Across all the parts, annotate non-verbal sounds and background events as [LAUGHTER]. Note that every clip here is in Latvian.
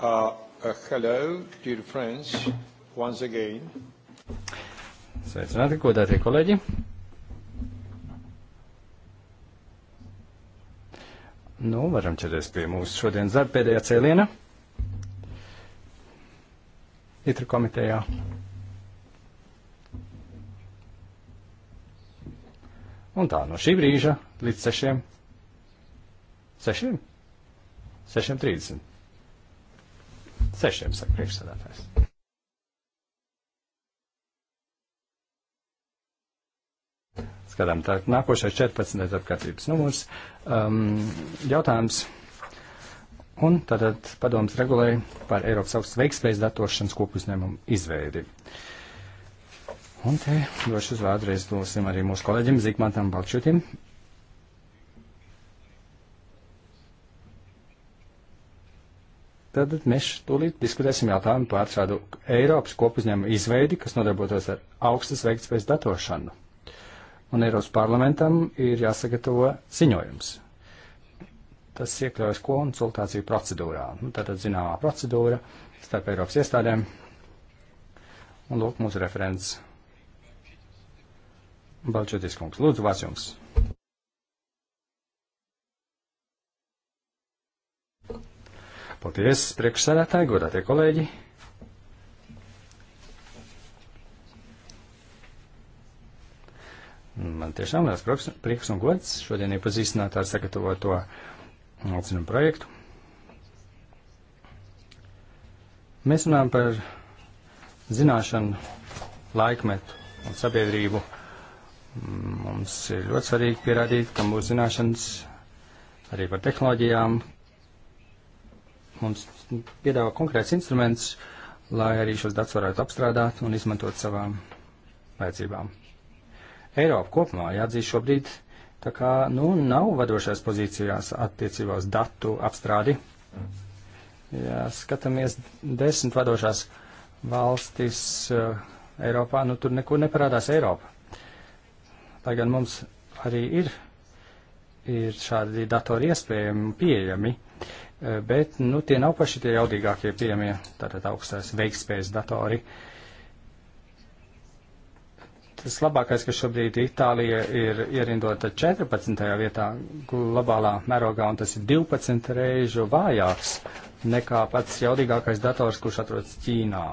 Uh, uh, hello, dear friends, once again. Sveicināti, godātie kolēģi. Nu, varam ķerties pie mūsu šodienas darba pēdējā cēliena. Itru komitejā. Un tā no šī brīža līdz sešiem. Sešiem? Sešiem trīsdesmit. Sešiem saka priekšsēdētājs. Skatām, tā nākošais 14. apkārtības numurs. Um, jautājums. Un tātad padoms regulēja par Eiropas augstas veikspējas datošanas kopuzņēmumu izveidi. Un te došu uzvārdu reiz dosim arī mūsu kolēģim Zigmantam Balčutim, Tad mēs tūlīt diskutēsim jautājumu par šādu Eiropas kopuzņēmumu izveidi, kas nodarbotos ar augstas veiktspējas datošanu. Un Eiropas parlamentam ir jāsagatavo ziņojums. Tas iekļaujas konsultāciju procedūrā. Nu, tātad zināmā procedūra starp Eiropas iestādēm. Un lūk mūsu referents. Balčotis kungs, lūdzu, vārds jums. Paldies, priekšsēdētāji, godātie kolēģi! Man tiešām liels prieks un gods šodien iepazīstināt ar sagatavoto atzinumu projektu. Mēs runājam par zināšanu, laikmetu un sabiedrību. Mums ir ļoti svarīgi pierādīt, ka mūsu zināšanas arī par tehnoloģijām, mums piedāvā konkrēts instruments, lai arī šos datus varētu apstrādāt un izmantot savām vajadzībām. Eiropa kopumā jāatzīst šobrīd, tā kā nu, nav vadošās pozīcijās attiecībā uz datu apstrādi. Ja skatāmies desmit vadošās valstis uh, Eiropā, nu tur nekur neparādās Eiropa. Lai gan mums arī ir, ir šādi datori iespējami pieejami, Eh, bet nu, tie nav paši tie jaudīgākie pieejamie, tātad augstās veikspējas datori. Tas labākais, ka šobrīd Itālija ir ierindota 14. vietā globālā mērogā, un tas ir 12 reižu vājāks nekā pats jaudīgākais dators, kurš atrodas Ķīnā.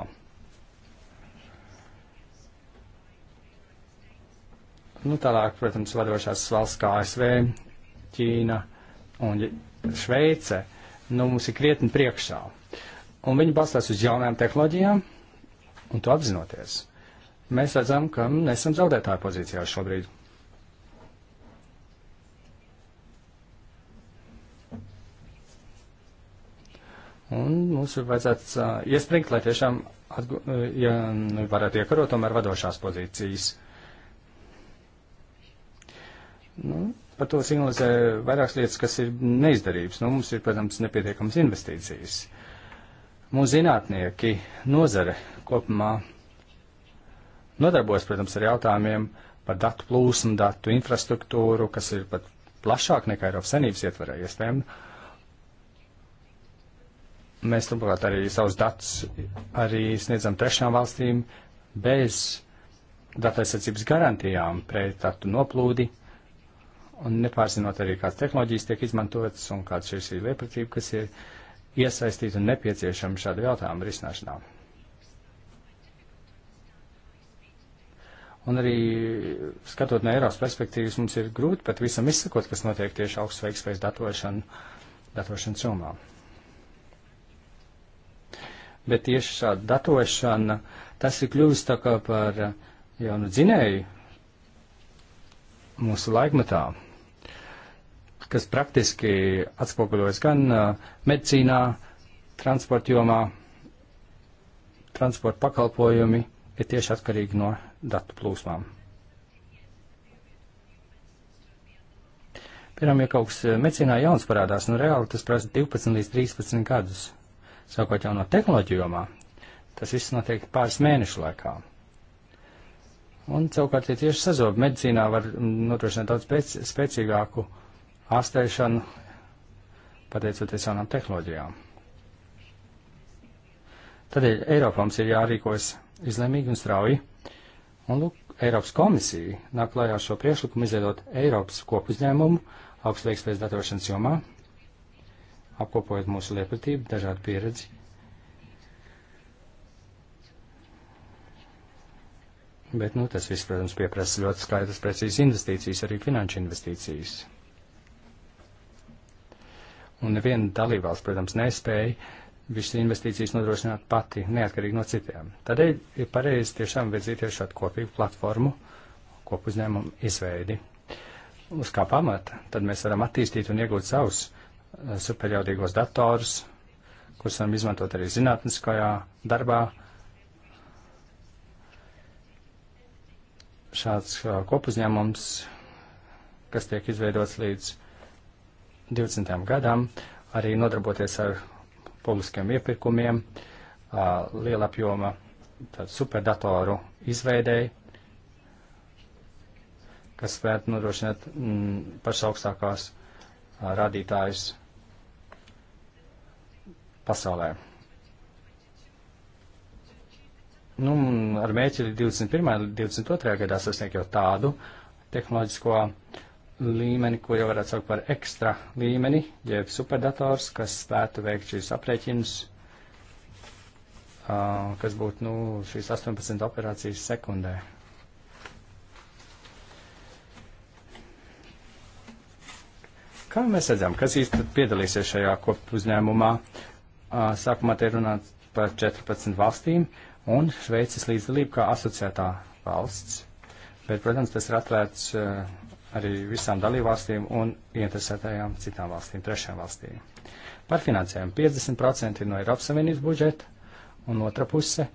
Nu, tālāk, protams, vadošās valsts kā ASV, Ķīna un Šveice nu, mums ir krietni priekšā. Un viņi balstās uz jaunām tehnoloģijām, un to apzinoties. Mēs redzam, ka nesam zaudētāju pozīcijā šobrīd. Un mums ir vajadzēts uh, iespringt, lai tiešām atgu, uh, ja, nu, varētu iekarot tomēr vadošās pozīcijas. Nu, par to signalizē vairākas lietas, kas ir neizdarības. Nu, mums ir, protams, nepietiekams investīcijas. Mūsu zinātnieki, nozare kopumā nodarbojas, protams, ar jautājumiem par datu plūsmu, datu infrastruktūru, kas ir pat plašāk nekā Eiropas Savienības ietvarē iespējami. Mēs, turklāt, arī savus datus arī sniedzam trešām valstīm bez datu aizsardzības garantijām pret datu noplūdi. Uh, un nepārzinot arī, kādas tehnoloģijas tiek izmantotas un kāda šī ir liepratība, kas ir iesaistīta un nepieciešama šāda jautājuma risināšanā. Un arī skatot no Eiropas perspektīvas, mums ir grūti pat visam izsakot, kas notiek tieši augsts veiksmēs datošana, datošanas jomā. Bet tieši šāda datošana, tas ir kļuvis tā kā par jaunu dzinēju mūsu laikmetā kas praktiski atspoguļojas gan medicīnā, transporta jomā, transporta pakalpojumi ir tieši atkarīgi no datu plūsmām. Piemēram, ja kaut kas medicīnā jauns parādās, nu reāli tas prasa 12 līdz 13 gadus. Sākot jau no tehnoloģiju jomā, tas viss notiek pāris mēnešu laikā. Un, savukārt, ja tieši sazobu medicīnā var mm, nodrošināt daudz spēc, spēcīgāku uh, ārstēšanu, pateicoties jaunām tehnoloģijām. Tādēļ Eiropā mums ir jārīkojas izlēmīgi un strauji. Un lūk, Eiropas komisija nāk klājā šo priekšlikumu izveidot Eiropas kopuzņēmumu augstliekas datošanas jomā, apkopojot mūsu lietpratību, dažādu pieredzi. Bet, nu, tas viss, protams, pieprasa ļoti skaidrs, precīzas investīcijas, arī finanšu investīcijas. Un neviena dalībvalsts, protams, nespēja visas investīcijas nodrošināt pati, neatkarīgi no citiem. Tādēļ ir pareizi tiešām virzīties šādu kopīgu platformu, kopu uzņēmumu izveidi. Uz kā pamata, tad mēs varam attīstīt un iegūt savus eh, superjaudīgos datorus, kurus varam izmantot arī zinātniskajā darbā. Šāds eh, kopuzņēmums, kas tiek izveidots līdz 20. gadam arī nodarboties ar publiskiem iepirkumiem, liela apjoma superdatoru izveidēji, kas spētu nodrošināt mm, pašas augstākās rādītājas pasaulē. Nu, ar mēķi 21. un 22. gadā sasniegt jau tādu tehnoloģisko uh, līmeni, ko jau varētu saukt par ekstra līmeni, jeb superdators, kas spētu veikt šīs aprēķinus, uh, kas būtu nu, šīs 18 operācijas sekundē. Kā mēs redzam, kas īsti piedalīsies šajā kopuzņēmumā? Uh, sākumā te runāts par 14 valstīm un Šveices līdzdalību kā asociētā valsts. Bet, protams, tas ir atvērts uh, arī visām dalībvalstīm un interesētajām citām valstīm, trešajām valstīm. Par finansējumu 50% ir no Eiropas Savienības budžeta, un otra puse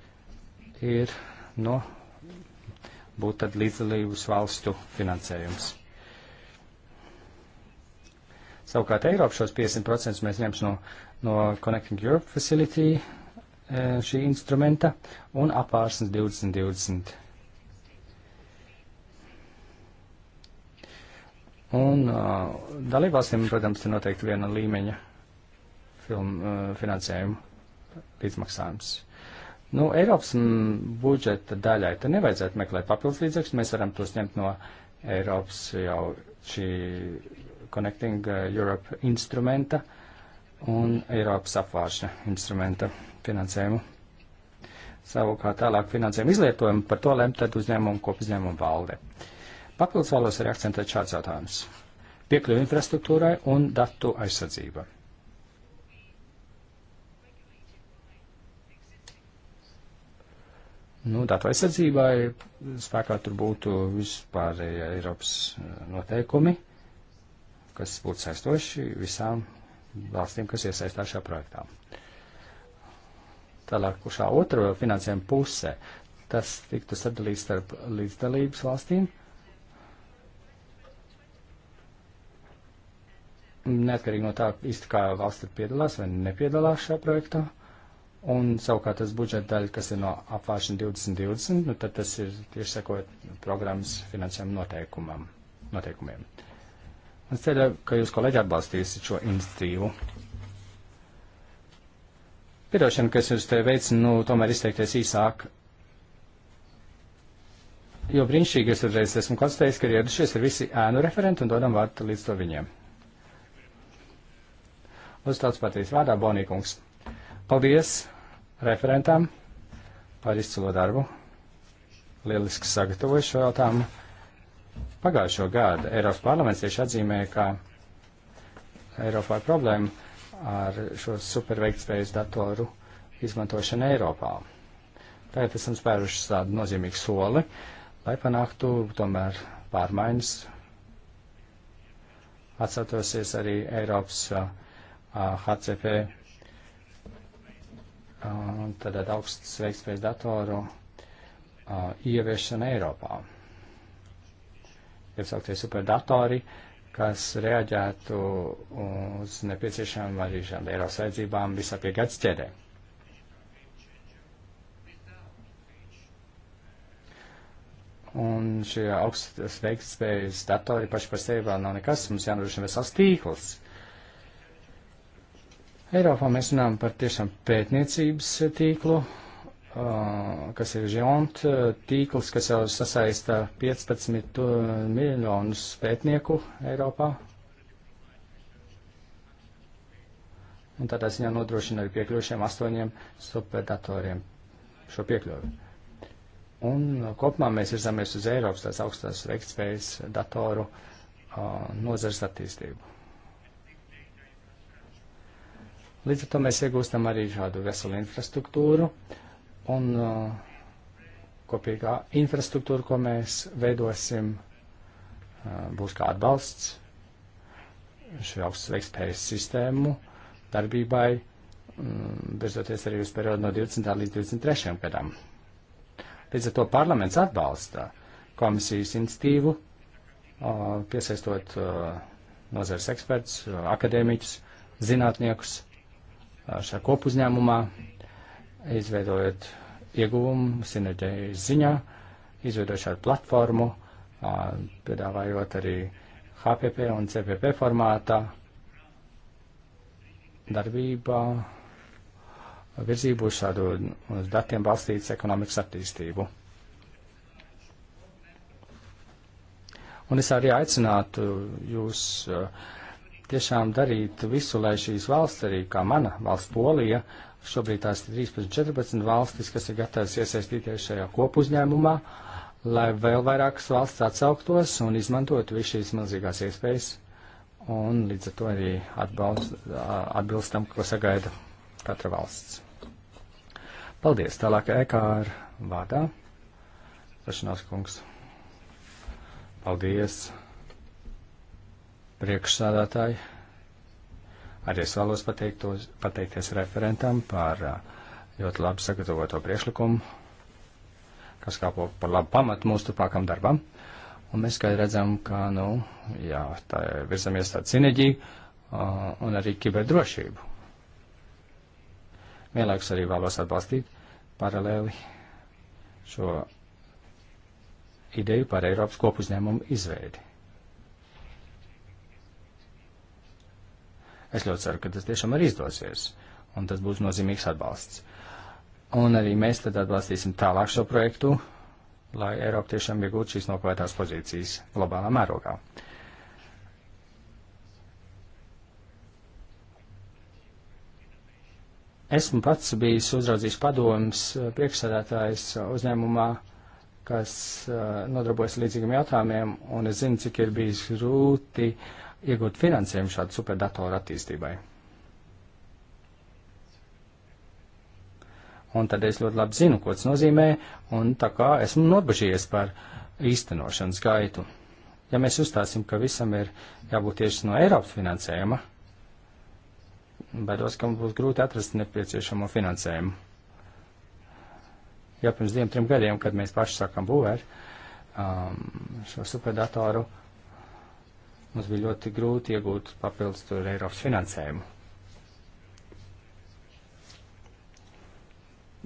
ir no būt tad līdzdalības valstu finansējums. Savukārt Eiropa šos 50% mēs ņems no, no Connecting Europe Facility e, šī instrumenta un apārsnes 2020 Un uh, dalībvalstīm, protams, ir noteikti viena līmeņa film, uh, finansējuma līdzmaksājums. Nu, Eiropas m, budžeta daļai te nevajadzētu meklēt papildus līdzekļus, mēs varam tos ņemt no Eiropas jau šī Connecting Europe instrumenta un Eiropas apvāršana instrumenta finansējumu. Savukārt tālāk finansējumu izlietojumu par to lemt tad uzņēmumu kopuzņēmumu valde. Uh, Papildus vēlos arī akcentēt šāds jautājums. Piekļuvi infrastruktūrai un datu aizsardzība. Nu, datu aizsardzībai spēkā tur būtu vispārējie Eiropas eh, noteikumi, kas būtu saistoši visām valstīm, kas iesaistās šajā projektā. Tālāk, šā otro finansējuma puse, tas tiktu sadalīts starp līdzdalības valstīm neatkarīgi no tā, īsti kā valsts piedalās vai nepiedalās šajā projektā. Un savukārt tas budžeta daļa, kas ir no apvāršana 2020, nu, tad tas ir tieši sekot programmas finansējuma noteikumiem. Es ceru, ka jūs kolēģi atbalstīsiet šo institīvu. Piedošana, kas jūs te veicinu, nu, tomēr izteikties īsāk. Jo brīnišķīgi es uzreiz esmu konstatējis, ka ir ieradušies ar visi ēnu referenti un dodam vārdu līdz to viņiem. Uz tautas partijas vārdā Bonīkungs. Paldies referentam par izcilo darbu. Lieliski sagatavoju šo jautājumu. Pagājušo gadu Eiropas parlaments tieši atzīmēja, ka Eiropā ir problēma ar šo superveiktspējas datoru izmantošanu Eiropā. Tagad esam spēruši tādu nozīmīgu soli, lai panāktu tomēr pārmaiņas. Atcaucosies arī Eiropas uh, HCP, tātad augstas veiktspējas datoru ieviešana Eiropā. Jeb sauktie superdatori, kas reaģētu uz nepieciešamām arī šādām Eiropas vajadzībām visā pie gads ķēdē. Un šie augstas veiktspējas datori paši par sevi vēl nav nekas, mums jānodrošina vesels tīkls. Uh, Eiropā mēs runājam par tiešām pētniecības tīklu, kas ir žont tīkls, kas jau sasaista 15 miljonus pētnieku Eiropā. Un tādā ziņā nodrošina arī piekļuvušiem astoņiem superdatoriem šo piekļuvi. Un kopumā mēs virzamies uz Eiropas tās augstās veiktspējas datoru uh, nozars attīstību. Līdz ar to mēs iegūstam arī šādu veselu infrastruktūru un uh, kopīgā infrastruktūra, ko mēs veidosim, uh, būs kā atbalsts šo augstu ekspējas sistēmu darbībai, um, mm, bezoties arī uz periodu no 20. līdz 23. gadam. Līdz ar to parlaments atbalsta komisijas institīvu, uh, piesaistot uh, nozars eksperts, uh, akadēmiķus, zinātniekus šajā kopuzņēmumā, izveidojot ieguvumu sinerģijas ziņā, izveidojot šādu platformu, piedāvājot arī HPP un CPP formātā darbībā virzību uz šādu uz datiem balstītas ekonomikas attīstību. Un es arī aicinātu jūs uh, tiešām darīt visu, lai šīs valsts, arī kā mana valsts Polija, šobrīd tās 13-14 valstis, kas ir gatavas iesaistīties šajā kopuzņēmumā, lai vēl vairākas valsts atsauktos un izmantot visu šīs milzīgās iespējas un līdz ar to arī atbalst, atbilst tam, ko sagaida katra valsts. Paldies, tālāk ekāra vārdā. Rašanās kungs. Paldies priekšsādātāji. Arī es vēlos pateiktos, pateikties referentam par uh, ļoti labi sagatavoto priekšlikumu, kas kāpo par labu pamatu mūsu turpākam darbam. Un mēs kā redzam, ka, nu, jā, tā virzamies tādu sinerģiju uh, un arī kiberdrošību. Vienlaikus arī vēlos atbalstīt paralēli šo ideju par Eiropas kopuzņēmumu izveidi. Es ļoti ceru, ka tas tiešām arī izdosies, un tas būs nozīmīgs atbalsts. Un arī mēs tad atbalstīsim tālāk šo projektu, lai Eiropa tiešām iegūtu šīs nokavētās pozīcijas globālā mērogā. Esmu pats bijis uzraudzījis padomus eh, priekšsādātājs uzņēmumā, kas eh, nodarbojas līdzīgiem jautājumiem, un es zinu, cik ir bijis grūti uh, iegūt finansējumu šādu superdatoru attīstībai. Un tad es ļoti labi zinu, ko tas nozīmē, un tā kā esmu nobežījies par īstenošanas gaitu. Ja mēs uzstāsim, ka visam ir jābūt tieši no Eiropas finansējuma, baidos, ka būs grūti atrast nepieciešamo finansējumu. Ja pirms diviem, trim gadiem, kad mēs paši sākam būvēt um, šo superdatoru, uh, mums bija ļoti grūti iegūt papildus tur Eiropas finansējumu.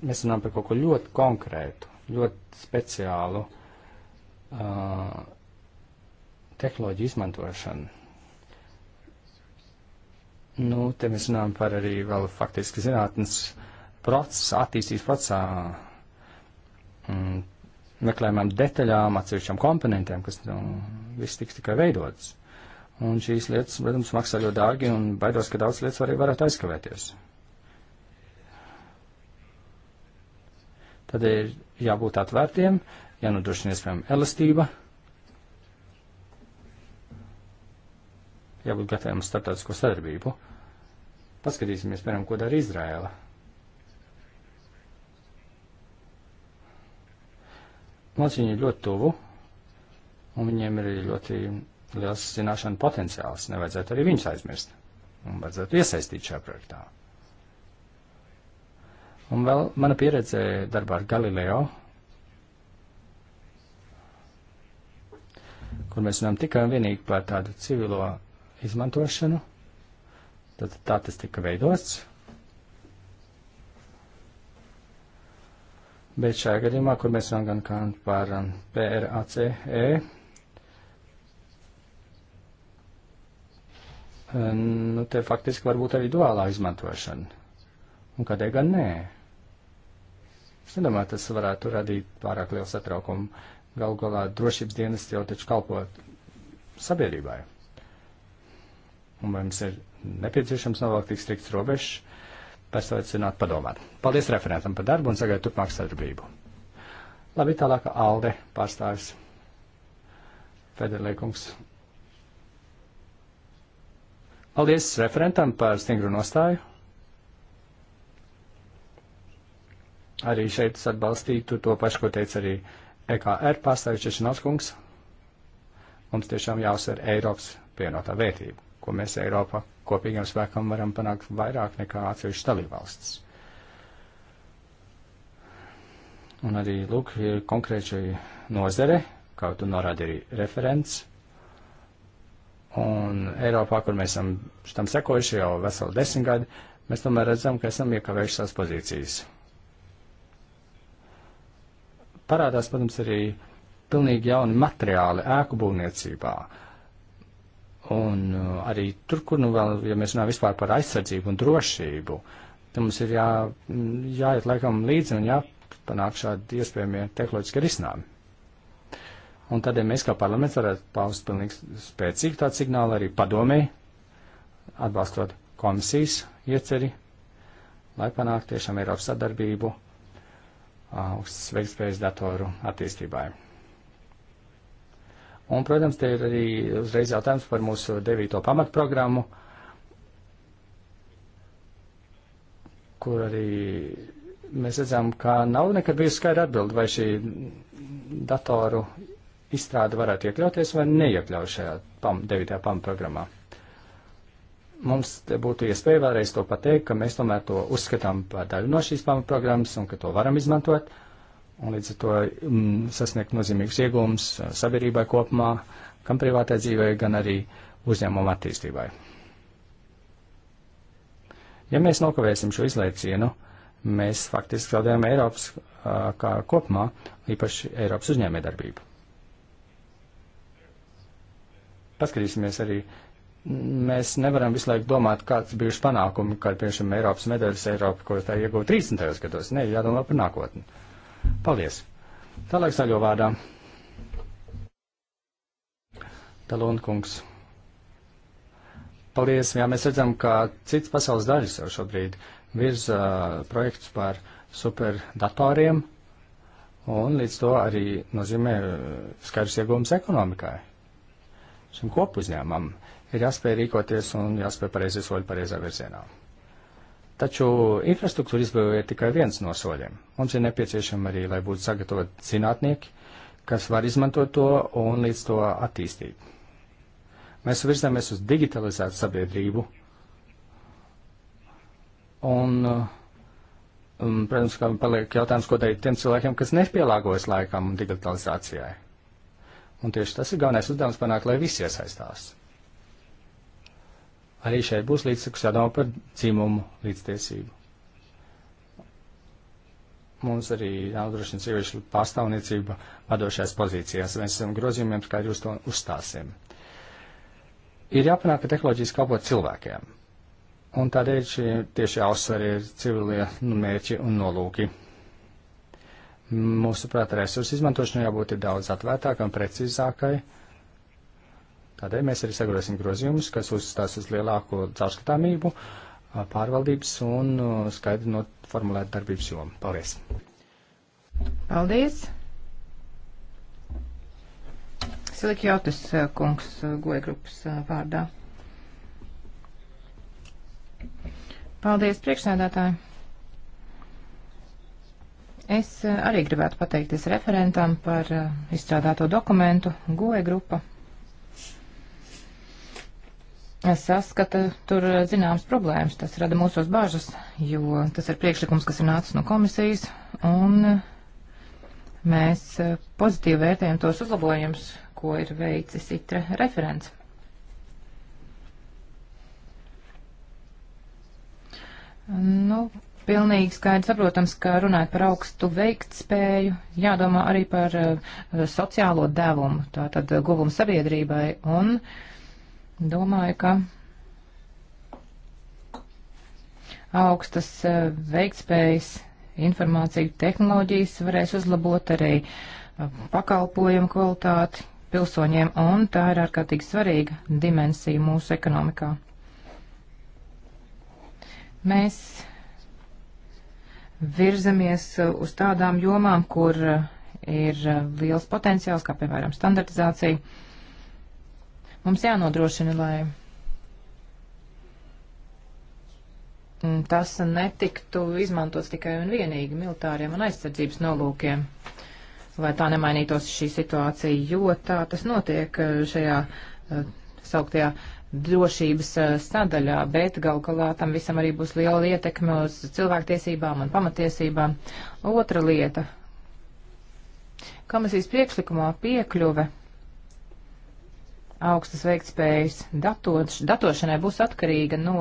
Mēs runājam par kaut ko ļoti konkrētu, ļoti speciālu uh, tehnoloģiju izmantošanu. Nu, te mēs runājam par arī vēl faktiski zinātnes procesā, attīstības procesā, mm, meklējumām detaļām, atsevišķām komponentiem, kas nu, viss tiks tikai veidots. Un šīs lietas, protams, maksā ļoti dārgi, un baidos, ka daudz lietas arī varētu aizkavēties. Tad ir jābūt atvērtiem, jānodrošina iespējama elastība, jābūt gataviem uz starptautisko sadarbību. Paskatīsimies, piemēram, ko dara Izraēla. Mums viņi ir ļoti tuvu, un viņiem ir ļoti liels zināšanu potenciāls. Nevajadzētu arī viņus aizmirst. Un vajadzētu iesaistīt šajā projektā. Un vēl mana pieredze darbā ar Galileo, kur mēs runājam tikai un vienīgi par tādu civilo izmantošanu. Tad tā tas tika veidots. Bet šajā gadījumā, kur mēs runājam gan par um, PRACE Ehm, nu, te faktiski var būt arī duālā izmantošana. Un kādēļ gan nē? Es nedomāju, tas varētu radīt pārāk lielu satraukumu. Galu galā drošības dienas jau taču kalpo sabiedrībai. Un vai mums ir nepieciešams novēlkt tik strikts robežs, par to aicināt padomāt. Paldies referentam par darbu un sagaidu turpmāk sadarbību. Labi, tālāk Alde pārstāvis Federlēkungs. Paldies referentam par stingru nostāju. Arī šeit es atbalstītu to pašu, ko teica arī EKR pārstāvis Čečinovskungs. Mums tiešām jāuzsver Eiropas pienotā vērtība, ko mēs Eiropa kopīgiem spēkam varam panākt vairāk nekā atsevišķi dalībvalstis. Un arī, lūk, ir konkrēti nozare, kā tu norādi arī referents Un Eiropā, kur mēs esam tam sekojuši jau veselu desmitgadi, mēs tomēr redzam, ka esam iekavējuši savas pozīcijas. Parādās, protams, arī pilnīgi jauni materiāli ēku būvniecībā. Un uh, arī tur, kur nu vēl, ja mēs runājam vispār par aizsardzību un drošību, tad mums ir jā, jāiet laikam līdzi un jāpanāk šādi iespējamie tehnoloģiski risinājumi. Un tādēļ mēs kā parlaments varētu paust pilnīgi spēcīgu tādu signālu arī padomēji, atbalstot komisijas ieceri, lai panāktu tiešām Eiropas sadarbību augstas veiktspējas datoru attīstībai. Un, protams, te ir arī uzreiz jautājums par mūsu devīto pamatprogrammu, kur arī mēs redzam, ka nav nekad bijusi skaidra atbildi, vai šī datoru izstrāde varētu iekļauties vai neiekļaut šajā PAM, 9. PAM programmā. Mums būtu iespēja vēlreiz to pateikt, ka mēs tomēr to uzskatām par daļu no šīs PAM programmas un ka to varam izmantot un līdz ar to mm, sasniegt nozīmīgus iegūmus sabiedrībai kopumā, gan privātai dzīvē, gan arī uzņēmuma attīstībai. Ja mēs nokavēsim šo izlaicienu, mēs faktiski zaudējam Eiropas kā kopumā, īpaši Eiropas uzņēmējdarbību paskatīsimies arī, mēs nevaram visu laiku domāt, kāds bijuši panākumi, kā, piemēram, Eiropas medaļas Eiropa, ko tā ieguva 30. gados. Nē, jādomā par nākotni. Paldies! Tālāk zaļo vārdā. Talonkungs. Paldies! Jā, mēs redzam, ka cits pasaules daļas jau šobrīd virza uh, projekts par superdatoriem, un līdz to arī nozīmē skaidrs iegūms ekonomikai šim kopuzņēmam ir jāspēj rīkoties un jāspēj pareizi soļi pareizā virzienā. Taču infrastruktūra izbūve ir tikai viens no soļiem. Mums ir nepieciešama arī, lai būtu sagatavot zinātnieki, kas var izmantot to un līdz to attīstīt. Mēs virzāmies uz digitalizētu sabiedrību, un, un um, protams, ka paliek jautājums, ko darīt tiem cilvēkiem, kas nepielāgojas laikam digitalizācijai. Un tieši tas ir galvenais uzdevums panākt, lai visi iesaistās. Arī šeit būs līdzsakus jādomā par dzimumu līdztiesību. Mums arī jānodrošina sieviešu pārstāvniecība vadošajās pozīcijās. Mēs esam grozījumiem skaidri uz to uzstāsim. Ir jāpanāk, ka tehnoloģijas kalpo cilvēkiem. Un tādēļ šie tieši jāuzsver ir civilie nu, mērķi un nolūki Mūsuprāt, resursu izmantošanai jābūt ir daudz atvērtākai un precīzākai. Tādēļ mēs arī sagrosim grozījumus, kas uzstās uz lielāko caurskatāmību, pārvaldības un skaidri noformulētu darbības jomu. Paldies! Paldies! Silikjotis kungs goja grupas vārdā. Paldies priekšsēdētāji! Es eh, arī gribētu pateikties referentam par eh, izstrādāto dokumentu. Goja grupa Es saskatu tur eh, zināmas problēmas. Tas rada mūsos bažas, jo tas ir priekšlikums, kas ir nācis no komisijas, un mēs pozitīvi vērtējam tos uzlabojumus, ko ir veicis itra referents. Nu, Pilnīgi skaidrs, saprotams, ka runājot par augstu veiktspēju, jādomā arī par eh, sociālo devumu, tātad guvumu sabiedrībai, un domāju, ka augstas eh, veiktspējas informāciju tehnoloģijas varēs uzlabot arī eh, pakalpojumu kvalitāti pilsoņiem, un tā ir ārkārtīgi svarīga dimensija mūsu ekonomikā. Mēs virzamies uh, uz tādām jomām, kur uh, ir uh, liels potenciāls, kā piemēram standartizācija. Mums jānodrošina, lai mm, tas netiktu izmantots tikai un vienīgi militāriem un aizsardzības nolūkiem, lai tā nemainītos šī situācija, jo tā tas notiek šajā sauktajā drošības eh, sadaļā, bet gal galā tam visam arī būs liela ietekme uz cilvēktiesībām un pamatiesībām. Otra lieta. Komisijas priekšlikumā piekļuve augstas veiktspējas datoš, datošanai būs atkarīga no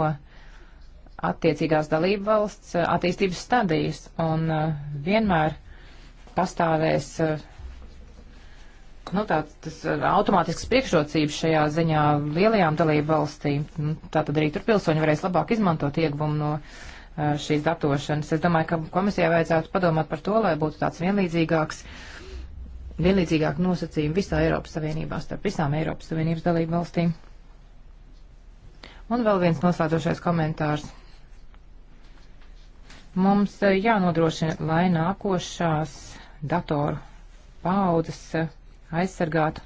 attiecīgās dalību valsts eh, attīstības stadijas un eh, vienmēr pastāvēs nu, tāds, tas uh, automātisks priekšrocības šajā ziņā lielajām dalību valstīm. Nu, tā tad arī tur pilsoņi varēs labāk izmantot ieguvumu no uh, šīs datošanas. Es domāju, ka komisijai vajadzētu padomāt par to, lai būtu tāds vienlīdzīgāks, vienlīdzīgāk nosacījumi visā Eiropas Savienībā starp visām Eiropas Savienības dalību valstīm. Un vēl viens noslēdzošais komentārs. Mums uh, jānodrošina, lai nākošās datoru paudzes aizsargātu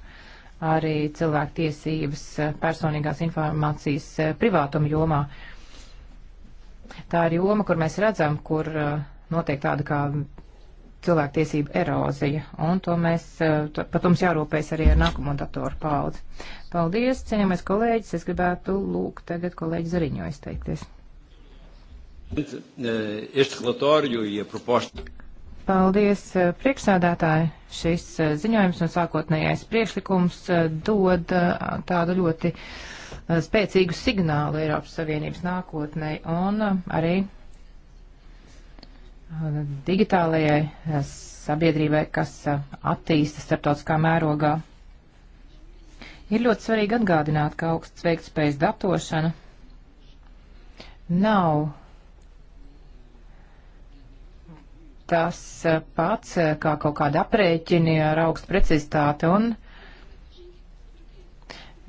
arī cilvēku tiesības eh, personīgās informācijas eh, privātuma jomā. Tā ir joma, kur mēs redzam, kur eh, notiek tāda kā cilvēku tiesība erozija, un to mēs, to, pat mums jārūpēs arī ar nākamo datoru paudzi. Paldies, cienījamais kolēģis, es gribētu lūgt tagad kolēģi Zariņo izteikties. Este relatório e a proposta. Paldies, eh, priekšsēdētāji. Šis eh, ziņojums un sākotnējais priekšlikums eh, dod tādu ļoti spēcīgu signālu Eiropas Savienības nākotnē un arī digitālajai sabiedrībai, kas attīsta starptautiskā mērogā. Ir ļoti svarīgi atgādināt, ka augsts veiktspējas datošana nav tas eh, pats eh, kā kaut kāda aprēķini ar augstu precizitāti un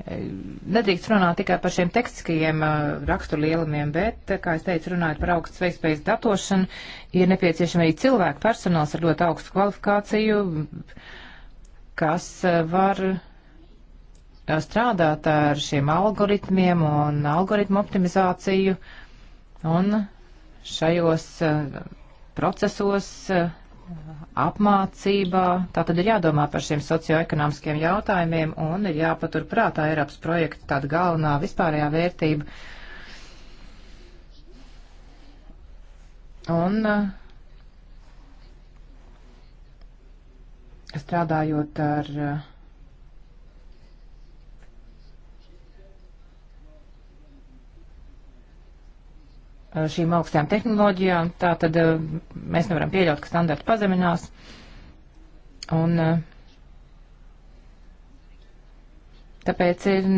eh, nedrīkst runāt tikai par šiem tekstiskajiem raksturlielumiem, bet, kā es teicu, runājot par augstas veikspējas datošanu, ir nepieciešama arī cilvēku personāls ar ļoti augstu kvalifikāciju, kas var strādāt ar šiem algoritmiem un algoritmu optimizāciju. Un šajos procesos, apmācībā. Tā tad ir jādomā par šiem socioekonomiskiem jautājumiem un ir jāpatur prātā Eiropas projekta tāda galvenā vispārējā vērtība. Un eh, strādājot ar uh, Eh, šīm augstām tehnoloģijām, tā tad eh, mēs nevaram pieļaut, ka standarti pazeminās. Un eh, tāpēc ir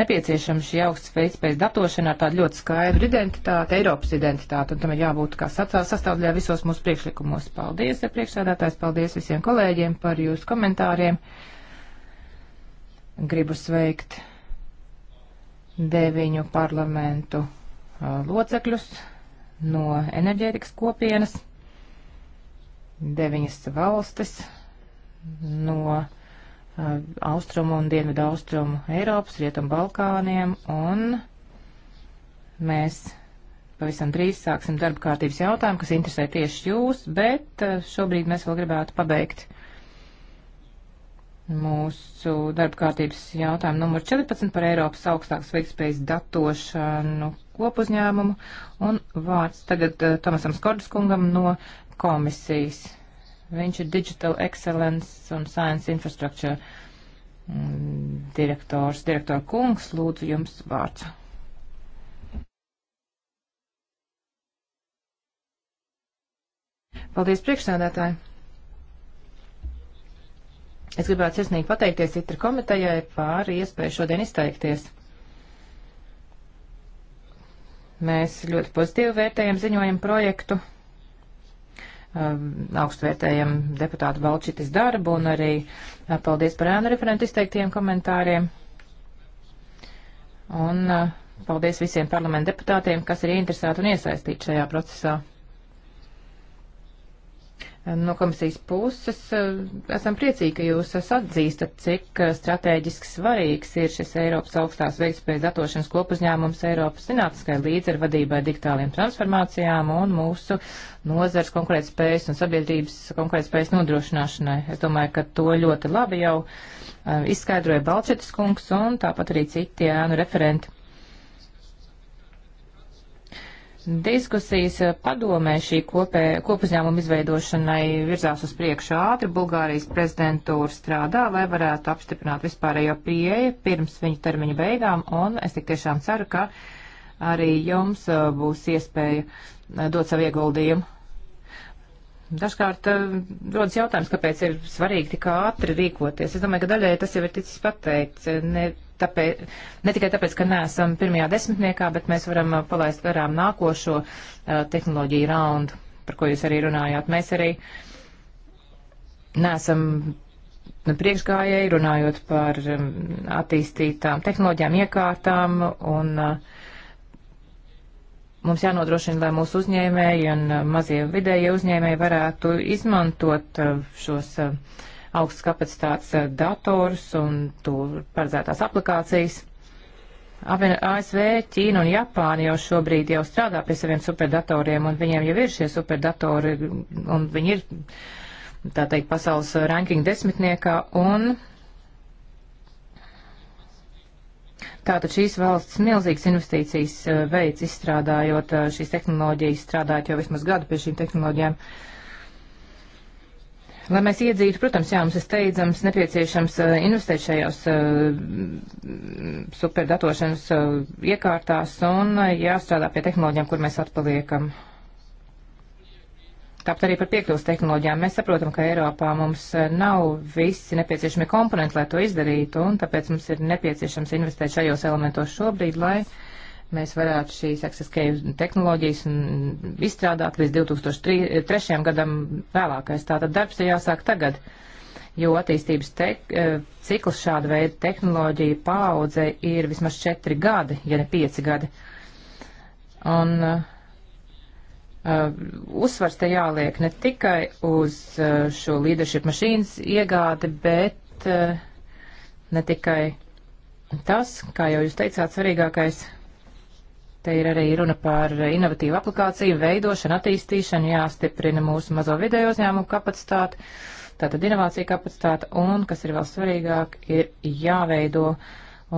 nepieciešama šī augstspējas datošana ar tādu ļoti skaidru identitāti, Eiropas identitāti, un tam ir jābūt kā sastāvdaļā visos mūsu priekšlikumos. Paldies, ja priekšsēdētājs, paldies visiem kolēģiem par jūsu komentāriem. Gribu sveikt deviņu parlamentu Uh, locekļus no enerģētikas kopienas, deviņas valstis no uh, austrumu un dienvidu austrumu Eiropas, rietumu Balkāniem, un mēs pavisam drīz sāksim darba kārtības jautājumu, kas interesē tieši jūs, bet uh, šobrīd mēs vēl gribētu pabeigt mūsu darba kārtības jautājumu numur 14 par Eiropas augstākas veiktspējas datošanu, kopuzņēmumu. Un vārds tagad uh, Tomasam Skordiskungam no komisijas. Viņš ir Digital Excellence un Science Infrastructure mm, direktors. Direktora kungs, lūdzu jums vārds. Paldies priekšsēdētāji! Es gribētu sirsnīgi pateikties Itra komitejai par iespēju šodien izteikties. Mēs ļoti pozitīvi vērtējam ziņojumu projektu, um, augstvērtējam deputātu Balčitis darbu un arī uh, paldies par ēnu referentu izteiktiem komentāriem. Un uh, paldies visiem parlamentu deputātiem, kas ir interesēti un iesaistīti šajā procesā. No komisijas puses eh, esam priecīgi, ka jūs atzīstat, cik eh, strateģiski svarīgs ir šis Eiropas augstās veiktspējas datošanas kopuzņēmums Eiropas zinātniskai līdzarvadībai digitāliem transformācijām un mūsu nozars konkurētspējas un sabiedrības konkurētspējas nodrošināšanai. Es domāju, ka to ļoti labi jau eh, izskaidroja Balčetis kungs un tāpat arī citi ēnu referenti. Diskusijas eh, padomē šī kopē, kopuzņēmuma izveidošanai virzās uz priekšu ātri. Bulgārijas prezidentūra strādā, lai varētu apstiprināt vispārējo pieeju pirms viņa termiņa beigām, un es tik tiešām ceru, ka arī jums eh, būs iespēja eh, dot savu ieguldījumu. Dažkārt rodas jautājums, kāpēc ir svarīgi tik ātri rīkoties. Es domāju, ka daļai tas jau ir ticis pateikts. Ne tāpēc, ne tikai tāpēc, ka neesam pirmajā desmitniekā, bet mēs varam uh, palaist garām nākošo uh, tehnoloģiju raundu, par ko jūs arī runājāt. Mēs arī neesam nu, priekšgājēji runājot par um, attīstītām tehnoloģijām, iekārtām un uh, mums jānodrošina, lai mūsu uzņēmēji un mazie vidējie uzņēmēji varētu izmantot šos uh, augstas kapacitātes eh, dators un tur paredzētās aplikācijas. ASV, Ķīna un Japāna jau šobrīd jau strādā pie saviem superdatoriem, un viņiem jau ir šie superdatori, un viņi ir, tā teikt, pasaules ranking desmitniekā, un tātad šīs valsts milzīgas investīcijas eh, veids izstrādājot eh, šīs tehnoloģijas, strādājot jau vismaz gadu pie šīm tehnoloģijām. Uh, Lai mēs iedzītu, protams, jā, mums ir steidzams nepieciešams eh, investēt šajos eh, superdatošanas eh, iekārtās un jāstrādā pie tehnoloģijām, kur mēs atpaliekam. Tāpat arī par piekļuvas tehnoloģijām. Mēs saprotam, ka Eiropā mums nav visi nepieciešami komponenti, lai to izdarītu, un tāpēc mums ir nepieciešams investēt šajos elementos šobrīd, lai uh, mēs varētu šīs access tehnoloģijas izstrādāt līdz 2003. gadam vēlākais. Tātad darbs ir jāsāk tagad, jo attīstības te, eh, cikls šāda veida tehnoloģija paudze ir vismaz 4 gadi, ja ne 5 gadi. Un uh, uzsvars te jāliek ne tikai uz uh, šo leadership mašīnas iegādi, bet uh, ne tikai tas, kā jau jūs teicāt, svarīgākais Te ir arī runa par inovatīvu aplikāciju, veidošanu, attīstīšanu, jāstiprina mūsu mazo video uzņēmumu kapacitāti, tātad inovācija kapacitāte, un, kas ir vēl svarīgāk, ir jāveido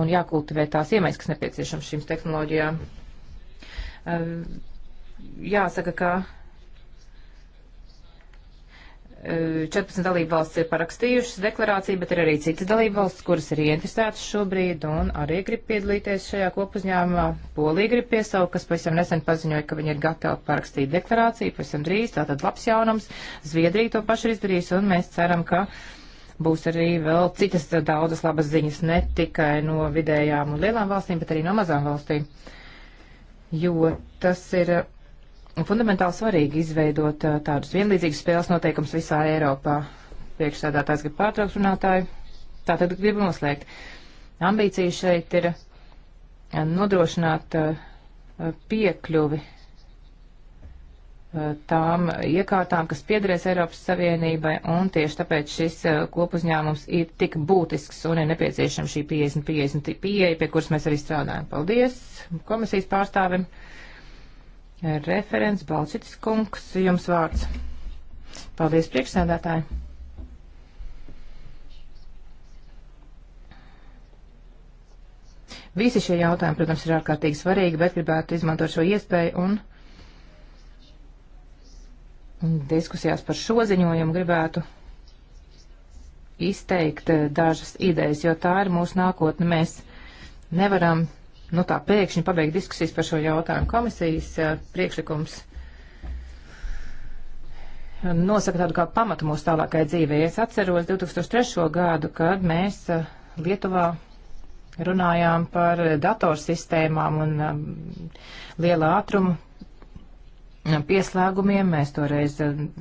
un jākultivē tās iemaņas, kas nepieciešams šīm tehnoloģijām. Jāsaka, ka 14 eh, dalībvalsts ir parakstījušas deklarāciju, bet ir arī citas dalībvalsts, kuras ir ieinteresētas šobrīd un arī grib piedalīties šajā kopuzņēmumā. Polija grib piesaukt, kas pavisam nesen paziņoja, ka viņi ir gatavi parakstīt deklarāciju, pavisam drīz, tātad labs jaunums. Zviedrija to pašu izdarīs un mēs ceram, ka būs arī vēl citas daudzas labas ziņas, ne tikai no vidējām un lielām valstīm, bet arī no mazām valstīm. Jo tas ir fundamentāli svarīgi izveidot uh, tādus vienlīdzīgus spēles noteikums visā Eiropā. Priekšsēdētājs grib pārtraukt runātāju. Tā tad gribu noslēgt. Ambīcija šeit ir uh, nodrošināt uh, piekļuvi tām iekārtām, kas piederēs Eiropas Savienībai, un tieši tāpēc šis kopuzņēmums ir tik būtisks un ir nepieciešama šī 50-50 pieeja, pie kuras mēs arī strādājam. Paldies komisijas pārstāvim! Referents Balčitis kungs, jums vārds. Paldies priekšsēdētāji. Visi šie jautājumi, protams, ir ārkārtīgi svarīgi, bet gribētu izmantot šo iespēju un diskusijās par šo ziņojumu gribētu izteikt eh, dažas idejas, jo tā ir mūsu nākotne. Mēs nevaram nu tā pēkšņi pabeigt diskusijas par šo jautājumu. Komisijas eh, priekšlikums nosaka tādu kā pamatu mūsu tālākai dzīvē. Es atceros 2003. gadu, kad mēs eh, Lietuvā runājām par datorsistēmām un eh, liela ātruma pieslēgumiem. Mēs toreiz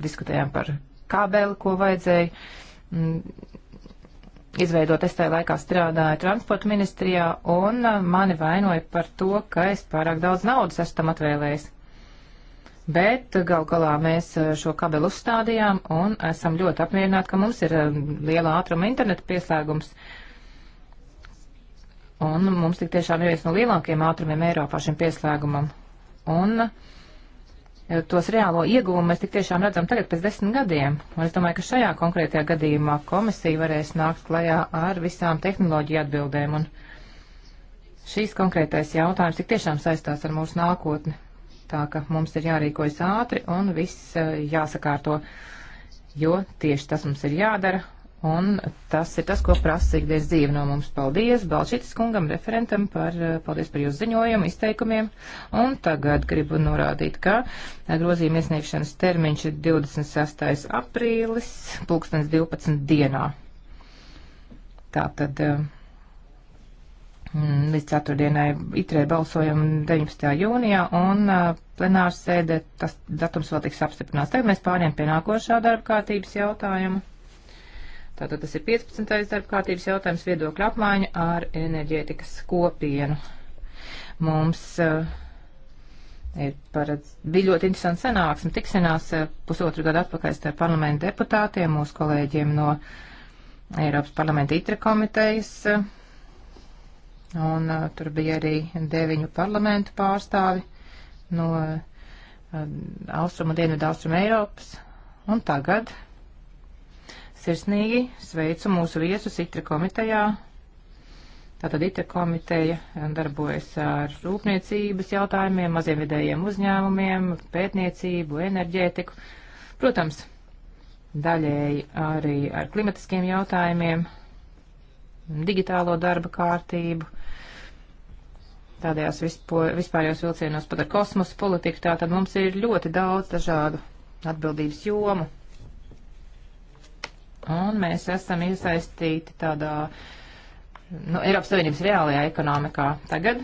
diskutējām par kabeli, ko vajadzēja mm, izveidot. Es tajā laikā strādāju transporta ministrijā un uh, mani vainoja par to, ka es pārāk daudz naudas esmu tam atvēlējis. Bet uh, gal galā mēs uh, šo kabeli uzstādījām un esam ļoti apmierināti, ka mums ir um, liela ātruma interneta pieslēgums. Un mums tik tiešām ir viens no lielākajiem ātrumiem Eiropā šim pieslēgumam. Un uh, Eh, tos reālo ieguvumu mēs tik tiešām redzam tagad pēc desmit gadiem. Un es domāju, ka šajā konkrētajā gadījumā komisija varēs nākt klajā ar visām tehnoloģiju atbildēm. Un šīs konkrētais jautājums tik tiešām saistās ar mūsu nākotni. Tā ka mums ir jārīkojas ātri un viss eh, jāsakārto, jo tieši tas mums ir jādara. Un tas ir tas, ko prasa ikdienas dzīve no mums. Paldies Balčītis kungam, referentam par, eh, paldies par jūsu ziņojumu, izteikumiem. Un tagad gribu norādīt, ka eh, grozījuma iesniegšanas termiņš ir 26. aprīlis, pulkstens 12 dienā. Tātad eh, mm, līdz ceturtdienai itrē balsojam 19. jūnijā un plenārs sēdē tas datums vēl tiks apstiprināts. Tagad mēs pāriem pie nākošā darba kārtības jautājuma. Tātad tas ir 15. darba kārtības jautājums viedokļa apmaiņa ar enerģētikas kopienu. Mums uh, ir paredz, bija ļoti interesanti sanāksme, tikšanās uh, pusotru gadu atpakaļ starp parlamentu deputātiem, mūsu kolēģiem no Eiropas parlamenta itra komitejas. Uh, un uh, tur bija arī deviņu parlamentu pārstāvi no uh, Austrumu un Dienvidu Austrumu Eiropas. Un tagad Sirsnīgi sveicu mūsu viesus ITRA komitejā. Tātad ITRA komiteja eh, darbojas ar rūpniecības jautājumiem, maziem vidējiem uzņēmumiem, pētniecību, enerģētiku. Protams, daļēji arī ar klimatiskiem jautājumiem, digitālo darba kārtību, tādējās vispo, vispārējos vilcienos pat ar kosmosa politiku. Tātad mums ir ļoti daudz dažādu atbildības jomu Un mēs esam iesaistīti tādā nu, Eiropas Savienības reālajā ekonomikā tagad.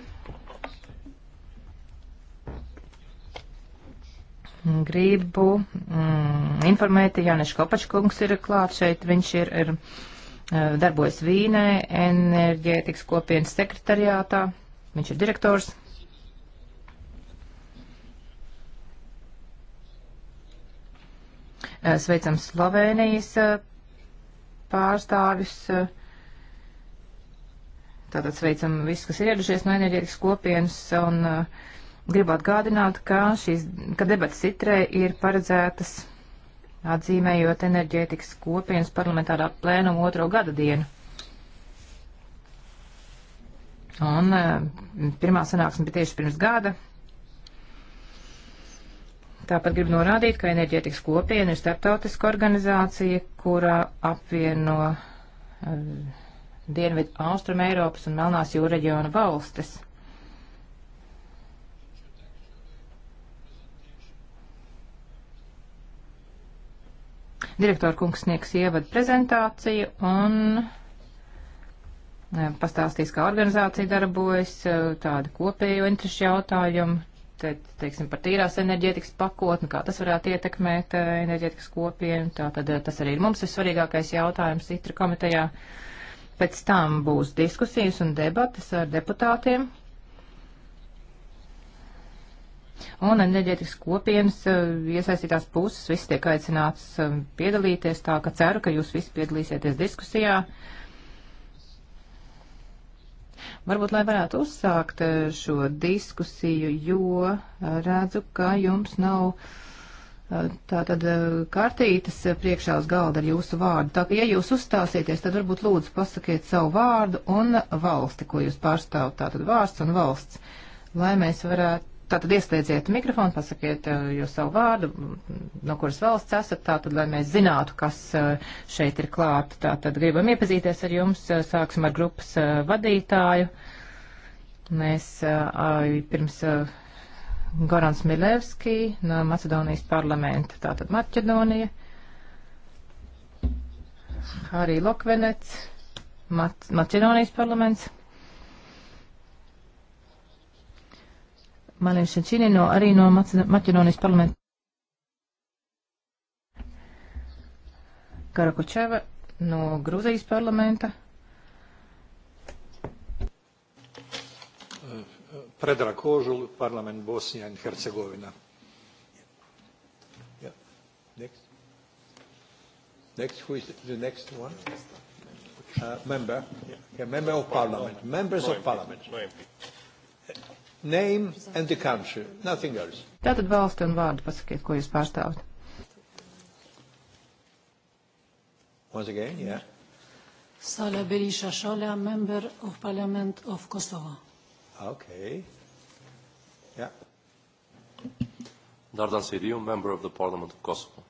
Gribu mm, informēt, Jānis Kopačkungs ir klāt šeit, viņš ir, ir e, darbojas Vīnē, enerģētikas kopienas sekretariātā, viņš ir direktors. E, sveicam Slovenijas e, pārstāvis. Tātad sveicam visus, kas ir ieradušies no enerģētikas kopienas un uh, gribu atgādināt, ka, šīs, ka debats citrē ir paredzētas atzīmējot enerģētikas kopienas parlamentārā plēnuma otro gada dienu. Un uh, pirmā sanāksme bija tieši pirms gada, Tāpat gribu norādīt, ka enerģētikas kopiena ir starptautiska organizācija, kurā apvieno uh, Dienvidu Austrum Eiropas un Melnās jūra reģiona valstis. Direktora kungs sniegs ievadu prezentāciju un eh, pastāstīs, kā organizācija darbojas, eh, tādu kopēju interešu jautājumu, te, teiksim, par tīrās enerģētikas pakotni, kā tas varētu ietekmēt eh, enerģētikas kopienu. Tātad eh, tas arī ir mums ir svarīgākais jautājums ITRA komitejā. Pēc tam būs diskusijas un debatas ar deputātiem. Un enerģētikas kopienas eh, iesaistītās puses viss tiek aicināts piedalīties, tā ka ceru, ka jūs visi piedalīsieties diskusijā. Uh, Varbūt, lai varētu uzsākt eh, šo diskusiju, jo eh, redzu, ka jums nav eh, tātad kartītes priekšā uz galda ar jūsu vārdu. Tā ka, ja jūs uzstāsieties, tad varbūt lūdzu pasakiet savu vārdu un valsti, ko jūs pārstāvat, tātad vārds un valsts, lai mēs varētu Tātad ieslēdziet mikrofonu, pasakiet eh, jūs savu vārdu, no kuras valsts esat, tātad, lai mēs zinātu, kas eh, šeit ir klāt. Tātad gribam iepazīties ar jums, eh, sāksim ar grupas vadītāju. Mēs pirms Gorans Milevski no Macedonijas parlamenta, tātad Maķedonija, arī Lokvenets, Maķedonijas parlaments. Malin Šečini no, arī no Maķedonijas parlamenta. Karakučeva no Gruzijas parlamenta. Predrag Kožul, parlament Bosnija i Hercegovina. Yeah. Next. Next, who is the next one? Uh, member. Yeah, member of parliament. Members of parliament. My MP. Name and the country, nothing else. Tātad valsti un vārdu pasakiet, ko jūs pārstāvat. Once again, yeah. Sala Berisha Shala, Member of Parliament of Kosovo. Okay. Yeah. Dardan Siriu, Member of the Parliament of Kosovo.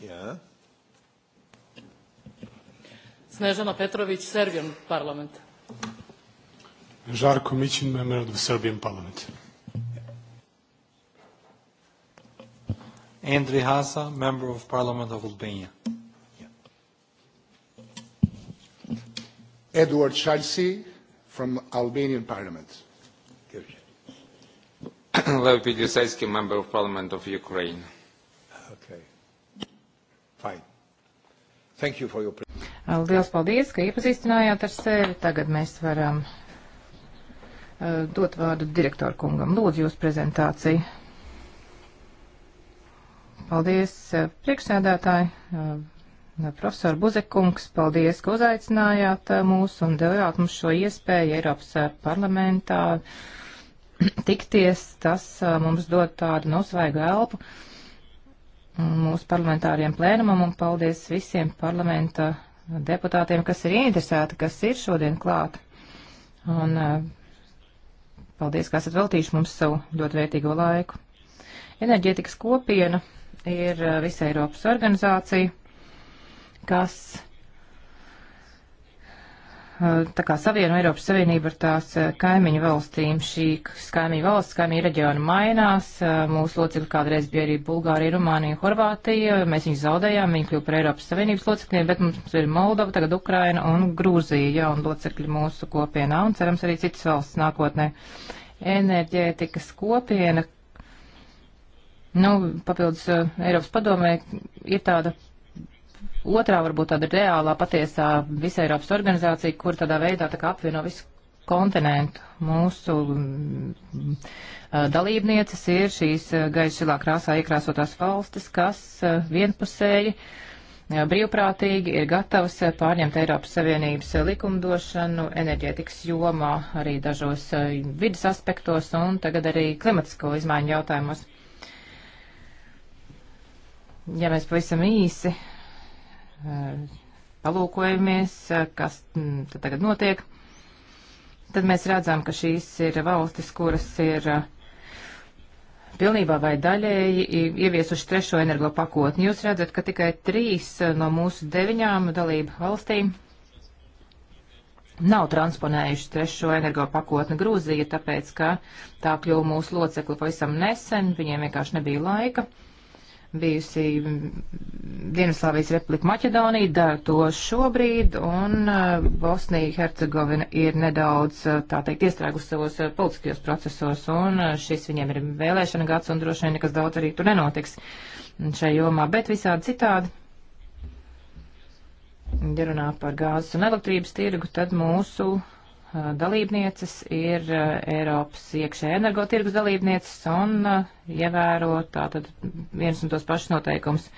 Yeah. Snežana Petrović, Serbian Parliament. Žar Komičin, member of the Serbian parliament. Andri Hasa, member of parliament of Albania. Edward Chalsi from Albanian Parliament. [COUGHS] Lev Pidiseski, Member of Parliament of Ukraine. Okay. Fine. Thank you for your... Liels paldies, ka iepazīstinājāt ar sevi. Tagad mēs varam Eh, dot vārdu direktoru kungam. Lūdzu, jūs prezentāciju. Paldies, eh, priekšsēdētāji, eh, profesori Buzekungs, paldies, ka uzaicinājāt mūs un devāt mums šo iespēju Eiropas parlamentā [CLEARS THROAT] tikties. Tas mums dod tādu nosvaigu elpu mūsu parlamentāriem plēnumam un paldies visiem parlamenta deputātiem, kas ir ieinteresēti, kas ir šodien klāt. Un uh, Paldies, ka esat veltījuši mums savu ļoti vērtīgo laiku. Enerģētikas kopiena ir eh, visa Eiropas organizācija, kas Eh, tā kā savieno Eiropas Savienību ar tās eh, kaimiņu valstīm. Šī kaimiņu valsts, kaimiņu reģiona mainās. Eh, mūsu locekļi kādreiz bija arī Bulgārija, Rumānija, Horvātija. Mēs viņus zaudējām, viņi kļuva par Eiropas Savienības locekļiem, bet mums ir Moldova, tagad Ukraina un Grūzija jauni locekļi mūsu kopienā un cerams arī citas valsts nākotnē. Enerģētikas kopiena, nu, papildus Eiropas padomē, ir tāda Otrā varbūt tāda reālā, patiesā visai Eiropas organizācija, kur tādā veidā tā kā apvieno visu kontinentu. Mūsu m, mm, dalībnieces ir šīs gaišilā krāsā iekrāsotās valstis, kas vienpusēji brīvprātīgi ir gatavas pārņemt Eiropas Savienības likumdošanu enerģētikas jomā, arī dažos vidas aspektos un tagad arī klimatisko izmaiņu jautājumos. Ja mēs pavisam īsi palūkojamies, kas tagad notiek, tad mēs redzam, ka šīs ir valstis, kuras ir pilnībā vai daļēji ieviesuši trešo energo pakotni. Jūs redzat, ka tikai trīs no mūsu deviņām dalību valstīm nav transponējuši trešo energo pakotni Grūzija, tāpēc, ka tā kļuva mūsu locekli pavisam nesen, viņiem vienkārši nebija laika. Uh, bijusi Dienaslāvijas republika Maķedonija, dara to šobrīd, un uh, Bosnija Hercegovina ir nedaudz, uh, tā teikt, iestrēgus savos uh, politiskajos procesos, un šis viņiem ir vēlēšana gads, un droši vien nekas daudz arī tur nenotiks šajā jomā, bet visādi citādi. Ja runā par gāzes un elektrības tirgu, tad mūsu uh, Eh, dalībnieces ir eh, Eiropas iekšē energotirgus dalībnieces un eh, ievēro tātad viens un tos pašus noteikums.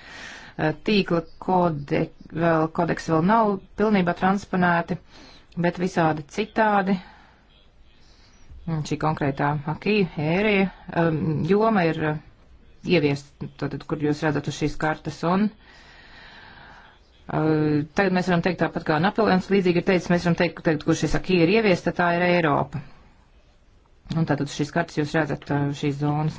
Tīkla kode, vēl, kodeks vēl nav pilnībā transponēti, bet visādi citādi šī konkrētā akī ērija joma ir ieviest, tātad, kur jūs redzat uz šīs kartas, un uh, Uh, tagad mēs varam teikt tāpat kā Napoleons līdzīgi ir teicis, mēs varam teikt, teikt kur šis akī ir ieviesta, tā ir Eiropa. Un tātad šīs kartas jūs redzat uh, šīs zonas.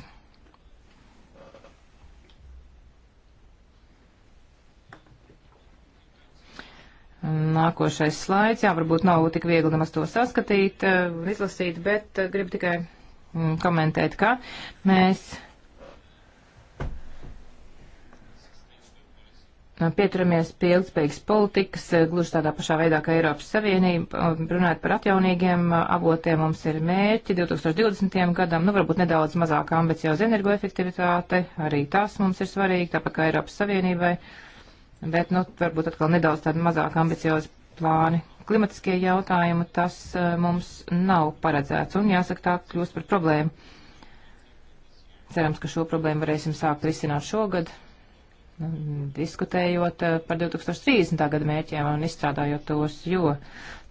Nākošais slaids, jā, varbūt nav tik viegli nemaz to saskatīt, uh, izlasīt, bet gribu tikai mm, komentēt, ka mēs pieturamies pie ilgspējīgas politikas, gluži tādā pašā veidā kā Eiropas Savienība. Runājot par atjaunīgiem avotiem, mums ir mērķi 2020. gadam, nu varbūt nedaudz mazāk ambicioza energoefektivitāte, arī tas mums ir svarīgi, tāpat kā Eiropas Savienībai, bet nu varbūt atkal nedaudz tādi mazāk ambiciozi plāni. Klimatiskie jautājumi, tas mums nav paredzēts un jāsaka tā kļūst par problēmu. Cerams, ka šo problēmu varēsim sākt risināt šogad diskutējot eh, par 2030. gada mērķiem un izstrādājot tos, jo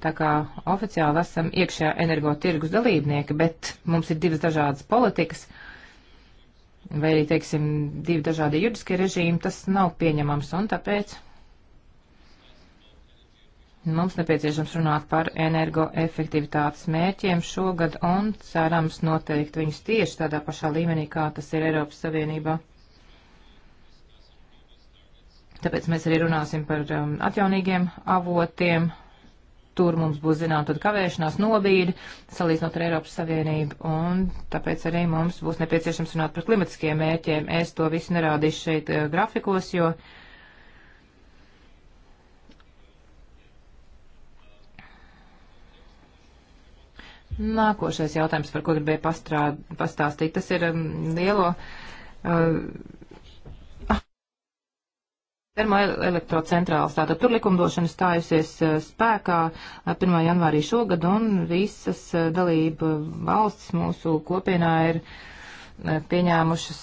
tā kā oficiāli esam iekšējā energo tirgus dalībnieki, bet mums ir divas dažādas politikas vai arī, teiksim, divi dažādi juridiskie režīmi, tas nav pieņemams un tāpēc mums nepieciešams runāt par energoefektivitātes mērķiem šogad un cerams noteikt viņus tieši tādā pašā līmenī, kā tas ir Eiropas Savienībā. Tāpēc mēs arī runāsim par um, atjaunīgiem avotiem. Tur mums būs zinām tad kavēšanās nobīde, salīdzinot ar Eiropas Savienību, un tāpēc arī mums būs nepieciešams runāt par klimatiskiem mērķiem. Es to visu nerādīšu šeit uh, grafikos, jo uh, Nākošais jautājums, par ko gribēju pastrā, pastāstīt, tas ir um, lielo uh, termoelektrocentrāls. Tātad tur likumdošana stājusies eh, spēkā 1. Eh, janvārī šogad, un visas eh, dalība valstis mūsu kopienā ir pieņēmušas,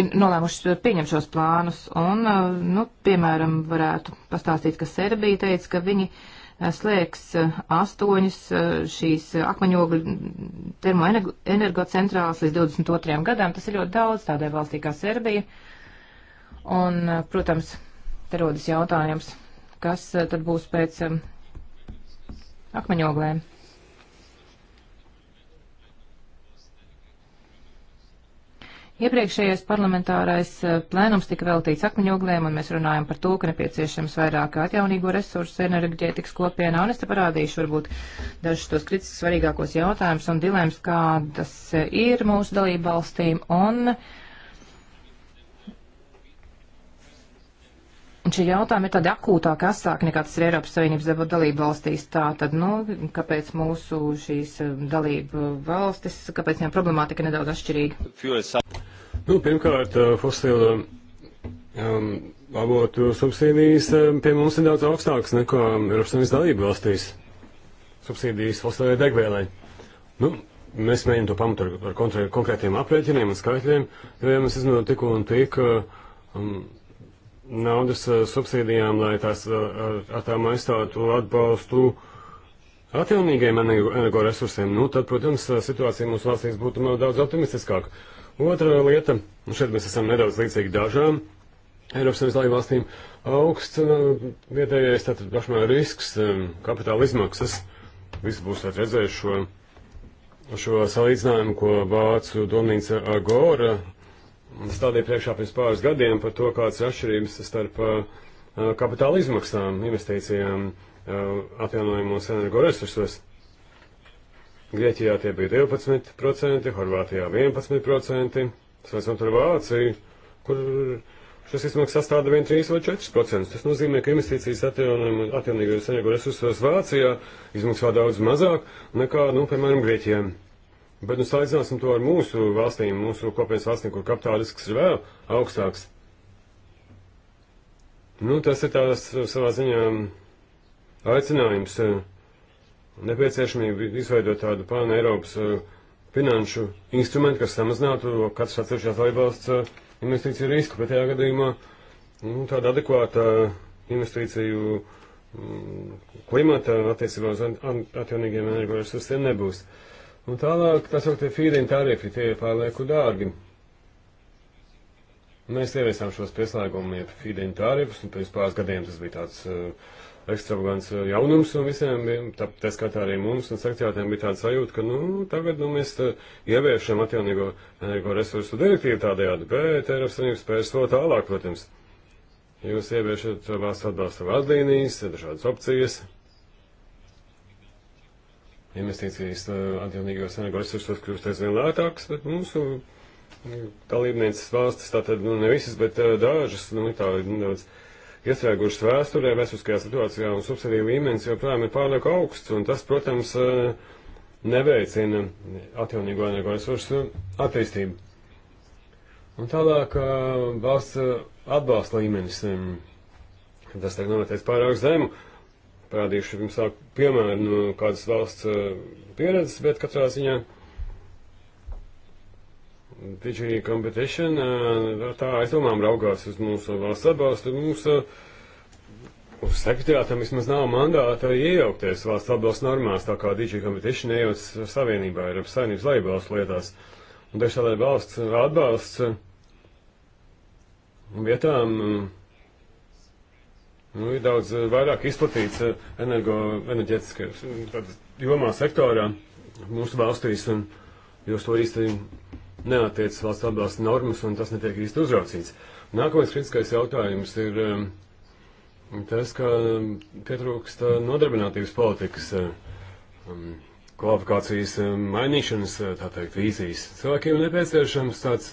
ir nolēmušas pieņemt šos plānus. Un, nu, piemēram, varētu pastāstīt, ka Serbija teica, ka viņi Eh, slēgs eh, astoņas eh, šīs akmeņogļu termoenergocentrālas līdz 22. gadam. Tas ir ļoti daudz tādai valstī kā Serbija. Un, protams, te rodas jautājums, kas tad būs pēc akmeņoglēm. Iepriekšējais parlamentārais eh, plēnums tika veltīts akmeņogliem, un mēs runājam par to, ka nepieciešams vairāk atjaunīgo resursu enerģētikas kopienā, un es te parādīšu varbūt dažus tos kritiski svarīgākos jautājumus un dilēmas, kādas eh, ir mūsu dalību valstīm, un uh, Un šie jautājumi ir tādi akūtāki, asāki nekā tas ir Eiropas Savienības dalību valstīs. Tā tad, nu, kāpēc mūsu šīs um, dalību valstis, kāpēc viņām problemātika ir nedaudz atšķirīga? Nu, pirmkārt, uh, fosilo um, avotu subsīdijas um, pie mums ir daudz augstākas nekā Eiropas Savienības dalību valstīs. Subsīdijas fosilai degvielai. Nu, mēs mēģinām to pamatot ar, ar konkrētiem aprēķiniem un skaitļiem, jo, ja mēs izmantojam tik un tik. Uh, um, naudas eh, subsīdijām, lai tās eh, ar, ar tām aizstātu atbalstu atjaunīgiem energoresursiem, nu tad, protams, eh, situācija mūsu valstīs būtu daudz optimistiskāka. Otra lieta, un nu, šeit mēs esam nedaudz līdzīgi dažām Eiropas Savienības dalību valstīm, augsts vietējais tātad pašmā risks, kapitāla izmaksas, visi būs tātad redzējuši šo, šo salīdzinājumu, ko vācu domnīca Agora stādīja priekšā pirms pāris gadiem par to, kādas atšķirības starp uh, uh, kapitāla izmaksām, investīcijām uh, atjaunojumos energoresursos. Grieķijā tie bija 12%, Horvātijā 11%, salīdzinot ar Vāciju, kur šis izmaksas sastāda 1, 3 vai 4%. Tas nozīmē, ka investīcijas atjaunīgajos energoresursos Vācijā izmaksā daudz mazāk nekā, nu, piemēram, Grieķijai. Bet nu salīdzināsim to ar mūsu valstīm, mūsu kopienas valstīm, kur kapitālisks ir vēl augstāks. Nu, tas ir tās savā ziņā aicinājums, eh, nepieciešamība izveidot tādu pāna Eiropas eh, finanšu instrumentu, kas samazinātu katrs atsevišķās valsts eh, investīciju risku. Pretējā gadījumā nu, tāda adekvāta investīciju mm, klimata attiecībā uz atjaunīgiem energoresursiem nebūs. Uh, Un tālāk, tā sauktie feed-in tarifi, tie ir pārlieku dārgi. Mēs ieviesām šos pieslēgumu feed-in tarifus, un pirms pāris gadiem tas bija tāds uh, ekstravagants eh, jaunums, un visiem bija, tā skatā arī mums un sekcijātiem bija tāda sajūta, ka, nu, tagad, nu, mēs eh, ieviešam atjaunīgo energoresursu direktīvu tādējādi, bet Eiropas Savienības spējas to tālāk, protams. Jūs ieviešat valsts atbalsta vadlīnijas, dažādas opcijas, investīcijas atjaunīgajos energoresursos kļūst aizvien lētākas, bet mūsu dalībnieces valstis, tātad nu, ne visas, bet dažas, nu, tā nedaudz iestrēgušas vēsturē, vēsturiskajā situācijā, un subsidiju līmenis joprojām ir pārlieku augsts, un tas, protams, neveicina atjaunīgo energoresursu attīstību. Un tālāk valsts atbalsta līmenis. Tas tiek novērtēts pārāk zemu, parādīšu jums vēl piemēru no kādas valsts eh, pieredzes, bet katrā ziņā Digi Competition, eh, tā es domām raugās uz mūsu valsts atbalstu, mūsu eh, Uz sekretārātam vismaz nav mandāta iejaukties valsts atbalsta normās, tā kā Digi Competition ejot savienībā Eiropas saimnības laibalstu lietās. Un dažādai valsts atbalsts vietām nu, ir daudz eh, vairāk izplatīts eh, energo, enerģetiskajā eh, jomā, sektorā mūsu valstīs, un jūs to īsti neatiecas valsts atbalsta normas, un tas netiek īsti uzraucīts. Nākamais kritiskais jautājums ir tas, ka pietrūkst nodarbinātības politikas um, kvalifikācijas mainīšanas, tā teikt, vīzijas. Cilvēkiem nepieciešams tāds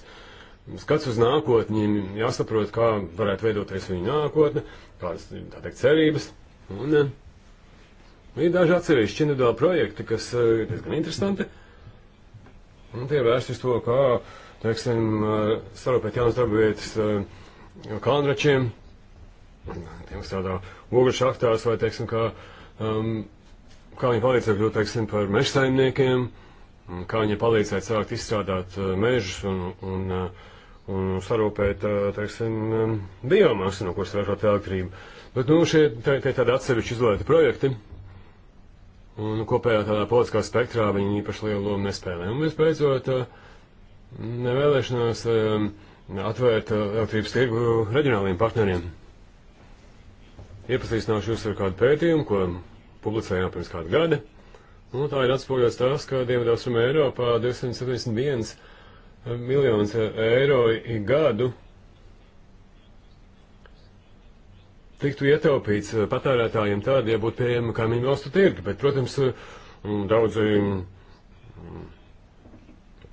skats uz nākotni, jāsaprot, kā varētu veidoties viņa nākotne, kādas, tā teikt, cerības. Un eh, ir daži atsevišķi individuāli projekti, kas eh, ir diezgan interesanti. Un tie vērst uz to, kā, teiksim, eh, sarūpēt jaunas darba vietas kalnračiem, tiem, kas strādā ogļu šaktās, vai, teiksim, kā, um, kā viņi palīdzētu kļūt, teiksim, par mežsaimniekiem, kā viņi palīdzētu sākt izstrādāt mežus un, un uh, un sarūpēt, teiksim, biomasu, no kuras ražot elektrību. Bet, nu, šie tie tā, tādi atsevišķi izolēti projekti, un kopējā tādā politiskā spektrā viņi īpaši lielu lomu nespēlē. Un, visbeidzot, nevēlēšanās atvērt elektrības tirgu reģionāliem partneriem. Iepazīstināšu jūs ar kādu pētījumu, ko publicējām pirms kādu gadu. Nu, un tā ir atspoguļots tas, ka Dienvidāfrikā Eiropā 271 miljonus eh, eiro ik gadu tiktu ietaupīts eh, patērētājiem tādā, ja būtu pieejama kaimiņu valstu tirgi. Bet, protams, eh, daudzi mm,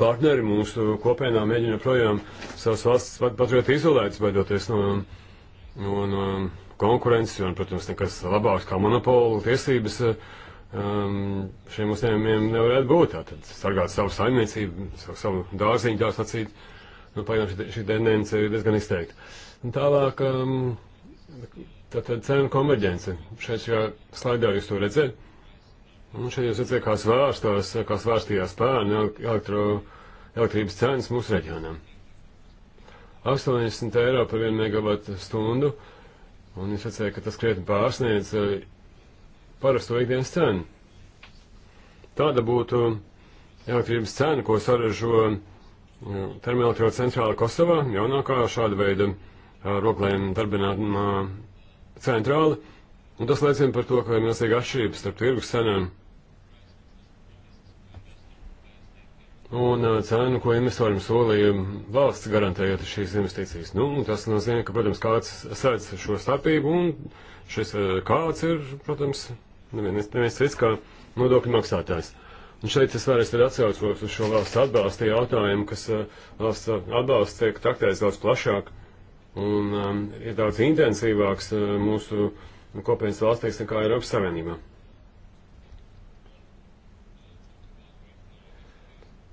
partneri mūsu kopienā mēģina projām savas valsts paturēt izolētas, baidoties no, no, no konkurences, un, protams, nekas labāks kā monopola tiesības. Uh, um, šiem uzņēmumiem nevarētu būt. Tātad sargāt savu saimniecību, savu, savu dārziņu, tā sacīt. Nu, pagaidām šī, šī tendence ir diezgan izteikta. Un tālāk, um, tātad cenu konverģence. Šeit šajā slaidā jūs to redzat. Un šeit jūs redzat, kā svārstās, kā svārstījās pērni elektro, elektrības cenas mūsu reģionam. 80 eiro par 1 megavatu stundu. Un viņš redzēja, ka tas krietni pārsniedz uh, parasto ikdienas cenu. Tāda būtu elektrības cena, ko saražo e, termelektrības centrāla Kosovā, jaunākā šāda veida e, roklēm darbinātuma centrāla. Un tas liecina par to, ka ir milzīga atšķirība starp tirgus cenām un e, cenu, ko investoriem solīja valsts garantējot šīs investīcijas. Nu, tas nozīmē, ka, protams, kāds sēdz šo starpību, un šis kāds ir, protams, neviens, neviens cits kā nodokļu maksātājs. Un šeit es vairs atcaucos uz šo valsts atbalsta jautājumu, kas eh, valsts atbalsts tiek traktēts daudz plašāk un um, ir daudz intensīvāks uh, mūsu kopienas valstīs nekā Eiropas Savienībā.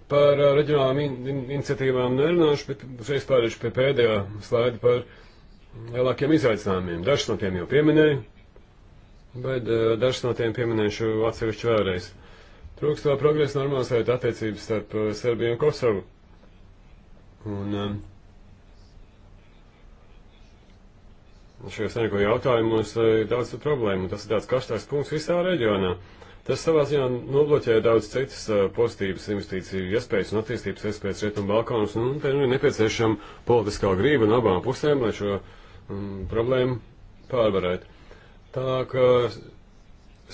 Par uh, reģionālām in in iniciatīvām nerunāšu, bet uzreiz pārēšu pie pēdējā slaida par lielākiem izaicinājumiem. Dažs no tiem jau pieminēju bet dažs no tiem pieminēšu atsevišķi vēlreiz. Trūkst vēl progresa normalizēt attiecības starp uh, Serbiju un Kosovu. Un um, šajos neko jautājumos uh, ir daudz problēmu. Tas ir tāds karstais punkts visā reģionā. Tas savā ziņā nobloķē daudz citas uh, pozitīvas investīciju iespējas un attīstības iespējas Rietumu Balkānus, un te nu, ir nepieciešama politiskā grība no abām pusēm, lai šo um, problēmu pārvarētu. Tālāk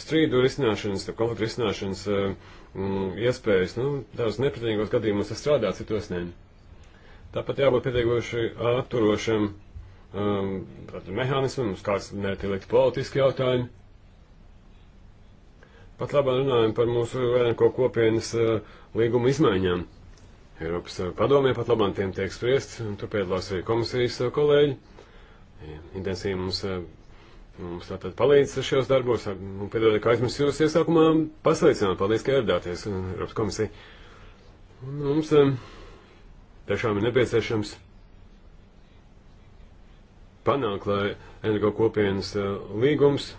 strīdu risināšanas, konfliktu risināšanas eh, mm, iespējas, nu, dažos nepretīgos gadījumos tas strādā, citos nē. Tāpat jābūt pietiekoši atturošam um, mehānismam, uz kāds netiek likt politiski jautājumi. Pat labāk runājam par mūsu ēnko kopienas uh, līguma izmaiņām. Eiropas eh, padomē pat labāk tiem tiek spriests, un tur piedalās arī komisijas uh, kolēģi. Intensīvi mums uh, mums tātad palīdz šajos darbos. Nu, piedodiet, kā es mums jūs iesākumā pasveicināju. Paldies, ka ieradāties eh, Eiropas komisija. Un mums eh, tiešām ir nepieciešams panākt, lai energo kopienas eh, līgums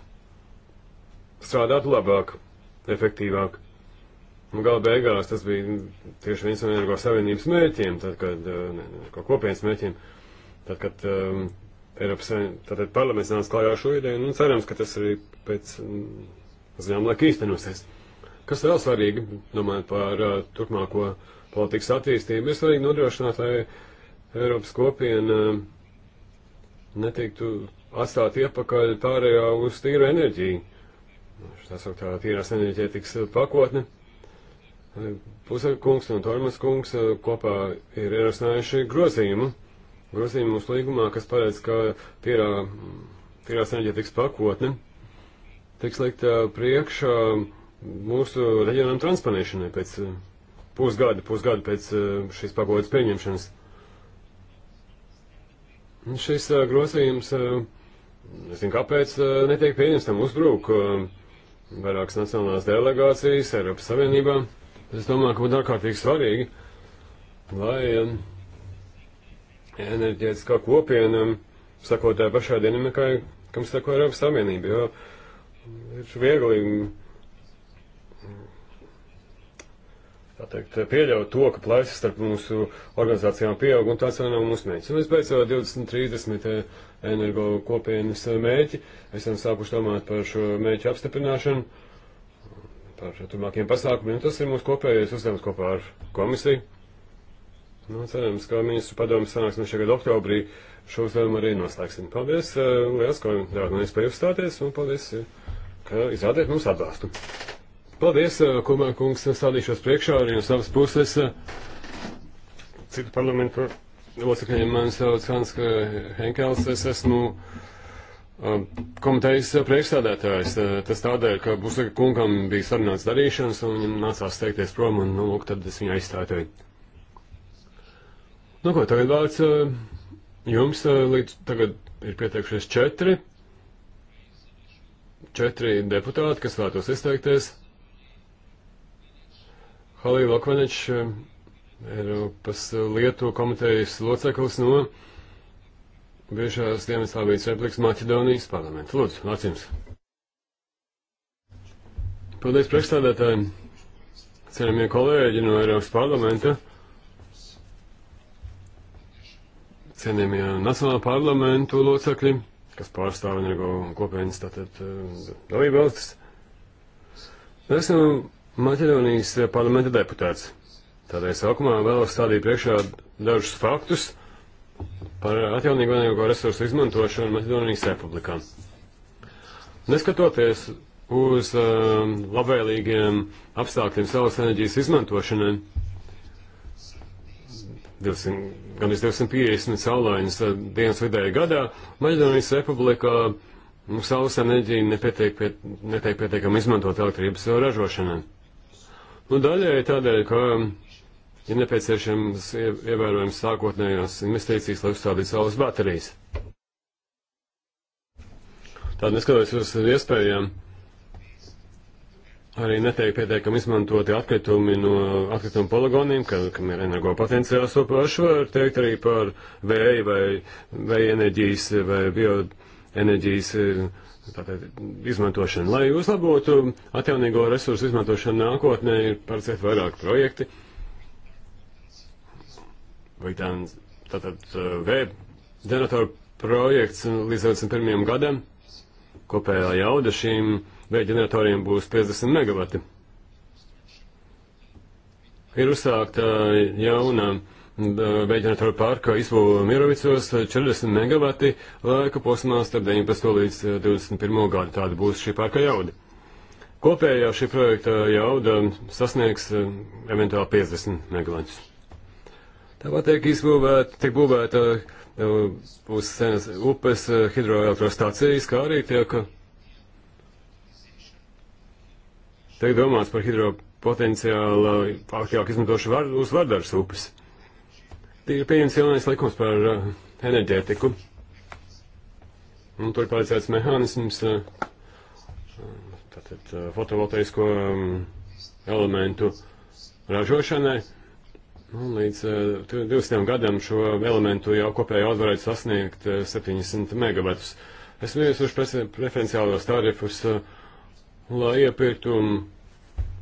strādātu labāk, efektīvāk. Un gala beigās tas bija mm, tieši viens no energo savienības mērķiem, tad, kad energo kopienas mērķiem, tad, kad um, Eiropas tātad parlaments nāca klājā šo ideju, un nu, cerams, ka tas arī pēc zinām laika īstenosies. Kas vēl svarīgi, domājot par uh, turpmāko politikas attīstību, ir svarīgi nodrošināt, lai Eiropas kopiena uh, netiktu atstāt iepakaļ pārējā uz tīru enerģiju. Tā sauktā tīrās enerģētikas pakotne. Pusē kungs un Tormas kungs uh, kopā ir ierosinājuši grozījumu grozījumu mūsu līgumā, kas paredz, ka tīrā, tīrās enerģētikas pakotne tiks likt priekšā mūsu reģionam transponēšanai pēc pusgada, pusgada pēc šīs pagodas pieņemšanas. Šis grozījums, nezinu kāpēc, netiek pieņemts, tam uzbrūk vairākas nacionālās delegācijas Eiropas Savienībā. Es domāju, ka būtu ārkārtīgi svarīgi, lai enerģētiskā kopiena, sakot tā pašā dinamikai, kam sako Eiropas Savienība, jo ir viegli teikt, pieļaut to, ka plaisas starp mūsu organizācijām pieaug, un tāds vēl nav mūsu mērķis. Un visbeidzot, 2030 eh, energo kopienas mērķi, esam sākuši domāt par šo mērķu apstiprināšanu, par turmākiem pasākumiem, tas ir mūsu kopējais uzdevums kopā ar komisiju. Nu, cerams, ka ministru padomu sanāksim šajā gada oktobrī šo uzdevumu arī noslēgsim. Paldies, eh, liels, ko ļaut man iespēju uzstāties, un paldies, eh, ka izrādījāt mums atbalstu. Paldies, eh, Kumā kungs, stādīšos priekšā arī no savas puses. Citu parlamentu locekļiem man sauc Hanska Henkels, es esmu. Komitejas priekšstādētājs, tas tādēļ, ka Buseka kungam bija sarunāts darīšanas, un viņam nācās steigties prom, un, nu, lūk, tad es viņu aizstāju. Nu, ko tagad vārds eh, jums eh, līdz tagad ir pieteikušies četri. Četri deputāti, kas vēlētos izteikties. Halī Lokvaniņš, eh, Eiropas lietu komitejas loceklis no bijušās Dienvidslāvijas republikas Maķedonijas parlamenta. Lūdzu, vārds jums. Paldies priekšstādātājiem, ceramie kolēģi no Eiropas parlamenta. cienījamie Nacionālo parlamentu locekļi, kas pārstāv energo kopienas tātad eh, dalību valstis. Esmu Maķedonijas parlamenta deputāts. Tādēļ sākumā vēlos stādīt priekšā dažus faktus par atjaunīgo energo resursu izmantošanu Maķedonijas republikā. Neskatoties uz uh, labvēlīgiem apstākļiem saules enerģijas izmantošanai, 200, gan 250 saulainas dienas vidēji gadā, Maģedonijas republikā nu, mm, saules enerģija netiek piet, pietiekami izmantot elektrības ražošanai. Nu, daļai tādēļ, ka mm, ir ja nepieciešams ievērojams sākotnējās investīcijas, lai uzstādītu saules baterijas. Tātad neskatoties uz iespējām Arī netiek pieteikami izmantoti atkritumi no atkritumu poligoniem, kam, kam ir energo potenciāls. To pašu var teikt arī par vēju vai, vai enerģijas vai bioenerģijas eh, tātad, izmantošanu. Lai uzlabotu atjaunīgo resursu izmantošanu nākotnē, ir paredzēt vairāk projekti. Vai tā, tātad eh, vēja ģeneratoru projekts līdz 21. gadam kopējā jauda šīm vēja ģeneratoriem būs 50 megavati. Ir uzsākta jauna vēja ģeneratora parka izbūve Mirovicos 40 megavati laika posmā starp 19. līdz 21. Eh, gadu. Tāda būs šī parka jauda. Kopējā šī projekta jauda sasniegs eh, eventuāli 50 megavatus. Tāpat tiek izbūvēta, tiek būvēta būs eh, senas upes hidroelektrostacijas, kā arī tiek tiek domāts par hidropotenciālu aktīvāk izmantošu var, uz Vardars upes. Ir pieņems jaunais likums par uh, enerģētiku. Un tur ir paredzēts mehānisms, uh, uh tātad uh, fotovoltaisko um, elementu ražošanai. Un līdz uh, 20 gadam šo elementu jau kopēji varētu sasniegt uh, 70 megabatus. Es vienkārši preferenciālos tarifus uh, lai iepirktu un,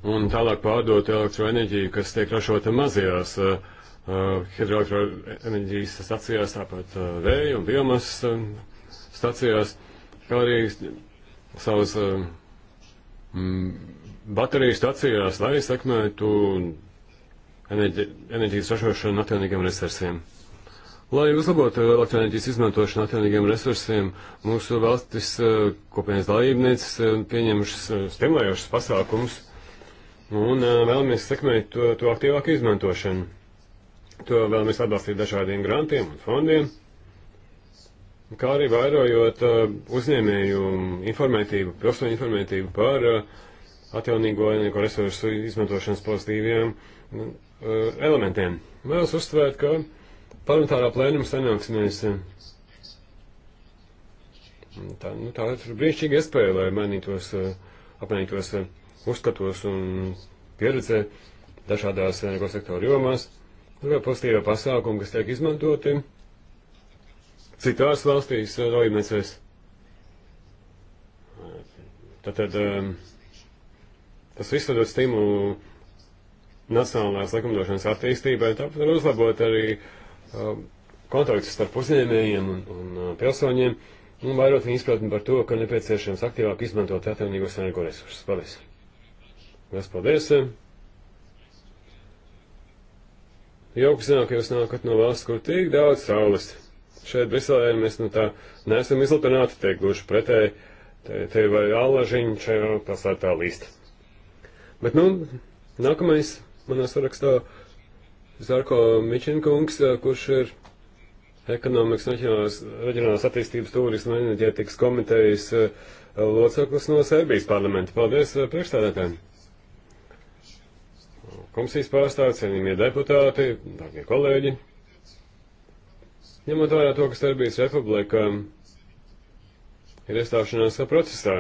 un tālāk pārdotu elektroenerģiju, kas tiek ražota mazajās uh, uh hidroelektroenerģijas stacijās, tāpat uh, vēja un biomasas uh, stacijās, kā arī savas uh, bateriju stacijās, lai sekmētu enerģi, enerģijas ražošanu atjaunīgiem resursiem. Lai uzlabotu elektroenerģijas izmantošanu atjaunīgiem resursiem, mūsu valstis eh, kopienas dalībnieces eh, pieņemšas eh, stimulējošas pasākums un vēlamies sekmēt to, to aktīvāku izmantošanu. To vēlamies atbalstīt dažādiem grantiem un fondiem, kā arī vairojot uzņēmēju informētību, pilsoņu informētību par atjaunīgo energo resursu izmantošanas pozitīviem elementiem. Vēlos uzsvērt, ka parlamentārā plēnuma sanāksmēs. Eh, tā, nu, tā ir brīnišķīga iespēja, lai mainītos, eh, apmainītos eh, uzskatos un pieredzē dažādās energo sektoru jomās. Tur vēl pozitīvā pasākuma, kas tiek izmantoti citās valstīs dalībniecēs. Tātad tas viss dod stimulu nacionālās likumdošanas attīstībai, tāpat var uzlabot arī uh, Um, kontaktus starp uzņēmējiem un, un uh, pilsoņiem un vairot viņu izpratni par to, ka nepieciešams aktīvāk izmantot atjaunīgos energoresursus. Paldies! Mēs paldies! Jauks zināt, ka jūs nākat no valsts, kur tik daudz saules. Šeit Briselē mēs nu tā neesam izlapināti, tiek gluži pretēji, te, te vai allažiņi šajā pilsētā līst. Bet nu, nākamais manā sarakstā. Uh, Zarko Mičinkungs, eh, kurš ir ekonomikas reģionālās, reģionālās attīstības turismu un enerģētikas komitejas eh, loceklis no Serbijas parlamenta. Paldies eh, priekšstādātājiem! Komisijas pārstāvji, cienījamie deputāti, dārgie kolēģi! Ņemot vērā to, ka Serbijas republika ir iestāšanās procesā,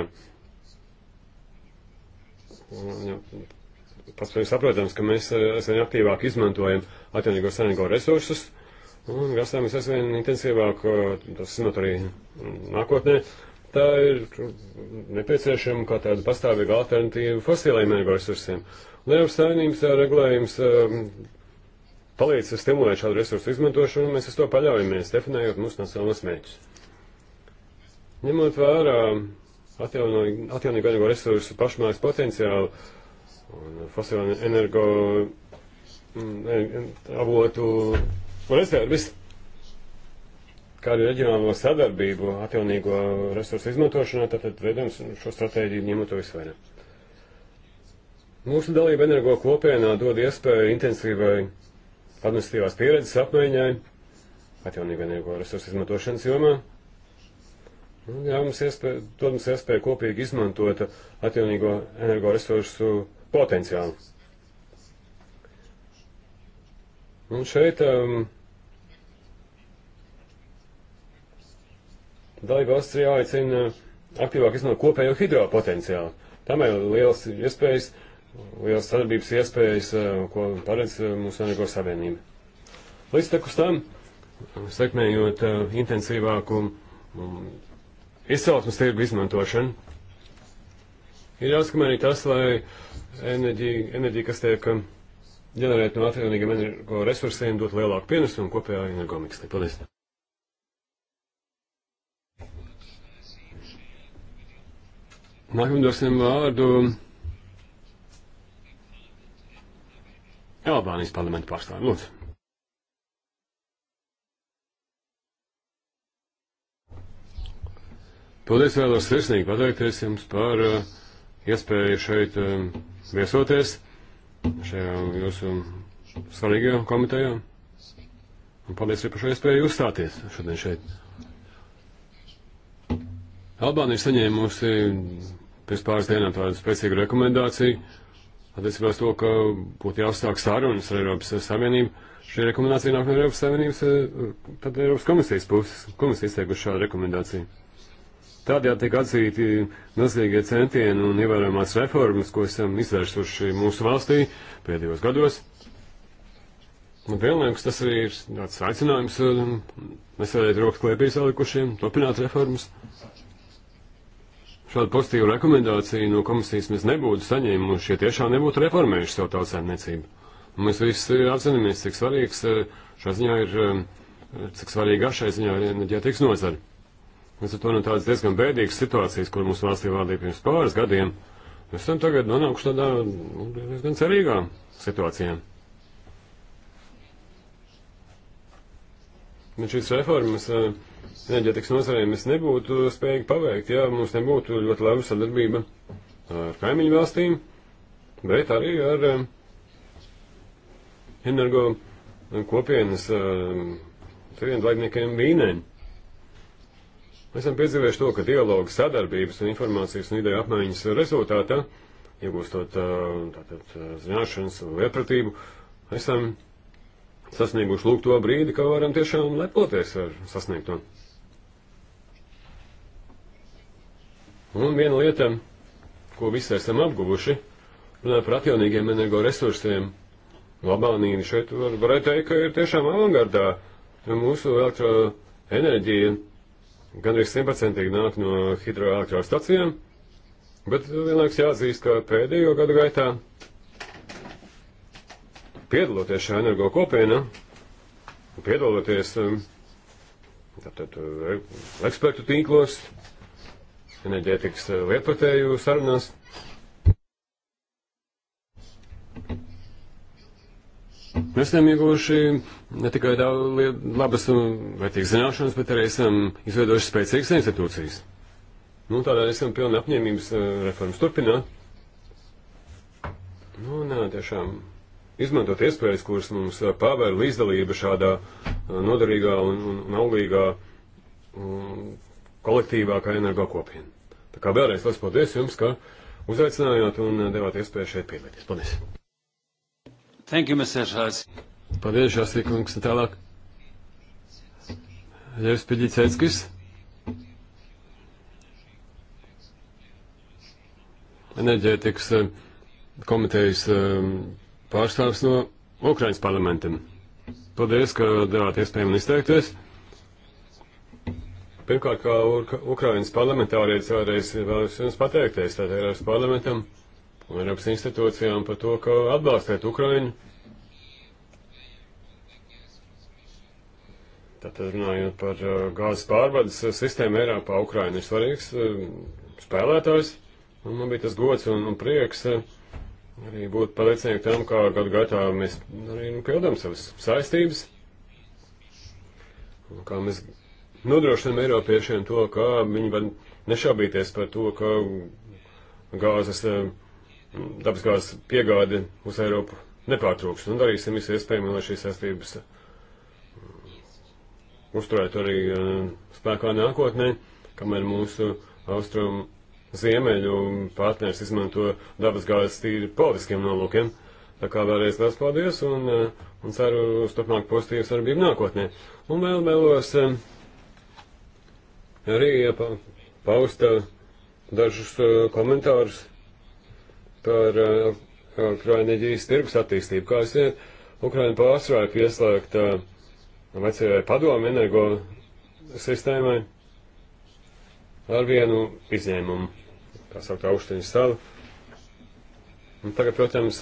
pats par saprotams, ka mēs eh, aizvien aktīvāk izmantojam atjaunīgo sanīgo resursus un grasāmies aizvien intensīvāk, eh, tas zinot arī nākotnē. Tā ir nepieciešama kā tāda pastāvīga alternatīva fosilējiem energoresursiem. Lielās saimnības eh, regulējums palīdz stimulēt šādu resursu izmantošanu, un mēs uz to paļaujamies, definējot mūsu nacionālos mērķus. Ņemot vērā atjaunīgo energoresursu pašmājas potenciālu, uh, un fosilo energo mm, avotu un aizstāvēt visu kādu reģionālo sadarbību atjaunīgo resursu izmantošanā, tad, tad veidojums šo stratēģiju ņemot to visvairā. Mūsu dalība energo kopienā dod iespēju intensīvai administratīvās pieredzes apmaiņai, atjaunīgo energo resursu izmantošanas jomā. Jā, mums iespēja, dod mums iespēju kopīgi izmantot atjaunīgo energo resursu izmantošanu potenciālu. Un šeit um, dalībvalsts ir jāaicina aktīvāk izmantot kopējo hidropotenciālu. Tam ir liels iespējas, liels sadarbības iespējas, uh, ko paredz uh, mūsu energo savienība. Līdz tekus tam, sekmējot uh, intensīvāku um, izcelsmes tirgu izmantošanu, Ir jāskan arī tas, lai enerģija, enerģija kas tiek um, ģenerēta no atjaunīgiem energo resursiem, dot lielāku pienesumu kopējā energomiksnē. Paldies! Nākamajam dosim vārdu Albānijas parlamenta pārstāvjiem. Lūdzu. Paldies vēlos sirsnīgi pateikties jums par uh, iespēju šeit um, viesoties šajā jūsu svarīgajā komitejā. Un paldies arī par šo iespēju uzstāties šodien šeit. Albānija ir saņēmusi pirms pāris dienām tādu spēcīgu rekomendāciju attiecībā uz to, ka būtu jāuzsāk sarunas ar Eiropas Savienību. Šī rekomendācija nāk no Eiropas Savienības, eh, tad Eiropas komisijas puses. Komisija izteikusi šādu rekomendāciju. Tādējādi tiek atzīti milzīgie centieni un ievērojamās reformas, ko esam izvērsuši mūsu valstī pēdējos gados. Un vienlaikus tas arī ir tāds aicinājums nesēdēt um, rokas klēpī salikušiem, turpināt reformas. Šādu pozitīvu rekomendāciju no komisijas mēs nebūtu saņēmuši, ja tiešām nebūtu reformējuši savu tautsēmniecību. Un mēs visi apzināmies, cik svarīgs uh, šā ziņā ir, um, cik svarīga šai ziņā ir enerģētikas nozara. Līdz ar to no nu, tādas diezgan bēdīgas situācijas, kur mūsu valstī valdīja pirms pāris gadiem, mēs esam tagad nonākuši tādā nu, diezgan cerīgā situācijā. Bet nu, šīs reformas eh, enerģetikas nozarē mēs nebūtu spējīgi paveikt, ja mums nebūtu ļoti laba sadarbība eh, ar kaimiņu valstīm, bet arī ar eh, energo kopienas trienlaidniekiem vīnēm. Mēs esam piedzīvējuši to, ka dialogu, sadarbības un informācijas un ideju apmaiņas rezultātā, iegūstot tātad zināšanas un vērpratību, esam sasnieguši lūk to brīdi, ka varam tiešām lepoties ar sasniegto. Un viena lieta, ko visi esam apguvuši, runājot par atjaunīgiem energoresursiem, Labānīni šeit var, varētu teikt, ka ir tiešām avangardā. Mūsu elektroenerģija gandrīz simtprocentīgi nāk no hidroelektrostacijām, bet vienlaikus jāatzīst, ka pēdējo gadu gaitā piedaloties šajā energo kopienā, piedaloties um, tātad, uh, ekspertu tīklos, enerģētikas uh, lietpratēju sarunās. Mēs esam ieguvuši ne tikai daudz labas un um, vērtīgas zināšanas, bet arī esam izveidojuši spēcīgas institūcijas. Nu, tādēļ esam pilni apņēmības uh, reformas turpināt. Nu, nē, uh, tiešām izmantot iespējas, kuras mums uh, pavēra līdzdalība šādā noderīgā un, un, un auglīgā un um, kolektīvākā energo kopiena. Tā kā vēlreiz liels paldies jums, ka uzaicinājāt un devāt iespēju šeit piedalīties. Paldies! Thank you, Mr. Schultz. Paldies, Jāsīkungs, un tālāk. Jēzus Piļiceckis. Enerģētikas eh, komitejas eh, pārstāvs no Ukrainas parlamentam. Paldies, ka devāt iespēju man izteikties. Pirmkārt, kā Uk Ukrainas parlamentārietis vēlreiz vēlos jums pateikties, tātad Eiropas parlamentam un Eiropas institūcijām par to, ka atbalstāt Ukrainu Tātad runājot par uh, gāzes pārvades uh, sistēmu Eiropā, Ukraina ir svarīgs uh, spēlētājs. Un man bija tas gods un, un prieks arī būt palicnieku tam, kā gadu gaitā mēs arī nu, pildām savas saistības. Un kā mēs nodrošinām Eiropiešiem to, ka viņi var nešaubīties par to, ka gāzes, dabasgāzes piegāde uz Eiropu nepārtrūks. Un darīsim visu iespējamo, lai šīs saistības uzturēt arī eh, spēkā nākotnē, kamēr mūsu austrumu ziemeļu partners izmanto dabas gāzes tīri politiskiem nolūkiem. Tā kā vēlreiz liels paldies un, eh, un ceru uz turpmāk pozitīvu sarbību nākotnē. Un vēl vēlos eh, arī paust dažus komentārus par Ukraiņģijas tirgus attīstību. Kā es zinu, Ukraiņa pārsvarā pieslēgta uh, vecajai padomu energo sistēmai ar vienu izņēmumu, tā saukt augšteņu salu. Un tagad, protams,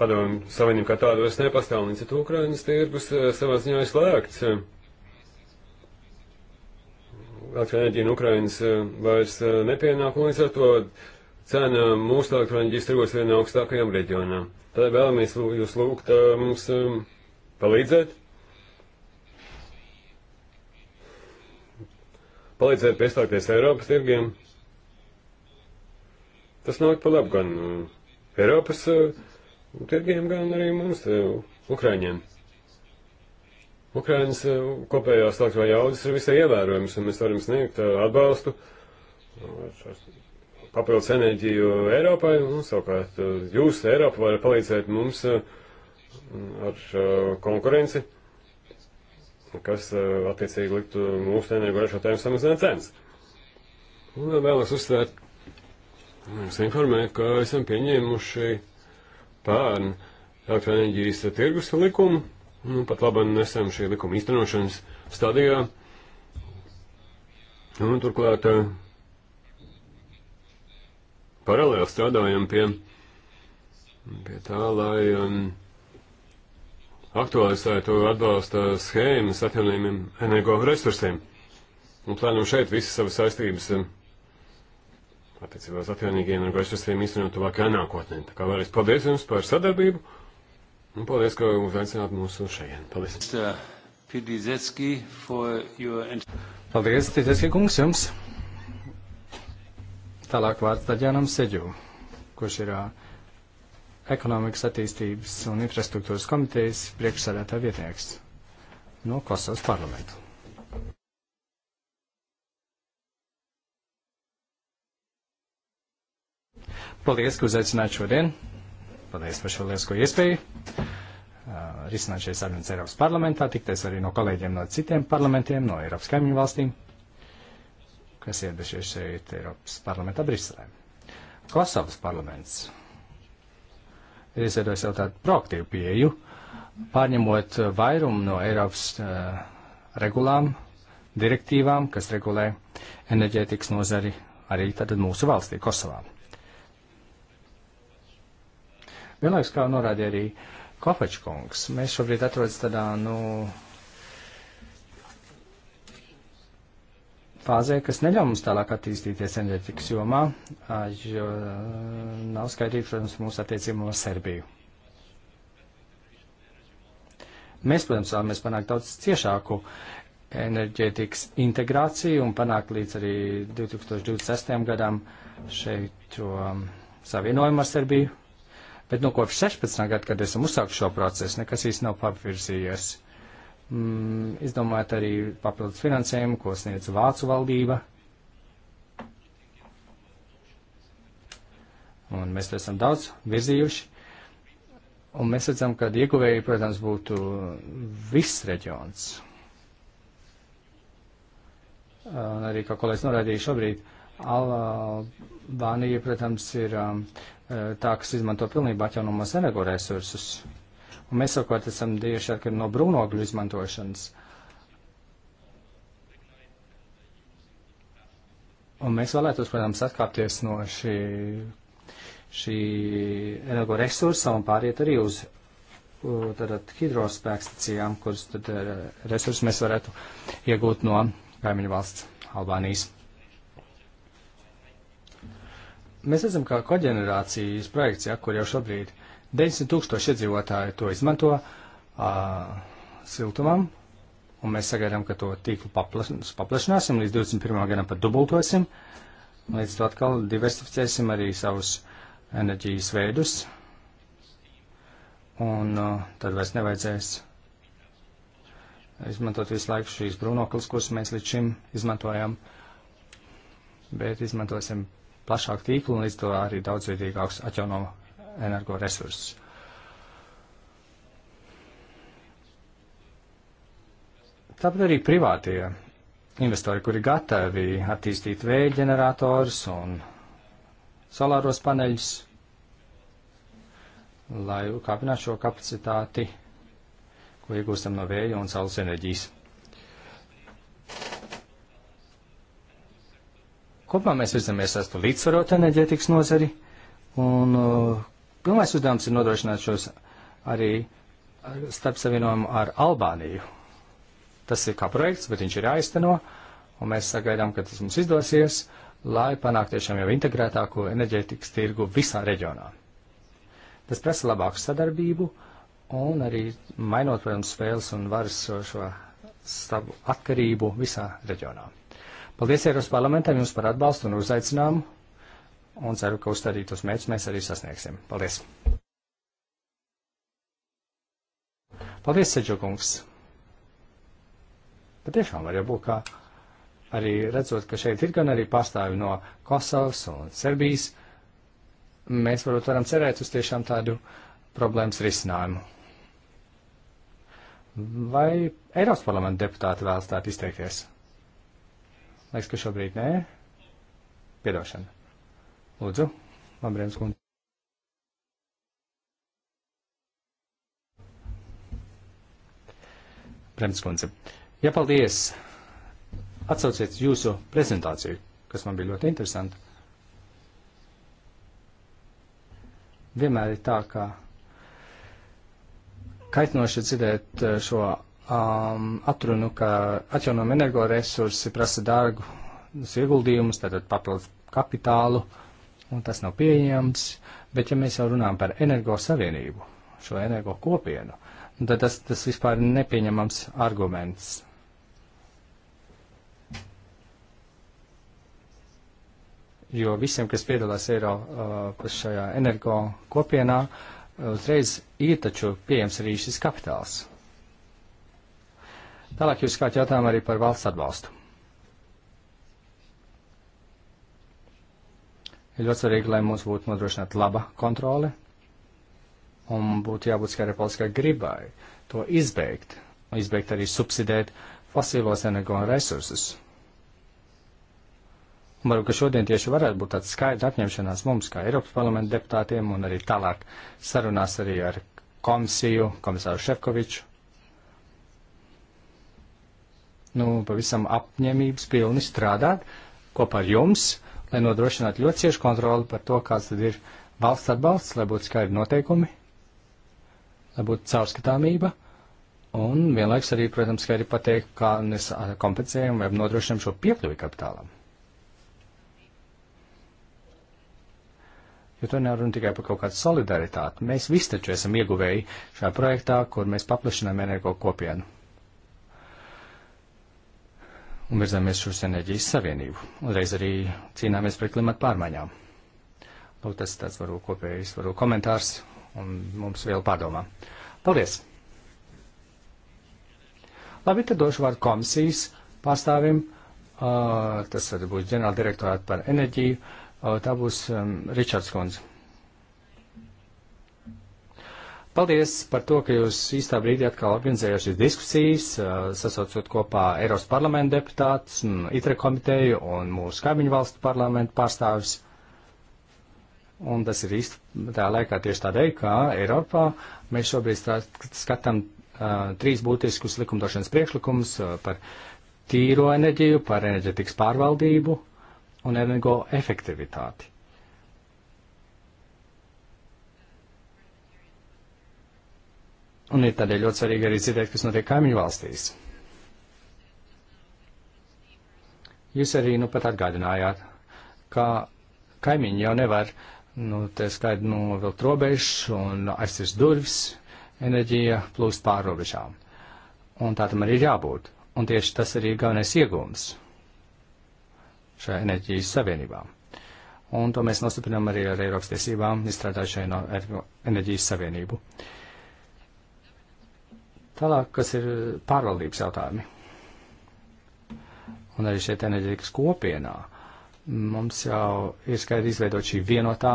padomu savienību kā tādu vairs nepastāv, līdz ar to Ukrainas tirgus e, savā ziņā ir slēgts. Elektroenerģija no Ukrainas e, vairs e, nepienāk, un līdz ar to cena mūsu elektroenerģijas tirgos viena augstākajām reģionām. Tad vēlamies jūs lūgt mums. Um, palīdzēt. Palīdzēt piestāties Eiropas tirgiem. Tas nāk pa labu gan uh, Eiropas uh, tirgiem, gan arī mums, uh, Ukraiņiem. Ukrainas kopējās elektrā jaudas ir visai ievērojams, un mēs varam sniegt atbalstu papildus enerģiju Eiropai, un savukārt jūs, Eiropa, varat palīdzēt mums uh, ar uh, konkurenci, kas uh, attiecīgi liktu mūsu energoražotājiem samazināt cenas. Un vēlos uzsvērt, jums informēju, ka esam pieņēmuši pērn elektroenerģijas tirgus likumu, nu, pat labam esam šī likuma īstenošanas stadijā. Un turklāt uh, paralēli strādājam pie, pie tā, lai. Um, aktualizētu atbalsta schēmas atjaunījumiem energoresursiem. Un plānam šeit visas savas saistības eh, attiecībā uz atjaunīgiem energoresursiem īstenot tuvākajā nākotnē. Tā kā vēlreiz paldies jums par sadarbību un paldies, ka uzaicināt mūsu šajien. Paldies. Paldies, Tizeski kungs, jums. Tālāk vārds Daļānam Seģu, kurš ir uh, ekonomikas attīstības un infrastruktūras komitejas priekšsēdētā vietnieks no Kosovas parlamentu. Paldies, ka uzaicināt šodien. Paldies par šo lielisko iespēju risināt šīs sarunas Eiropas parlamentā, tikties arī no kolēģiem no citiem parlamentiem, no Eiropas kaimiņu valstīm, kas ieradušies šeit Eiropas parlamentā Briselē. Kosovas parlaments ir izveidojis jau tādu proaktīvu pieju, pārņemot vairumu no Eiropas uh, regulām, direktīvām, kas regulē enerģētikas nozari arī tātad mūsu valstī, Kosovā. Vienlaiks, kā norādīja arī Kopačkungs, mēs šobrīd atrodas tādā, nu, fāzē, kas neļauj mums tālāk attīstīties enerģetikas jomā, jo nav skaidrība, protams, mūsu attiecībā ar Serbiju. Mēs, protams, vēlamies panākt daudz ciešāku enerģētikas integrāciju un panākt līdz arī 2026. gadam šeit to um, savienojumu ar Serbiju. Bet nu, kopš 16. gada, kad esam uzsākuši šo procesu, nekas īsti nav pavirzījies. Uh, mm, izdomāt arī papildus finansējumu, ko sniedz Vācu valdība. Un mēs to esam daudz virzījuši. Un mēs redzam, ka ieguvēji, protams, būtu viss reģions. Un arī, kā kolēģis norādīja šobrīd, Albānija, protams, ir um, tā, kas izmanto pilnībā atjaunamos energoresursus. resursus Un mēs savukārt esam dieši atkarīgi no brūnogļu izmantošanas. Un mēs vēlētos, protams, atkāpties no šī, šī energoresursa un pāriet arī uz tātad hidrospēkstacijām, kuras tad e, resursus mēs varētu iegūt no kaimiņu valsts Albānijas. Mēs redzam, ka koģenerācijas projekts, ja, kur jau šobrīd uh, 90 tūkstoši iedzīvotāju to izmanto uh, siltumam, un mēs sagaidām, ka to tīklu paplašināsim līdz 21. gadam pat dubultosim, līdz to atkal diversificēsim arī savus enerģijas veidus, un uh, tad vairs nevajadzēs izmantot visu laiku šīs brūnoklis, kuras mēs līdz šim izmantojam, bet izmantosim plašāku tīklu un līdz to arī daudzveidīgākus atjaunojumu energoresursus. Tāpat arī privātie investori, kuri gatavi attīstīt vēja ģeneratorus un solāros paneļus, lai kāpinātu šo kapacitāti, ko iegūstam no vēja un saules enerģijas. Kopumā mēs virzamies uz līdzsvarotu enerģētikas nozari, un uh, Pirmais uzdevums ir nodrošināt šos arī starp savienojumu ar Albāniju. Tas ir kā projekts, bet viņš ir jāizteno, un mēs sagaidām, ka tas mums izdosies, lai panāktu tiešām jau integrētāko enerģētikas tirgu visā reģionā. Tas prasa labāku sadarbību un arī mainot, protams, spēles un varas šo savu atkarību visā reģionā. Paldies Eiropas parlamentam jums par atbalstu un uzaicinājumu un ceru, ka uzstādītos mērķus mēs arī sasniegsim. Paldies! Paldies, Seģokungs! Patiešām var jau būt, ka arī redzot, ka šeit ir gan arī pārstāvi no Kosovas un Serbijas, mēs varbūt varam cerēt uz tiešām tādu problēmas risinājumu. Vai Eiropas parlamenta deputāti vēlas tā izteikties? Liekas, ka šobrīd nē. Piedošana. Lūdzu, Lambrēns kundze. Brems kundze. Jā, ja, paldies. Atsauciet jūsu prezentāciju, kas man bija ļoti interesanta. Vienmēr ir tā, ka kaitinoši dzirdēt eh, šo um, atrunu, ka atjaunojumi energoresursi prasa dārgus ieguldījumus, tātad papildus kapitālu. Uh, un tas nav pieejams, bet ja mēs jau runājam par energo savienību, šo energo kopienu, tad tas, tas vispār ir nepieņemams arguments. jo visiem, kas piedalās Eiropas uh, šajā energo kopienā, uh, uzreiz ir taču pieejams arī šis kapitāls. Tālāk jūs kārt jautājām arī par valsts atbalstu. Ir ļoti svarīgi, lai mums būtu nodrošināta laba kontrole un būtu jābūt skaidrai politiskai gribai to izbeigt un izbeigt arī subsidēt fosilos energoresursus. Un varbūt, ka šodien tieši varētu būt tāds skaidrs apņemšanās mums, kā Eiropas parlamenta deputātiem, un arī tālāk sarunās arī ar komisiju, komisāru Šefkoviču. Nu, pavisam apņemības pilni strādāt kopā ar jums, lai nodrošinātu ļoti ciešu kontroli par to, kāds tad ir valsts atbalsts, lai būtu skaidri noteikumi, lai būtu caurskatāmība. Un vienlaiks arī, protams, skaidri pateikt, kā mēs kompensējam vai nodrošinām šo piekļuvi kapitālam. Jo to nav runa tikai par kaut kādu solidaritāti. Mēs visi taču esam ieguvēji šajā projektā, kur mēs paplašinām energo kopienu un virzāmies uz enerģijas savienību. Un reiz arī cīnāmies pret klimatu pārmaiņām. Lūk, tas tāds varbūt kopējs varbūt komentārs un mums vēl pārdomā. Paldies! Labi, tad došu vārdu komisijas pārstāvim. Uh, tas var būt ģenerāldirektorāt par enerģiju. Uh, tā būs um, Ričards Kundze. Paldies par to, ka jūs īstā brīdī atkal organizējāt šīs diskusijas, sasaucot kopā Eiropas parlamenta deputātus, ITRE komiteju un mūsu kaimiņu valstu parlamentu pārstāvis. Un tas ir īsti tā laikā tieši tādēļ, ka Eiropā mēs šobrīd skatām uh, trīs būtiskus likumdošanas priekšlikumus uh, par tīro enerģiju, par enerģetikas pārvaldību un energo efektivitāti. Un ir tādēļ ļoti svarīgi arī dzirdēt, kas notiek kaimiņu valstīs. Jūs arī nu pat atgādinājāt, ka kaimiņi jau nevar, nu, te skaidri novilkt nu, robežu un aizsirst durvis, enerģija plūst pār robežām. Un tā tam arī ir jābūt. Un tieši tas arī ir galvenais iegūms šajā enerģijas savienībā. Un to mēs nostiprinām arī ar Eiropas tiesībām, izstrādājušai no enerģijas savienību. Uh, Tālāk, kas ir pārvaldības jautājumi. Un arī šeit enerģētikas kopienā mums jau ir skaidri izveidot šī vienotā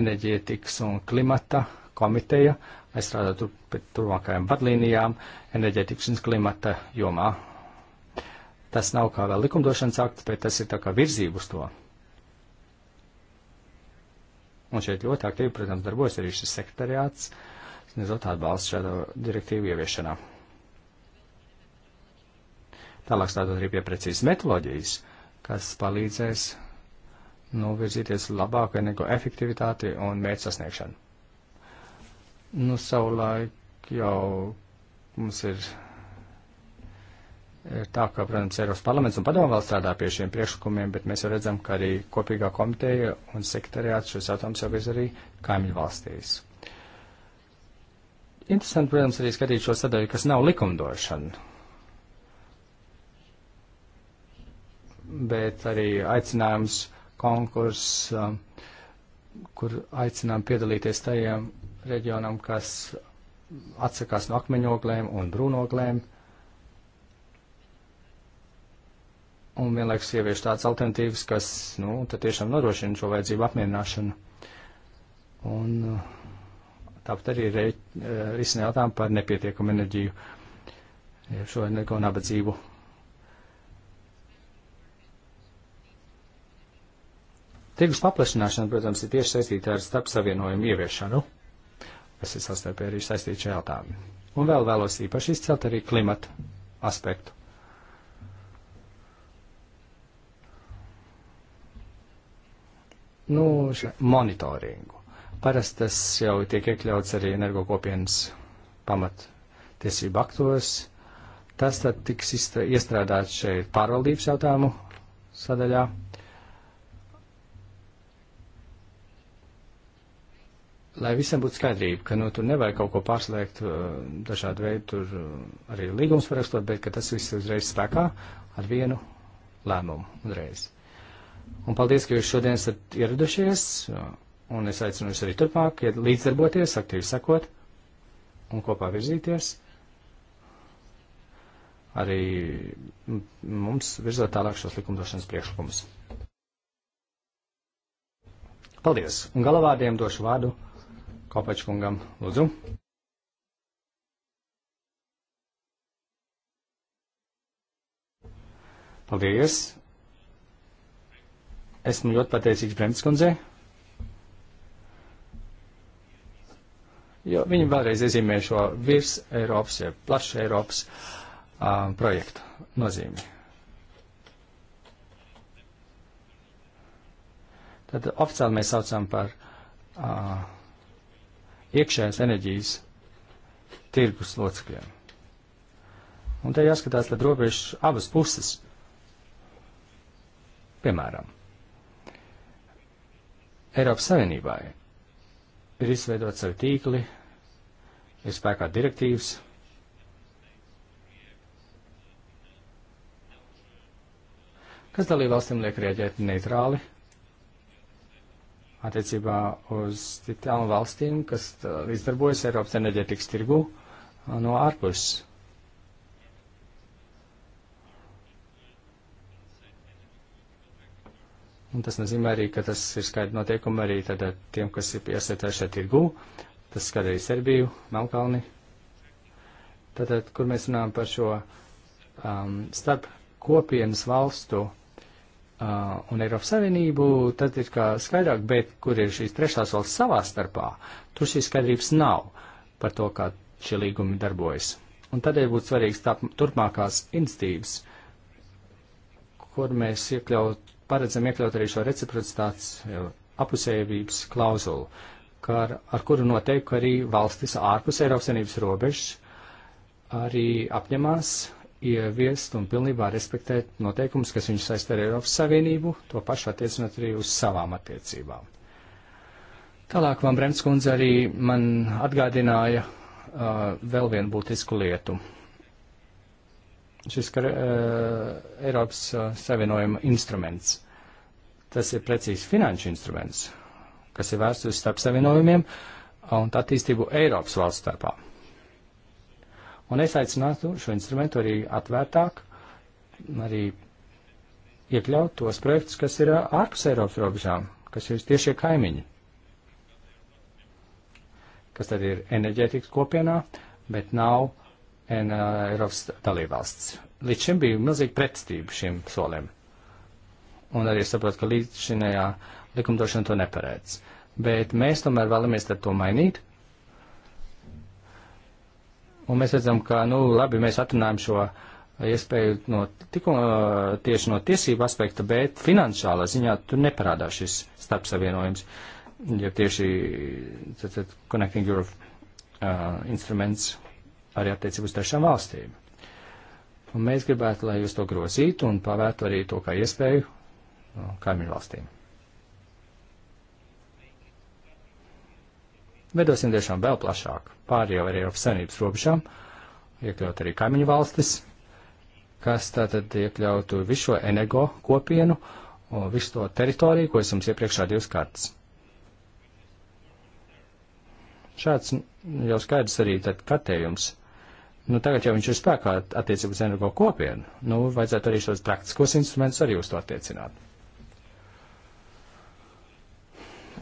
enerģētikas un klimata komiteja, lai strādātu pie turpmākajām vadlīnijām enerģētikas un klimata jomā. Tas nav kā vēl likumdošanas akts, bet tas ir tā kā virzību uz to. Un šeit ļoti aktīvi, protams, darbojas arī šis sekretariāts. Uh, sniedzot atbalstu šādu direktīvu ieviešanā. Tālāk stādot arī pie precīzas metoloģijas, kas palīdzēs novirzīties labākai neko efektivitāti un mērķu sasniegšanu. Nu, savulaik jau mums ir, ir tā, ka, protams, Eiropas parlaments un padomu vēl strādā pie šiem priekšlikumiem, bet mēs jau redzam, ka arī kopīgā komiteja un sekretariāts šos jautājumus jau virz arī kaimiņu valstīs. Interesanti, protams, arī skatīt šo sadaļu, kas nav likumdošana. Bet arī aicinājums konkurss, um, kur aicinām piedalīties tajiem reģionam, kas atsakās no akmeņoglēm un brūnoglēm. Un vienlaikus ievieš tādas alternatīvas, kas, nu, tad tiešām nodrošina šo vajadzību apmierināšanu. Un uh, Tāpat arī eh, risina jautājumu par nepietiekumu enerģiju, eh, šo energo nabadzību. Tirgus paplašināšana, protams, ir tieši saistīta ar starp savienojumu ieviešanu, kas ir sastarpēji arī saistīta šajā jautājumā. Un vēl vēlos īpaši izcelt arī klimatu aspektu. Nu, monitoringu. Parasti tas jau tiek iekļauts arī energokopienas pamattiesību aktos. Tas tad tiks iestrādāts šeit pārvaldības jautājumu sadaļā. lai visiem būtu skaidrība, ka nu, tur nevajag kaut ko pārslēgt, uh, dažādu veidu tur uh, arī līgums parakstot, bet ka tas viss ir uzreiz spēkā ar vienu lēmumu uzreiz. Un paldies, ka jūs šodien esat ieradušies. Un es aicinu jūs arī turpmāk līdzdarboties, aktīvi sakot un kopā virzīties. Arī mums virzot tālāk šos likumdošanas priekšlikumus. Paldies! Un galavārdiem došu vārdu Kopačkungam. Lūdzu! Paldies! Esmu ļoti pateicīgs Bremskundzei. jo viņi vēlreiz iezīmē šo virs Eiropas, ja plašu Eiropas um, projektu nozīmi. Tad oficiāli mēs saucam par uh, iekšējās enerģijas tirgus locekļiem. Un te jāskatās, tad robežas abas puses. Piemēram, Eiropas Savienībai ir izveidot savi tīkli, ir spēkā direktīvas. Kas dalībvalstīm liek rēģēt neitrāli attiecībā uz citām valstīm, kas uh, izdarbojas Eiropas enerģētikas tirgu uh, no ārpuses? Un tas nozīmē arī, ka tas ir skaidri notiekumi arī tad eh, tiem, kas ir iesaistījušies tirgū. Tas skar arī Serbiju, Melkalni. Tātad, eh, kur mēs runājam par šo um, starp kopienas valstu uh, un Eiropas Savienību, tad ir kā skaidrāk, bet kur ir šīs trešās valsts savā starpā, tur šīs skaidrības nav par to, kā šie līgumi darbojas. Un tādēļ būtu svarīgs tā, turpmākās instības, kur mēs iekļaut paredzam iekļaut arī šo reciprocitātes apusējības klauzulu, kar, ar kuru noteikti, ka arī valstis ārpus Eiropas Savienības robežas arī apņemās ieviest un pilnībā respektēt noteikumus, kas viņus saist ar Eiropas Savienību, to pašu attiecinot arī uz savām attiecībām. Tālāk man Bremskundze arī man atgādināja uh, vēl vienu būtisku lietu šis kar, uh, Eiropas uh, Savienojuma instruments. Tas ir precīzi finanšu instruments, kas ir vērsts uz starp savienojumiem un attīstību Eiropas valsts starpā. Un es aicinātu šo instrumentu arī atvērtāk, arī iekļaut tos projektus, kas ir eh, ārpus Eiropas robežām, kas ir tiešie kaimiņi, kas tad ir enerģētikas kopienā, bet nav un uh, Eiropas dalībvalsts. Līdz šim bija milzīga pretstība šiem solim. Un arī saprotu, ka līdz šinējā likumdošana to neparēdz. Bet mēs tomēr vēlamies to mainīt. Un mēs redzam, ka, nu, labi, mēs atrunājam šo iespēju no tiku, tieši no tiesību aspekta, bet finansiālā ziņā tur neparādās šis starpsavienojums. Ja tieši tad, tad Connecting Europe uh, instruments arī attiecību uz trešām valstīm. Un mēs gribētu, lai jūs to grozītu un pavērtu arī to kā iespēju uh, kaimiņu valstīm. Vedosim tiešām vēl plašāk, pāri jau ar Eiropas Savienības robežām, iekļaut arī kaimiņu valstis, kas tātad iekļautu visu šo energo kopienu, visu to teritoriju, ko es jums iepriekšā divas kārtas. Šāds nu, jau skaidrs arī tad katējums Nu, tagad jau viņš ir spēkā attiecībā uz energo kopienu. Nu, vajadzētu arī šos praktiskos instrumentus arī uz to attiecināt.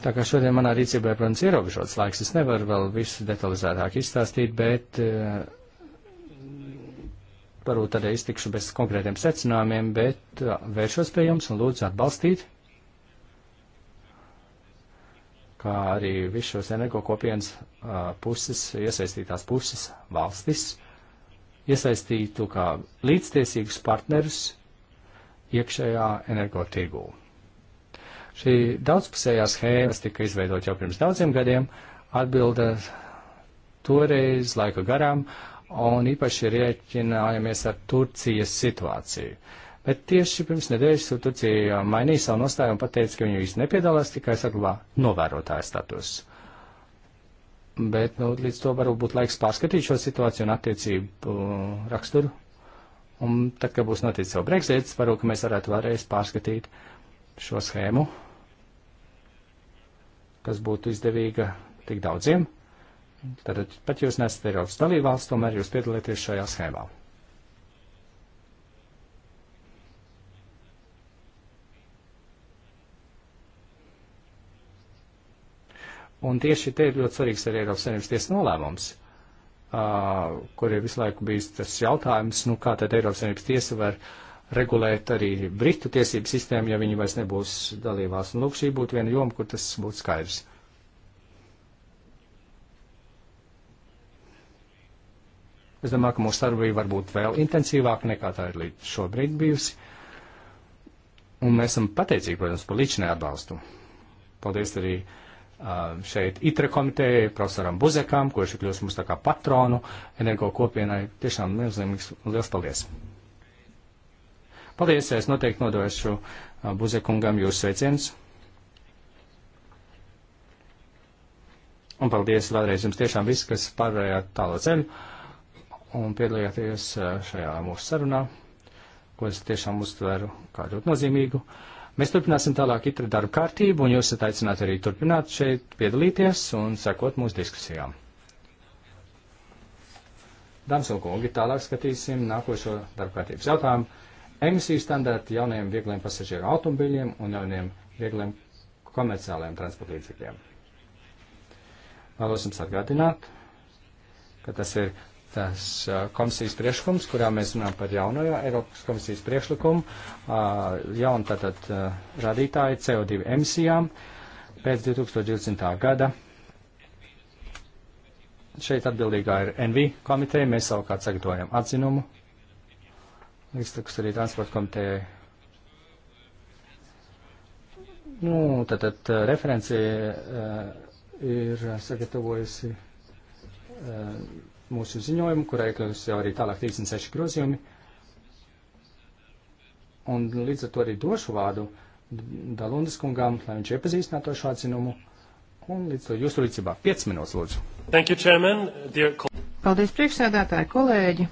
Tā kā šodien manā rīcībā ir, protams, ierobežots laiks, es nevaru vēl visu detalizētāk izstāstīt, bet eh, varbūt arī iztikšu bez konkrētiem secinājumiem, bet eh, vēršos pie jums un lūdzu atbalstīt, kā arī visos energo kopienas eh, puses, iesaistītās puses, valstis iesaistītu kā līdztiesīgus partnerus iekšējā energotirgū. Šī daudzpusējā schēma, kas tika izveidota jau pirms daudziem gadiem, atbilda toreiz laika garām un īpaši rēķinājāmies ar Turcijas situāciju. Bet tieši pirms nedēļas Turcija mainīja savu nostāju un pateica, ka viņi visi nepiedalās, tikai saglabā novērotāju statusu. Bet nu, līdz to varbūt laiks pārskatīt šo situāciju un attiecību uh, raksturu. Un tad, kad būs noticis jau Brexits, varbūt mēs varētu vēlreiz pārskatīt šo schēmu, kas būtu izdevīga tik daudziem. Tad pat jūs nesat Eiropas dalībvalsts, tomēr jūs piedalieties šajā schēmā. Un tieši te ir ļoti svarīgs arī Eiropas Savienības tiesas nolēmums, uh, kur ir visu laiku bijis tas jautājums, nu kā tad Eiropas Savienības tiesa var regulēt arī Britu tiesību sistēmu, ja viņi vairs nebūs dalībās. Un lūk, šī būtu viena joma, kur tas būtu skaidrs. Es domāju, ka mūsu sadarbība var būt vēl intensīvāka nekā tā ir līdz šobrīd bijusi. Un mēs esam pateicīgi, protams, par līdzinē atbalstu. Paldies arī uh, Uh, šeit ITRE komitejai, profesoram Buzekam, kurš ir kļūst mums tā kā patronu energo kopienai. Tiešām milzīgs liels paldies! Paldies! Es noteikti nodošu uh, Buzekungam jūsu sveicienus. Un paldies vēlreiz jums tiešām visi, kas pārējāt tālo ceļu un piedalījāties uh, šajā mūsu sarunā, ko es tiešām uztveru kā ļoti nozīmīgu. Mēs turpināsim tālāk itra darbu kārtību, un jūs esat aicināti arī turpināt šeit piedalīties un sekot mūsu diskusijām. Dāmas un kungi, tālāk skatīsim nākošo darbu kārtības jautājumu. Emisiju standarti jauniem viegliem pasažieru automobiļiem un jauniem viegliem komerciālajiem transporta līdzekļiem. Vēlos jums atgādināt, ka tas ir tas komisijas priekšlikums, kurā mēs runājam par jauno Eiropas komisijas priekšlikumu, jaunu tātad radītāju CO2 emisijām pēc 2020. gada. Šeit atbildīgā ir NV komiteja, mēs savukārt sagatavojam atzinumu. Līdztekus arī transporta komiteja. Nu, tātad referenci uh, ir sagatavojusi uh, mūsu ziņojumu, kurā iekļaujas jau arī tālāk 36 grozījumi. Un līdz ar to arī došu vārdu Dalundas kungām, lai viņš iepazīstinātu ar šo atzinumu. Un līdz to jūsu rīcībā 5 minūtes lūdzu. Thank you, chairman, dear... Paldies priekšsēdētāji, kolēģi.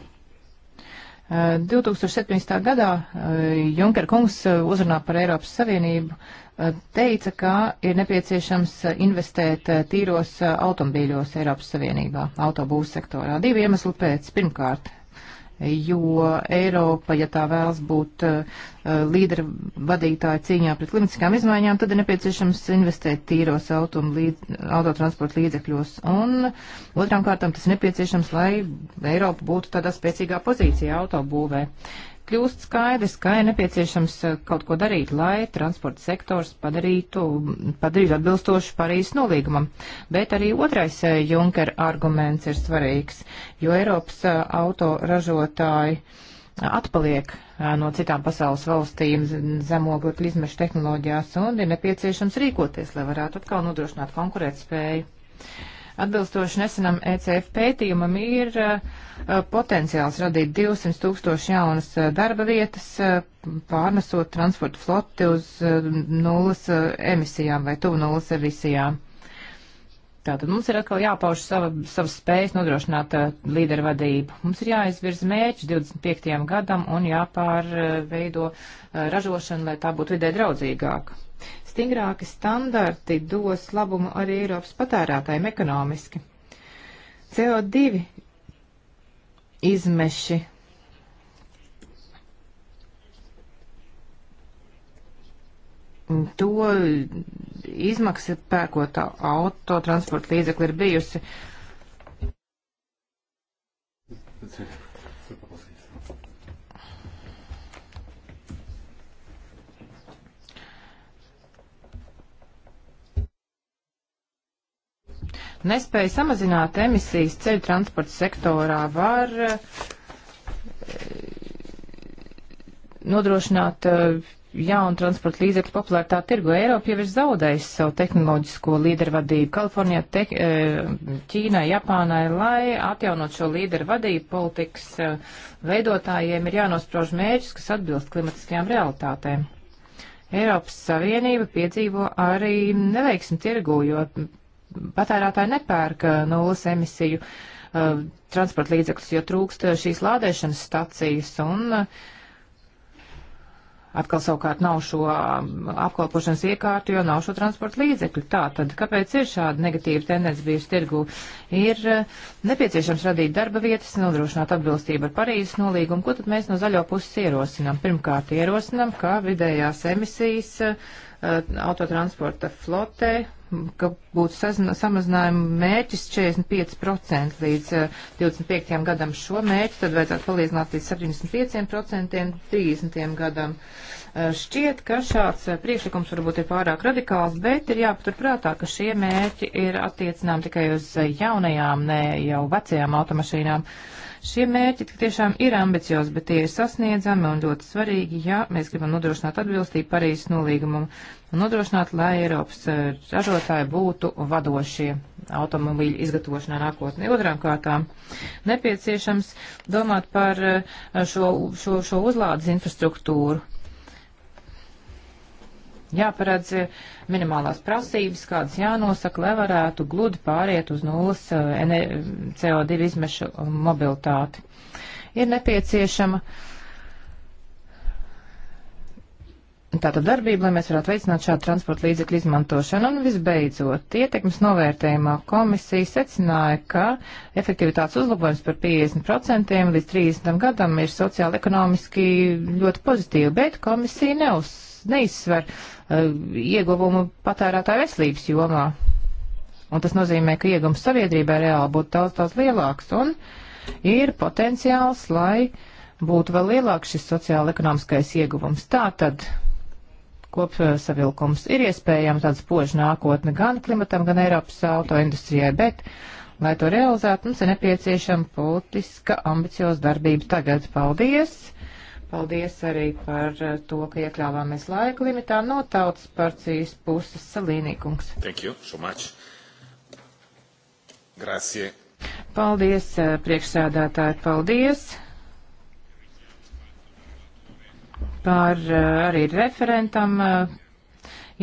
2017. gadā eh, Junker kungs eh, uzrunā par Eiropas Savienību eh, teica, ka ir nepieciešams investēt tīros automobīļos Eiropas Savienībā, autobūvas sektorā. Divi iemesli pēc. Pirmkārt, jo Eiropa, ja tā vēlas būt uh, līdera vadītāja cīņā pret klimatiskām izmaiņām, tad ir nepieciešams investēt tīros līd, autotransporta līdzekļos. Un otrām kārtām tas ir nepieciešams, lai Eiropa būtu tādā spēcīgā pozīcijā autobūvē kļūst skaidrs, ka ir nepieciešams eh, kaut ko darīt, lai transporta sektors padarītu, padarītu atbilstoši Parīzes nolīgumam. Bet arī otrais eh, Junker arguments ir svarīgs, jo Eiropas eh, autoražotāji atpaliek no citām pasaules valstīm zemogļu izmešu tehnoloģijās un ir nepieciešams rīkoties, lai varētu atkal nodrošināt konkurētspēju. spēju. Atbilstoši nesenam ECF pētījumam ir uh, uh, potenciāls radīt 200 tūkstoši jaunas uh, darba vietas, pārnesot transporta floti uz nulles emisijām vai tuvu nulles emisijām. Tātad mums ir atkal jāpauž sava, savas spējas nodrošināt uh, līderu vadību. Mums ir jāizvirza mērķis 25. gadam un jāpārveido uh, ražošana, lai tā būtu vidē draudzīgāka. Stingrāki standarti dos labumu arī Eiropas patērētājiem ekonomiski. CO2 izmeši to izmaksa pērkot autotransporta līdzekli ir bijusi. Nespēja samazināt emisijas ceļu transporta sektorā var eh, nodrošināt eh, jaunu transporta līdzekļu populārtā tirgu. Eiropa jau ir zaudējusi savu tehnoloģisko līdervadību. Kalifornijā, te, eh, Ķīnai, Japānai, lai atjaunot šo līdervadību, politikas veidotājiem ir jānosprauž mērķus, kas atbilst klimatiskajām realitātēm. Eiropas Savienība piedzīvo arī neveiksmi tirgu, jo patērētāji nepērka eh, nulles emisiju uh, transporta līdzekļus, jo trūkst eh, šīs lādēšanas stacijas un uh, atkal savukārt nav šo apkalpošanas iekārtu, jo nav šo transporta līdzekļu. Tā tad, kāpēc ir šāda negatīva tendence bijusi tirgu? Ir nepieciešams radīt darba vietas, nodrošināt atbilstību ar Parīzes nolīgumu. Ko tad mēs no zaļo puses ierosinām? Pirmkārt, ierosinām, ka vidējās emisijas autotransporta flotē ka būtu sazna, samazinājuma mērķis 45% līdz uh, eh, 25. gadam šo mērķi, tad vajadzētu palielināt līdz 75% 30. gadam. Uh, šķiet, ka šāds uh, priekšlikums varbūt ir pārāk radikāls, bet ir jāpaturprātā, ka šie mērķi ir attiecinām tikai uz jaunajām, ne jau vecajām automašīnām. Šie mērķi tiešām ir ambiciozi, bet tie ir sasniedzami un ļoti svarīgi, ja mēs gribam nodrošināt atbilstību Parīzes nolīgumam un nodrošināt, lai Eiropas eh, ražotāji būtu vadošie automobīļu izgatavošanā nākotnē. Otrām kārtām nepieciešams domāt par eh, šo, šo, šo uzlādes infrastruktūru. Jāparedz eh, minimālās prasības, kādas jānosaka, lai varētu gludi pāriet uz nulles CO2 izmešu mobilitāti. Ir nepieciešama uh, tātad darbību, lai mēs varētu veicināt šādu transporta līdzekļu izmantošanu. Un visbeidzot, ietekmes novērtējumā komisija secināja, ka efektivitātes uzlabojums par 50% līdz 30 gadam ir sociāli ekonomiski ļoti pozitīvi, bet komisija neuz, neizsver uh, ieguvumu patērētāju veselības jomā. Un tas nozīmē, ka iegums sabiedrībai reāli būtu daudz, daudz lielāks un ir potenciāls, lai būtu vēl lielāks šis sociāla ekonomiskais ieguvums. Tātad kopsavilkums. Ir iespējams tāds poži nākotne gan klimatam, gan Eiropas autoindustrijai, bet, lai to realizētu, mums ir nepieciešama politiska ambicioza darbība tagad. Paldies! Paldies arī par eh, to, ka iekļāvāmies laika limitā no tautas partijas puses salīnīkums. Thank you so much. Grazie. Paldies, eh, priekšsēdētāji, paldies par eh, arī referentam. Eh,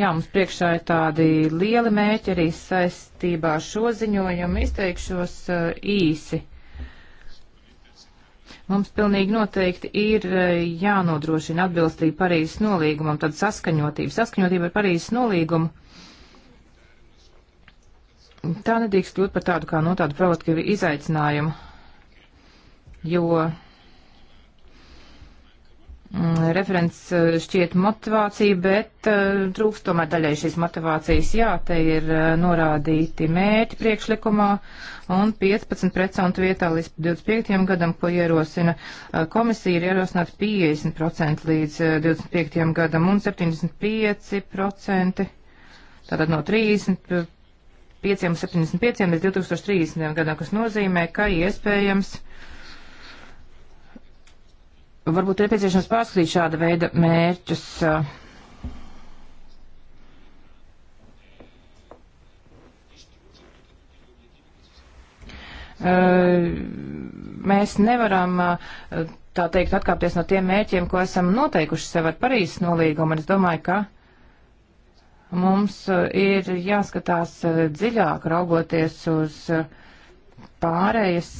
jā, mums priekšā ir tādi lieli mēķi arī saistībā ar šo ziņojumu. Izteikšos eh, īsi. Mums pilnīgi noteikti ir jānodrošina atbilstība Parīzes nolīgumam, tad saskaņotība. Saskaņotība ar Parīzes nolīgumu. Tā nedrīkst kļūt par tādu kā no tādu provokatīvu izaicinājumu, jo Mm, referents eh, šķiet motivācija, bet uh, eh, trūkst tomēr daļai šīs motivācijas. Jā, te ir uh, norādīti mērķi priekšlikumā un 15 procentu vietā līdz 25. gadam, ko ierosina uh, komisija, ir ierosināt 50% līdz 25. gadam un 75%, tātad no 30. 5,75 līdz 2030. gadam, kas nozīmē, ka iespējams uh, varbūt nepieciešams pārskatīt šāda veida mērķus. Eh, mēs nevaram eh, tā teikt atkāpties no tiem mērķiem, ko esam noteikuši sev ar Parīzes nolīgumu. Es domāju, ka mums eh, ir jāskatās dziļāk raugoties uz pārējas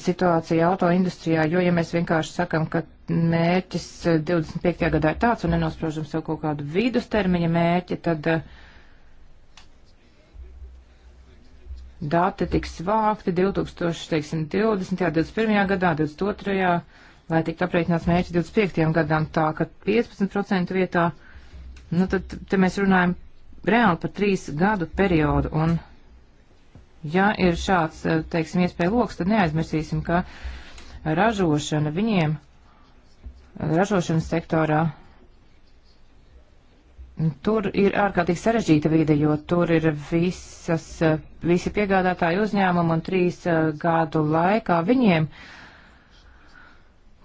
situācija autoindustrijā, jo, ja mēs vienkārši sakam, ka mērķis 25. Eh, gadā ir tāds un nenosprožam sev kaut kādu vidustermiņa mērķi, tad eh, dati tiks vākti 2020. 21. gadā, 22. lai tiktu apreikināts mērķis 25. gadām, tā ka 15% vietā, nu tad te mēs runājam reāli par trīs gadu periodu un Ja ir šāds, eh, teiksim, iespēja loks, tad neaizmirsīsim, ka ražošana viņiem, ražošanas sektorā, tur ir ārkārtīgi sarežģīta vide, jo tur ir visas, eh, visi piegādātāji uzņēmumi un trīs eh, gadu laikā viņiem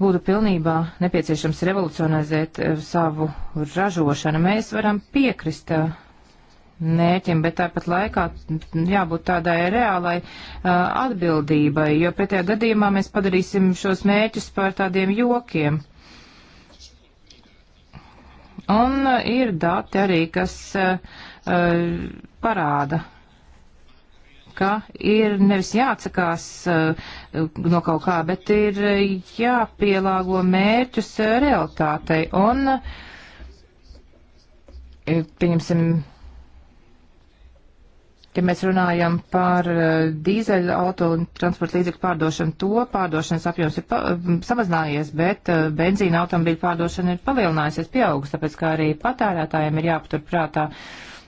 būtu pilnībā nepieciešams revolucionizēt savu ražošanu. Mēs varam piekrist mērķim, bet tāpat laikā jābūt tādai reālai uh, atbildībai, jo pretējā gadījumā mēs padarīsim šos mērķus par tādiem jokiem. Un uh, ir dati arī, kas uh, parāda, ka ir nevis jāatsakās no kaut kā, bet ir jāpielāgo mērķus realitātei. Un, pieņemsim, Ja mēs runājam par uh, dīzeļu auto un transporta līdzekļu pārdošanu, to pārdošanas apjoms ir pa, um, samazinājies, bet uh, benzīna automobīļu pārdošana ir palielinājusies, pieaugusi, tāpēc kā arī patērētājiem ir jāpatur prātā uh,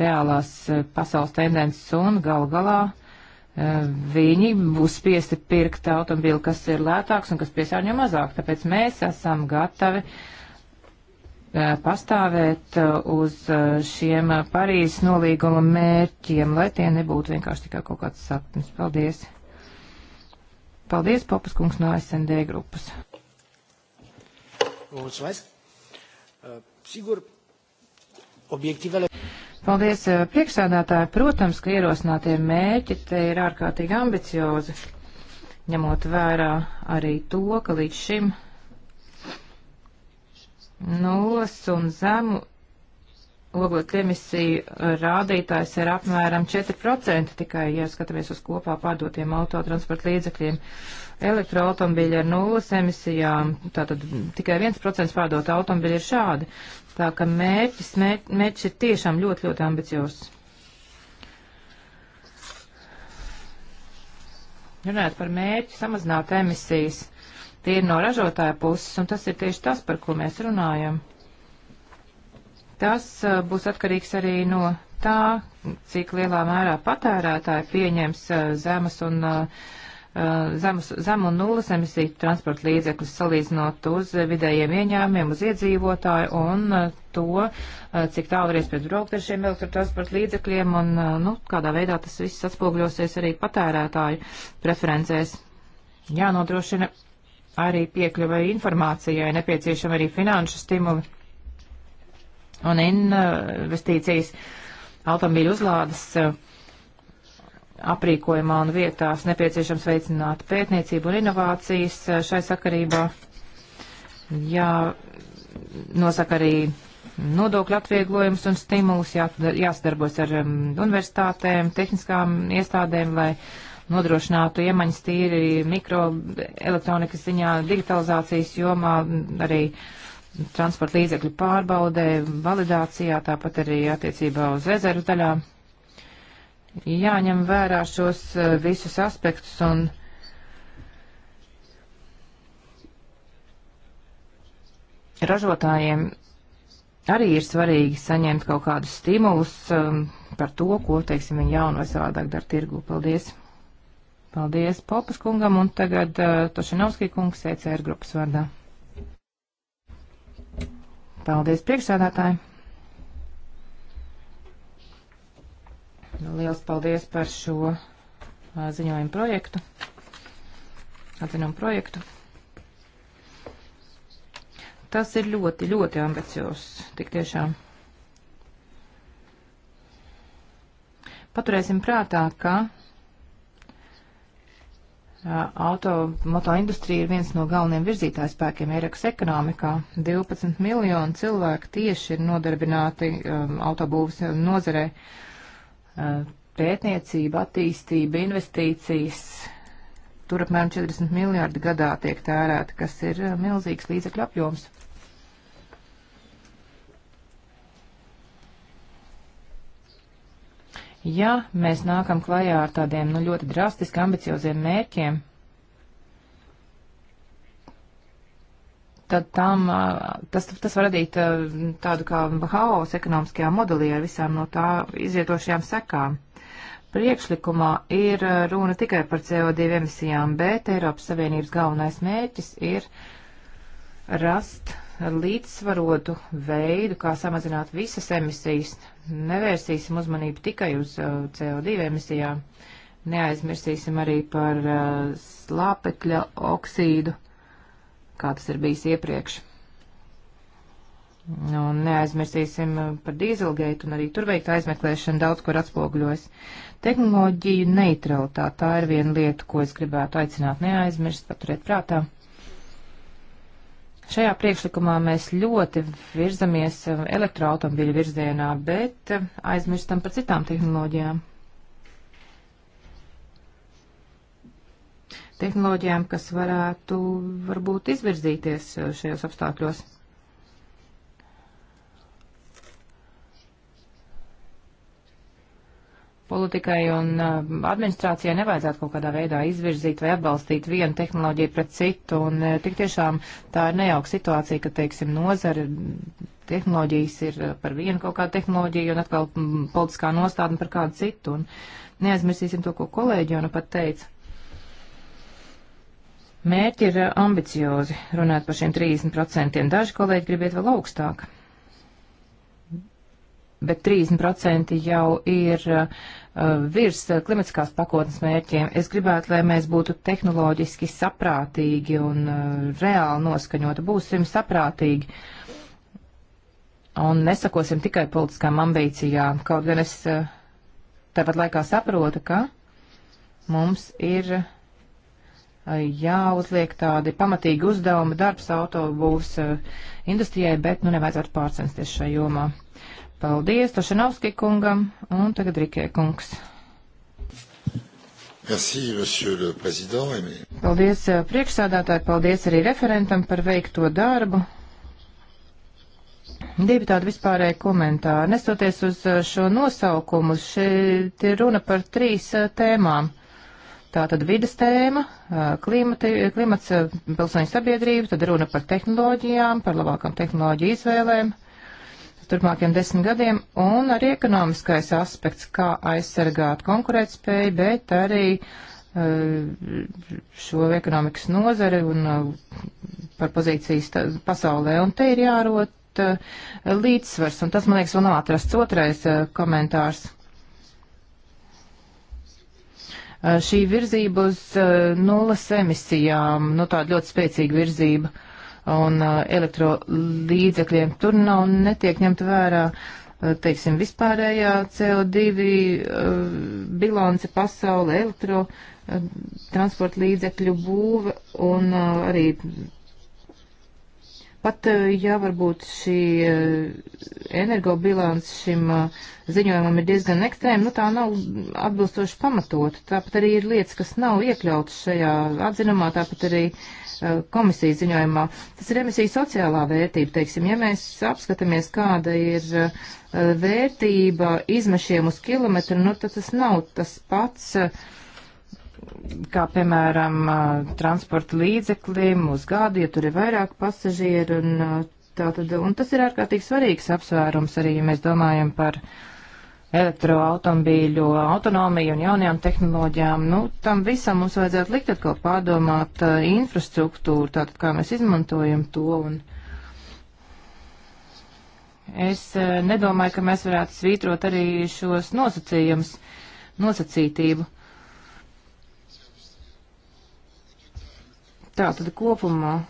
reālās pasaules tendences un galu galā viņi būs spiesti pirkt automobīli, kas ir lētāks un kas piesārņo mazāk. Tāpēc mēs esam gatavi uh, Uh, pastāvēt uh, uz uh, šiem Parīzes nolīguma mērķiem, lai tie nebūtu vienkārši tikai kaut kāds sapnis. Paldies! Paldies, Papas kungs no SND grupas. Paldies, priekšsēdētāji. Protams, ka ierosinātie mērķi te ir ārkārtīgi ambiciozi, ņemot vērā arī to, ka līdz šim nulles un zemu oglekļa emisiju rādītājs ir apmēram 4% tikai, ja skatāmies uz kopā pārdotiem autotransporta līdzekļiem. Elektroautomobīļi ar nulles emisijām, tātad tikai 1% pārdota automobīļi ir šādi. Tā ka mērķis, mērķ, mērķis ir tiešām ļoti, ļoti ambiciozs. Runājot par mērķi samazināt emisijas tīri no ražotāja puses, un tas ir tieši tas, par ko mēs runājam. Tas uh, būs atkarīgs arī no tā, cik lielā mērā patērētāji pieņems uh, zemes un uh, zemus, zemu un nulles emisiju transporta līdzekļus salīdzinot uz vidējiem ieņēmumiem, uz iedzīvotāju un to, cik tālu ir iespējas braukt ar šiem elektrotransporta līdzekļiem un, nu, kādā veidā tas viss atspogļosies arī patērētāju preferencēs. Jānodrošina arī piekļuvai informācijai, nepieciešama arī finanšu stimuli un uh, investīcijas automobīļu uzlādes uh, aprīkojumā un vietās nepieciešams veicināt pētniecību un inovācijas uh, šai sakarībā. Jā, nosaka arī nodokļu atvieglojums un stimulus, jā, jāsadarbojas ar um, universitātēm, tehniskām iestādēm, lai nodrošinātu iemaņas tīri mikroelektronikas ziņā, digitalizācijas jomā, arī transporta līdzekļu pārbaudē, validācijā, tāpat arī attiecībā uz rezervu daļām. Jāņem vērā šos eh, visus aspektus un. ražotājiem arī ir svarīgi saņemt kaut kādus stimulus um, par to, ko, teiksim, viņi jaunu vai savādāk dara tirgu. Paldies! Paldies Popas kungam un tagad uh, Tošinovskij kungs ECR grupas vārdā. Paldies priekšsēdētāji. Liels paldies par šo uh, ziņojumu projektu, atzinumu projektu. Tas ir ļoti, ļoti ambiciozs, tik tiešām. Paturēsim prātā, ka Auto, moto industrija ir viens no galvenajiem virzītājspēkiem Eiropas ekonomikā. 12 miljoni cilvēku tieši ir nodarbināti um, autobūvas nozarē. Uh, pētniecība, attīstība, investīcijas. Tur apmēram 40 miljārdi gadā tiek tērēti, kas ir milzīgs līdzekļu apjoms. Ja mēs nākam klajā ar tādiem nu, ļoti drastiski ambicioziem mērķiem, tad tam, tas, tas var radīt tādu kā haosu ekonomiskajā modelī ar visām no tā izvietošajām sekām. Priekšlikumā ir runa tikai par CO2 emisijām, bet Eiropas Savienības galvenais mērķis ir rast līdzsvarotu veidu, kā samazināt visas emisijas. Nevērsīsim uzmanību tikai uz uh, CO2 emisijām, neaizmirsīsim arī par uh, slāpekļa oksīdu, kā tas ir bijis iepriekš. Nu, un neaizmirsīsim uh, par dīzelgeitu, un arī tur veikta aizmeklēšana daudz kur atspoguļojas. Tehnoloģiju neutralitāte tā ir viena lieta, ko es gribētu aicināt neaizmirst, paturēt prātā. Šajā priekšlikumā mēs ļoti virzamies um, elektroautomobīļu virzienā, bet um, aizmirstam par citām tehnoloģijām. Tehnoloģijām, kas varētu varbūt izvirzīties uh, šajos apstākļos. politikai un uh, administrācijai nevajadzētu kaut kādā veidā izvirzīt vai atbalstīt vienu tehnoloģiju pret citu. Un uh, tik tiešām tā ir nejauka situācija, ka, teiksim, nozara tehnoloģijas ir uh, par vienu kaut kādu tehnoloģiju un atkal mm, politiskā nostādne par kādu citu. Un neaizmirsīsim to, ko kolēģi jau nu pat teica. Mērķi ir ambiciozi runāt par šiem 30%. Daži kolēģi grib iet vēl augstāk bet 30% jau ir uh, virs uh, klimatiskās pakotnes mērķiem. Es gribētu, lai mēs būtu tehnoloģiski saprātīgi un uh, reāli noskaņoti. Būsim saprātīgi un nesakosim tikai politiskām ambīcijām. Kaut gan es uh, tāpat laikā saprotu, ka mums ir uh, jāuzliek tādi pamatīgi uzdevumi darbs autobūvs uh, industrijai, bet nu nevajadzētu pārcensties šajā jomā. Paldies Tošanovski kungam un tagad Rikē kungs. Merci, monsieur le président. Paldies eh, priekšsādātāji, paldies arī referentam par veikto darbu. Divi tādi vispārēji komentāri. Nestoties uz eh, šo nosaukumu, šeit ir runa par trīs eh, tēmām. Tātad vidas tēma, klimati, klimats, pilsoņu sabiedrība, tad runa par tehnoloģijām, par labākām tehnoloģiju izvēlēm turpmākiem desmit gadiem, un arī ekonomiskais aspekts, kā aizsargāt konkurētspēju, bet arī eh, šo ekonomikas nozari un eh, par pozīcijas pasaulē. Un te ir jārot eh, līdzsvars, un tas, man liekas, vēl nav atrasts otrais komentārs. Šī virzība uz nulles emisijām, nu tāda ļoti spēcīga virzība. Uh, un uh, elektrolīdzekļiem. Tur nav netiek ņemt vērā, uh, teiksim, vispārējā CO2 uh, bilance pasaule, elektro transporta līdzekļu būve un arī pat ja varbūt šī energobilants šim ziņojumam ir diezgan ekstrēma, nu tā nav atbilstoši pamatota. Tāpat arī ir lietas, kas nav iekļautas šajā atzinumā, tāpat arī Eh, komisijas ziņojumā. Tas ir emisija sociālā vērtība, teiksim, ja mēs apskatāmies, kāda ir eh, vērtība izmešiem uz kilometru, nu tad tas nav tas pats eh, kā piemēram transporta līdzeklim uz gadu, ja tur ir vairāk pasažieru. Un, tātad, un tas ir ārkārtīgi svarīgs apsvērums arī, ja mēs domājam par uh, elektroautomobīļu autonomiju un jaunajām tehnoloģijām. Nu, tam visam mums vajadzētu likt atkal pārdomāt uh, infrastruktūru, tātad kā mēs izmantojam to. Un es uh, nedomāju, ka mēs varētu svītrot arī šos nosacījumus, nosacītību. Tātad kopumā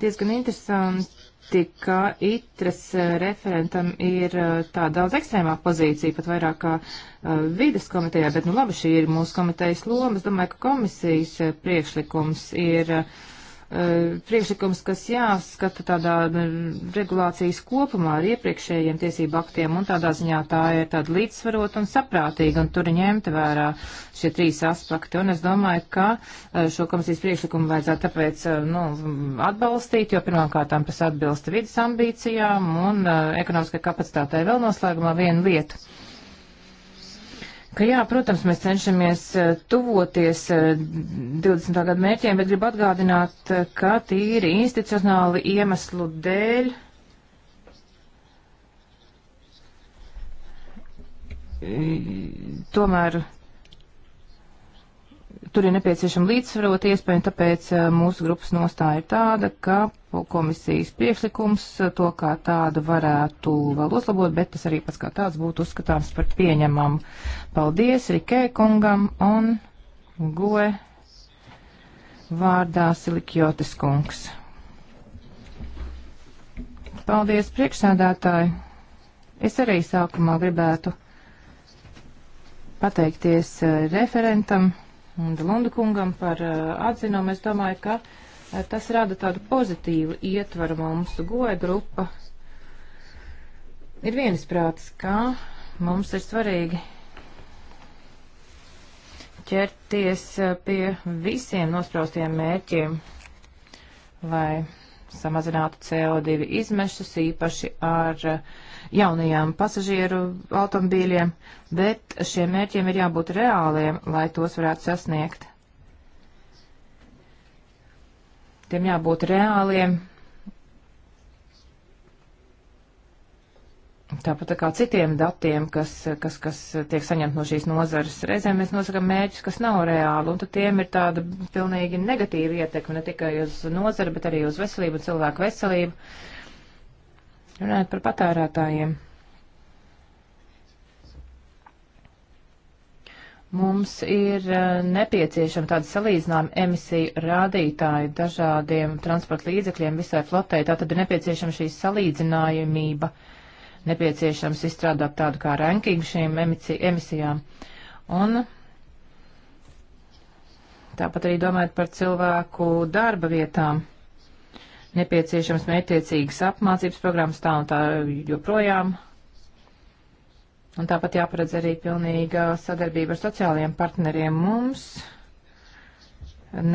diezgan interesanti reti, ka itras eh, referentam ir eh, tā daudz ekstrēmā pozīcija, pat vairāk kā eh, vides komitejā, bet nu labi, šī ir mūsu komitejas loma. Es domāju, ka komisijas priekšlikums ir. Uh, Eh, priekšlikums, kas jāskata tādā mm, regulācijas kopumā ar iepriekšējiem tiesību aktiem, un tādā ziņā tā ir tāda līdzsvarota un saprātīga, un tur ir ņemta vērā šie trīs aspekti. Un es domāju, ka eh, šo komisijas priekšlikumu vajadzētu tāpēc eh, nu, atbalstīt, jo pirmkārtām tas atbilst vidas ambīcijām un ekonomiskai kapacitātei vēl noslēgumā vienu lietu ka jā, protams, mēs cenšamies e, tuvoties 20. E, gadu mērķiem, bet gribu atgādināt, e, ka tīri institucionāli iemeslu dēļ tomēr tur ir nepieciešama līdzsvarota iespēja, un tāpēc eh, mūsu grupas nostāja ir tāda, ka komisijas priekšlikums eh, to kā tādu varētu vēl uzlabot, bet tas arī pats kā tāds būtu uzskatāms par pieņemamu. Paldies Rikē kungam un Goe vārdā Silikjotis kungs. Paldies priekšsēdētāji. Es arī sākumā gribētu pateikties eh, referentam un Delunda kungam par eh, atzinumu. Es domāju, ka eh, tas rada tādu pozitīvu ietvaru mums. Goja grupa ir viensprāts, ka mums ir svarīgi ķerties eh, pie visiem nospraustiem mērķiem, lai samazinātu CO2 izmešas, īpaši ar uh, jaunajām pasažieru automobīļiem, bet šiem mērķiem ir jābūt reāliem, lai tos varētu sasniegt. Tiem jābūt reāliem. Tāpat tā kā citiem datiem, kas, kas, kas tiek saņemt no šīs nozares, reizēm mēs nosakām mērķus, kas nav reāli, un tad tiem ir tāda pilnīgi negatīva ietekme ne tikai uz nozari, bet arī uz veselību, cilvēku veselību. Uh, Runājot par patērētājiem. Mums ir eh, nepieciešama tāda salīdzināma emisiju rādītāja dažādiem transporta līdzekļiem visai flotei. Tātad ir nepieciešama šī salīdzinājumība, nepieciešams izstrādāt tādu kā rankingu šīm emisijām. Un tāpat arī domājot par cilvēku darba vietām nepieciešams mērķiecīgas apmācības programmas tā un tā joprojām. Un tāpat jāparedz arī pilnīga sadarbība ar sociālajiem partneriem mums.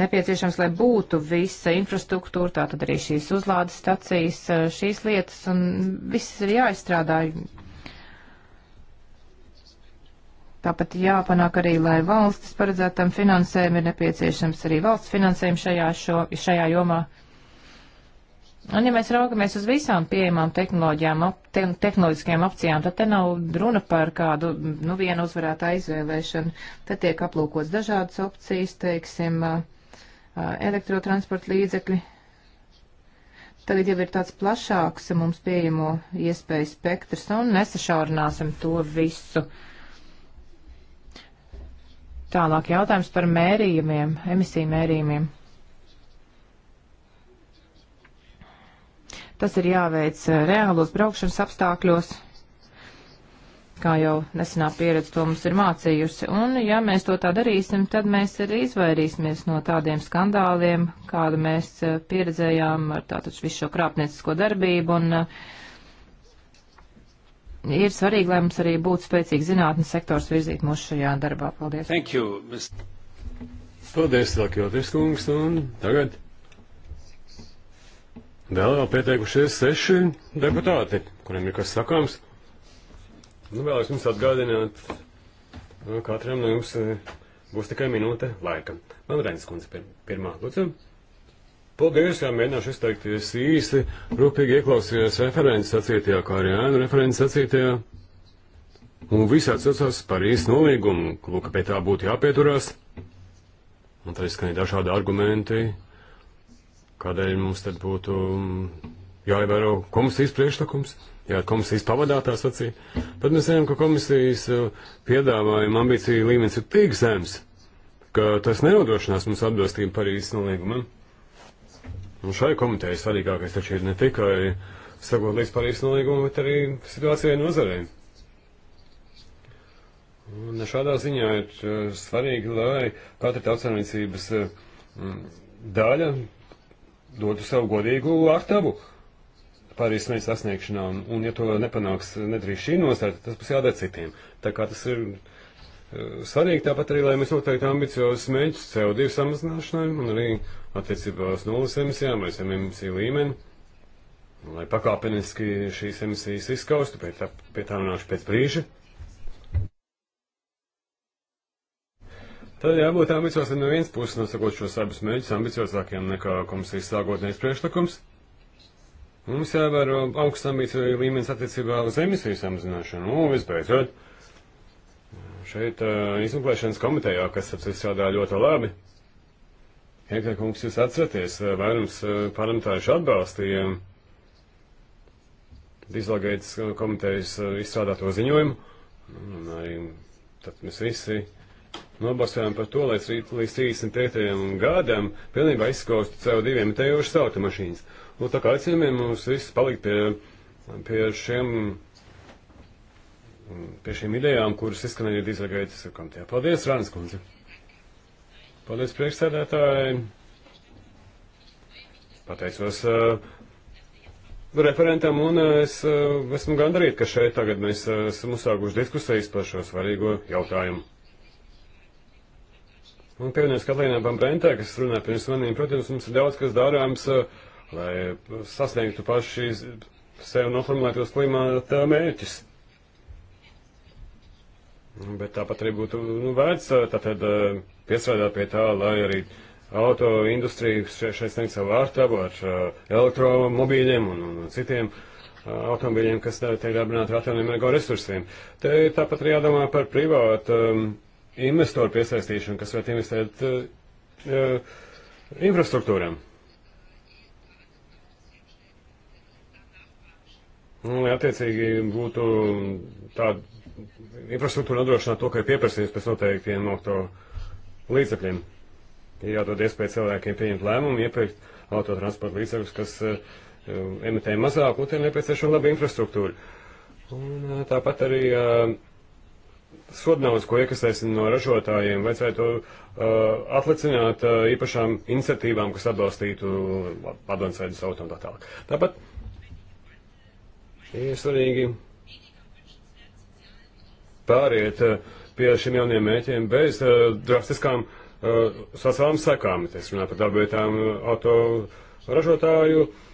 Nepieciešams, lai būtu visa infrastruktūra, tātad arī šīs uzlādes stacijas, šīs lietas, un viss ir jāizstrādā. Tāpat jāpanāk arī, lai valstis paredzētam finansējumu ir nepieciešams arī valsts finansējumu šajā, šo, šajā jomā. Uh, Un ja mēs raugamies uz visām pieejamām tehnoloģijām, op, te, tehnoloģiskajām opcijām, tad te nav runa par kādu, nu, vienu uzvarētāju izvēlēšanu. Te tiek aplūkots dažādas opcijas, teiksim, elektrotransporta līdzekļi. Tagad jau ir tāds plašāks mums pieejamo iespēju spektrs un nesašaurināsim to visu. Tālāk jautājums par mērījumiem, emisiju mērījumiem. Tas ir jāveic eh, reālos braukšanas apstākļos, kā jau nesenā pieredze to mums ir mācījusi. Un, ja mēs to tā darīsim, tad mēs arī izvairīsimies no tādiem skandāliem, kādu mēs eh, pieredzējām ar tātad visu šo krāpniecisko darbību. Un eh, ir svarīgi, lai mums arī būtu spēcīgi zinātnes sektors virzīt mūsu šajā darbā. Paldies! Thank you, Mr. Paldies, Lakjotis kungs, un tagad Vēl jau pieteikušies seši deputāti, kuriem ir kas sakāms. Nu, vēlos jums atgādināt, nu, katram no jums eh, būs tikai minūte laika. Man Rainis kundze pir pirmā. Lūdzu. Paldies, jā, mēģināšu izteikties īsi, rūpīgi ieklausījos referents sacītajā, kā arī ēnu referents sacītajā. Un visi atcaucās par īstu nolīgumu, lūk, pie tā būtu jāpieturās. Un tā izskanīja dažādi argumenti, Kādēļ mums tad būtu jāievēro komisijas priekšlikums? Jā, komisijas pavadātājs acī. Tad mēs zinām, ka komisijas uh, piedāvājuma ambīcija līmenis ir tik zems, ka tas nenodrošinās mums atbilstību Parīzes nolīgumam. Un šai komitejai svarīgākais taču ir ne tikai sakot līdz Parīzes nolīgumam, bet arī situācijai nozarei. Un šādā ziņā ir uh, svarīgi, lai katra tautsāniecības uh, daļa dotu savu godīgu aktavu Pāris mērķa sasniegšanā, un, un ja to nepanāks nedrīkst šī nostāja, tad tas būs jādara citiem. Tā kā tas ir eh, svarīgi, tāpat arī, lai mēs noteikti ambiciozus mērķus CO2 samazināšanai un arī attiecībā uz nulles emisijām vai zem emisiju līmeni, lai pakāpeniski šīs emisijas izskaustu, pie tā, pie tā runāšu pēc brīža. Tad jābūt ambiciozam no vienas puses, nosakot šos abus mēģus ambiciozākiem nekā komisijas sākotnējais priekšlikums. Mums jāvēro augsts ambīciju līmenis attiecībā uz emisiju samazināšanu. Un visbeidzot, šeit uh, izmeklēšanas komitejā, kas apstrādā ļoti labi, Hektor kungs, jūs atceraties, vairums parlamentāriši atbalstīja Dīzelgaitas komitejas izstrādāto ziņojumu. Un arī tad mēs visi nobalsojām par to, lai līdz 35. gadam pilnībā izskaustu CO2 emitējošas automašīnas. Nu, tā kā aicinājumiem mums visus palikt pie, pie, šiem, pie šiem idejām, kuras izskanēja dīzelgaitas komitejā. Paldies, Rānas kundze! Paldies, priekšsēdētāji! Pateicos uh, referentam, un eh, es uh, esmu gandarīti, ka šeit tagad mēs uh, esam uzsākuši diskusijas par šo svarīgo jautājumu. Un nu, pievienojas Katrīnai Bambrentē, kas runāja pirms maniem, protams, mums ir daudz kas darāms, eh, lai sasniegtu paši sev noformulētos klimata mērķis. Nu, bet tāpat arī būtu nu, vērts eh, tātad, eh, piestrādāt pie tā, lai arī auto industrija šeit sniegtu savu vārtavu ar elektromobīļiem un, un citiem automobīļiem, kas tiek darbināti ar atjaunīgiem energoresursiem. Te tāpat arī jādomā par privātu. Um, investoru piesaistīšanu, kas varētu investēt uh, infrastruktūrām. Un, nu, lai attiecīgi būtu tāda infrastruktūra nodrošināt to, ka ir pieprasījums pēc noteiktiem no to līdzekļiem. Ir jādod iespēju cilvēkiem pieņemt lēmumu, iepirkt autotransporta līdzekļus, kas uh, emitē mazāk, un te ir nepieciešama laba infrastruktūra. Un, uh, tāpat arī uh, sodnaudas, ko iekasēsim no ražotājiem, vajadzētu uh, atlicināt uh, īpašām iniciatīvām, kas atbalstītu uh, padomsveidus auto un tā tālāk. Tāpat ir svarīgi pāriet uh, pie šiem jauniem mēķiem bez uh, drastiskām uh, sasvām sekām. Es runāju par darbietām uh, auto ražotāju. Uh,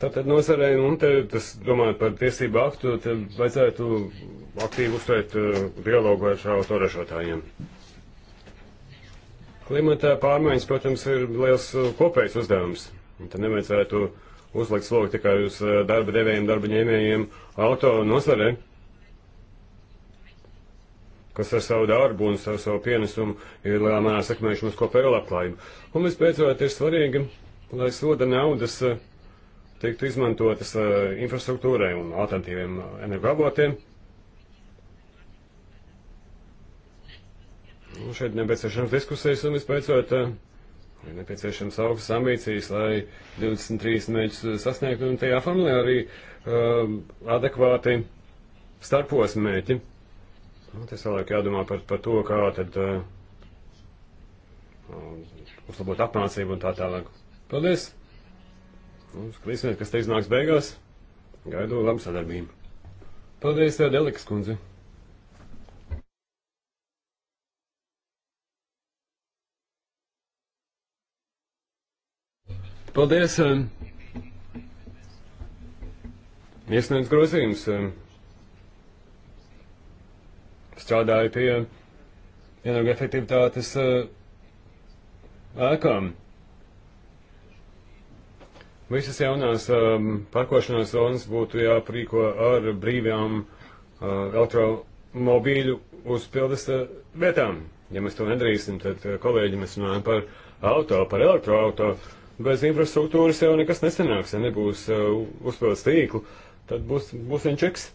Tātad nozarei, un nu, te, tas, domājot par tiesību aktu, te vajadzētu aktīvi uzturēt uh, dialogu ar autoražotājiem. Klimata pārmaiņas, protams, ir liels uh, kopējs uzdevums. Tad nevajadzētu uzlikt slogu tikai uz uh, darba devējiem, darba ņēmējiem, auto nozarei, kas ar savu darbu un savu, savu pienesumu ir lielā mērā sekmējuši mūsu kopējo labklājību. Un vispēcot ir svarīgi, lai soda naudas. Uh, tiktu izmantotas uh, infrastruktūrai un alternatīviem energoavotiem. Nu, šeit nepieciešams diskusijas un vispēcot uh, ir nepieciešams augstas ambīcijas, lai 23 mērķus sasniegtu un tajā formulē arī uh, adekvāti starpos mērķi. Nu, tas vēlāk jādomā par, par to, kā tad uh, uzlabot apmācību un tā tālāk. Paldies! Un nu, skatīsimies, kas te iznāks beigās. Gaidu labu sadarbību. Paldies, Delikas kundze. Paldies. Um, iesniedz grozījums. Um, strādāju pie energoefektivitātes uh, ēkām. Uh, Visas jaunās um, parkošanās zonas būtu jāprīko ar brīvām uh, elektromobīļu uzpildes uh, vietām. Ja mēs to nedarīsim, tad, uh, kolēģi, mēs runājam par auto, par elektroauto. Bez infrastruktūras jau nekas nesanāks, ja nebūs uh, uzpildes tīklu, tad būs, būs vien čeks.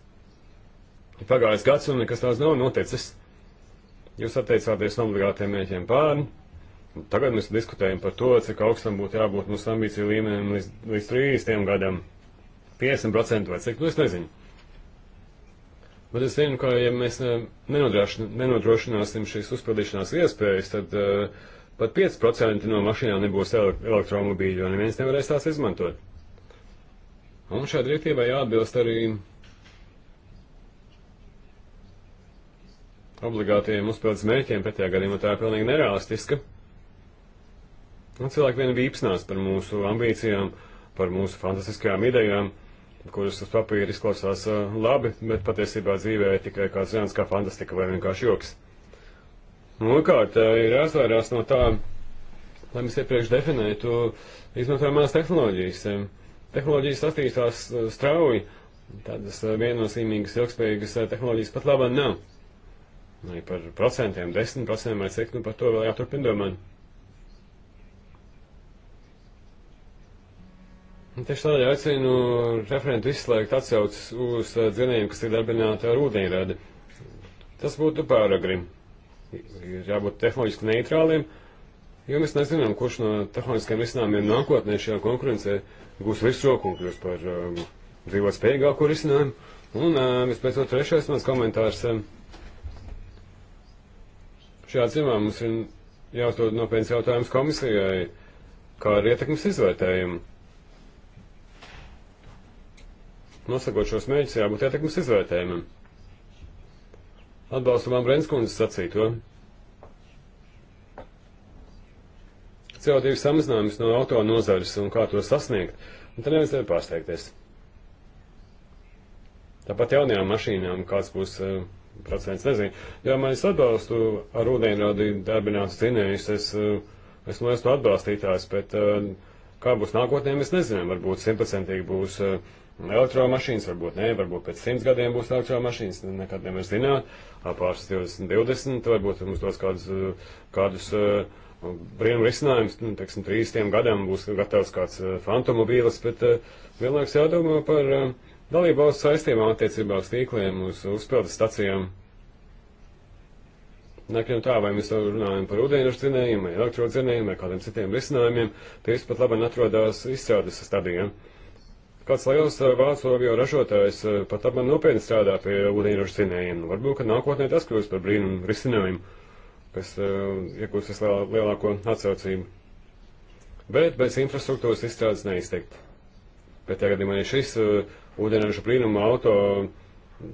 Pagājis gads un nekas tās nav noticis. Jūs atteicāties no obligātiem mēķiem pārni. Tagad mēs diskutējam par to, cik augstam būtu jābūt mūsu ambīciju līmenim līdz, līdz 30 gadam. 50% vai cik, nu es nezinu. Bet es zinu, ka ja mēs eh, nenodrošināsim šīs uzpildīšanās iespējas, tad uh, pat 5% no mašīnām nebūs elektromobīļu, jo neviens nevarēs tās izmantot. Un šai direktīvai jāatbilst arī obligātajiem uzpildes mērķiem, pretējā gadījumā tā ir pilnīgi nerealistiska. Un nu, cilvēki vien vīpsnās par mūsu ambīcijām, par mūsu fantastiskajām idejām, kuras uz papīra izklausās labi, bet patiesībā dzīvē ir tikai kāds zināms kā fantastika vai vienkārši joks. Nu, otrkārt, ir jāsvērās no tā, lai mēs iepriekš definētu izmantojamās tehnoloģijas. Tehnoloģijas attīstās strauji, tādas viennozīmīgas, ilgspējīgas tehnoloģijas pat labā nav. Arī par procentiem, desmit procentiem vai cik, nu par to vēl jāturpina domāt. Tieši tādēļ aicinu referentu izslēgt atsaucas uz uh, dzinējumu, kas ir darbināta ar ūdeņradi. Tas būtu pāragri. Ir jābūt tehnoloģiski neitrāliem, jo mēs nezinām, kurš no tehnoloģiskiem risinājumiem nākotnē šajā konkurencē gūs virsroku un kļūs par um, dzīvot spējīgāku risinājumu. Un uh, vispēc to trešais mans komentārs. Um, šajā dzimumā mums ir jāuzdod nopietns jautājums komisijai, kā ar ietekmes izvērtējumu nosakot šos mērķus, jābūt ietekmes izvērtējumam. Atbalstu man Brenskundzes sacīto. CO2 samazinājums no auto nozares un kā to sasniegt, un tad neviens nevar pārsteigties. Tāpat jaunajām mašīnām kāds būs uh, procents, nezinu. Ja man es atbalstu ar ūdeņradi darbināts dzinējus, es, uh, es no esmu atbalstītājs, bet uh, kā būs nākotnē, mēs nezinām. Varbūt simtprocentīgi būs uh, elektromašīnas, varbūt ne, varbūt pēc simts gadiem būs elektromašīnas, nekad nevar zināt, pāris 20, 20, varbūt mums dos kādus, kādus brīnum risinājums, nu, teiksim, 30 gadiem būs gatavs kāds fantomobīlis, bet vienlaiks jādomā par dalību valsts saistībām attiecībā uz tīkliem, uz uzpildes stacijām. Nekļiem tā, vai mēs runājam par ūdeņraždzinējiem, vai elektrodzinējiem, vai kādiem citiem risinājumiem, tie vispār labi atrodās izstrādes stadijām. Ja? Kāds liels eh, vācu avio ražotājs eh, pat apmēram nopietni strādā pie ūdeņraža zinējiem. Varbūt, ka nākotnē tas kļūs par brīnumu risinājumu, kas uh, eh, iegūs vislielāko atsaucību. Bet bez infrastruktūras izstrādes neizteikti. Bet tagad, ja man ir šis uh, ūdeņraža brīnuma auto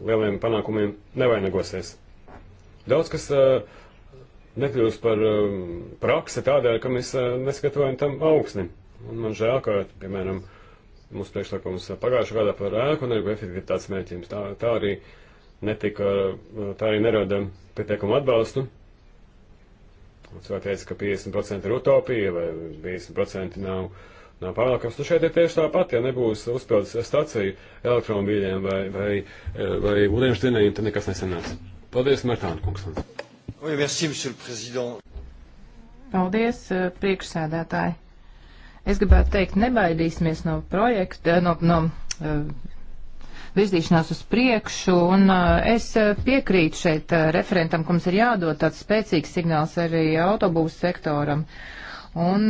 lieliem panākumiem nevainagosies. Daudz kas uh, nekļūst par uh, praksi tādēļ, ka mēs uh, neskatojam tam augsni. Un man žēl, ka, piemēram, uh, mūsu priekšlikums pagājušā gada par ēku energo efektivitātes mērķiem. Tā, tā arī netika, tā arī nerada pietiekumu atbalstu. Cilvēki teica, ka 50% ir utopija vai 50% nav, nav pārākums. Nu šeit ir tieši tāpat, ja nebūs uzpildes staciju elektromobīļiem vai, vai, vai ūdienas dzinējiem, tad nekas nesanāks. Paldies, Martāna kungs. Oui, merci, Paldies, priekšsēdētāji. Es gribētu teikt, nebaidīsimies no projekta, no, no eh, virzīšanās uz priekšu, un eh, es eh, piekrītu šeit referentam, ka mums ir jādod tāds spēcīgs signāls arī autobūvas sektoram. Un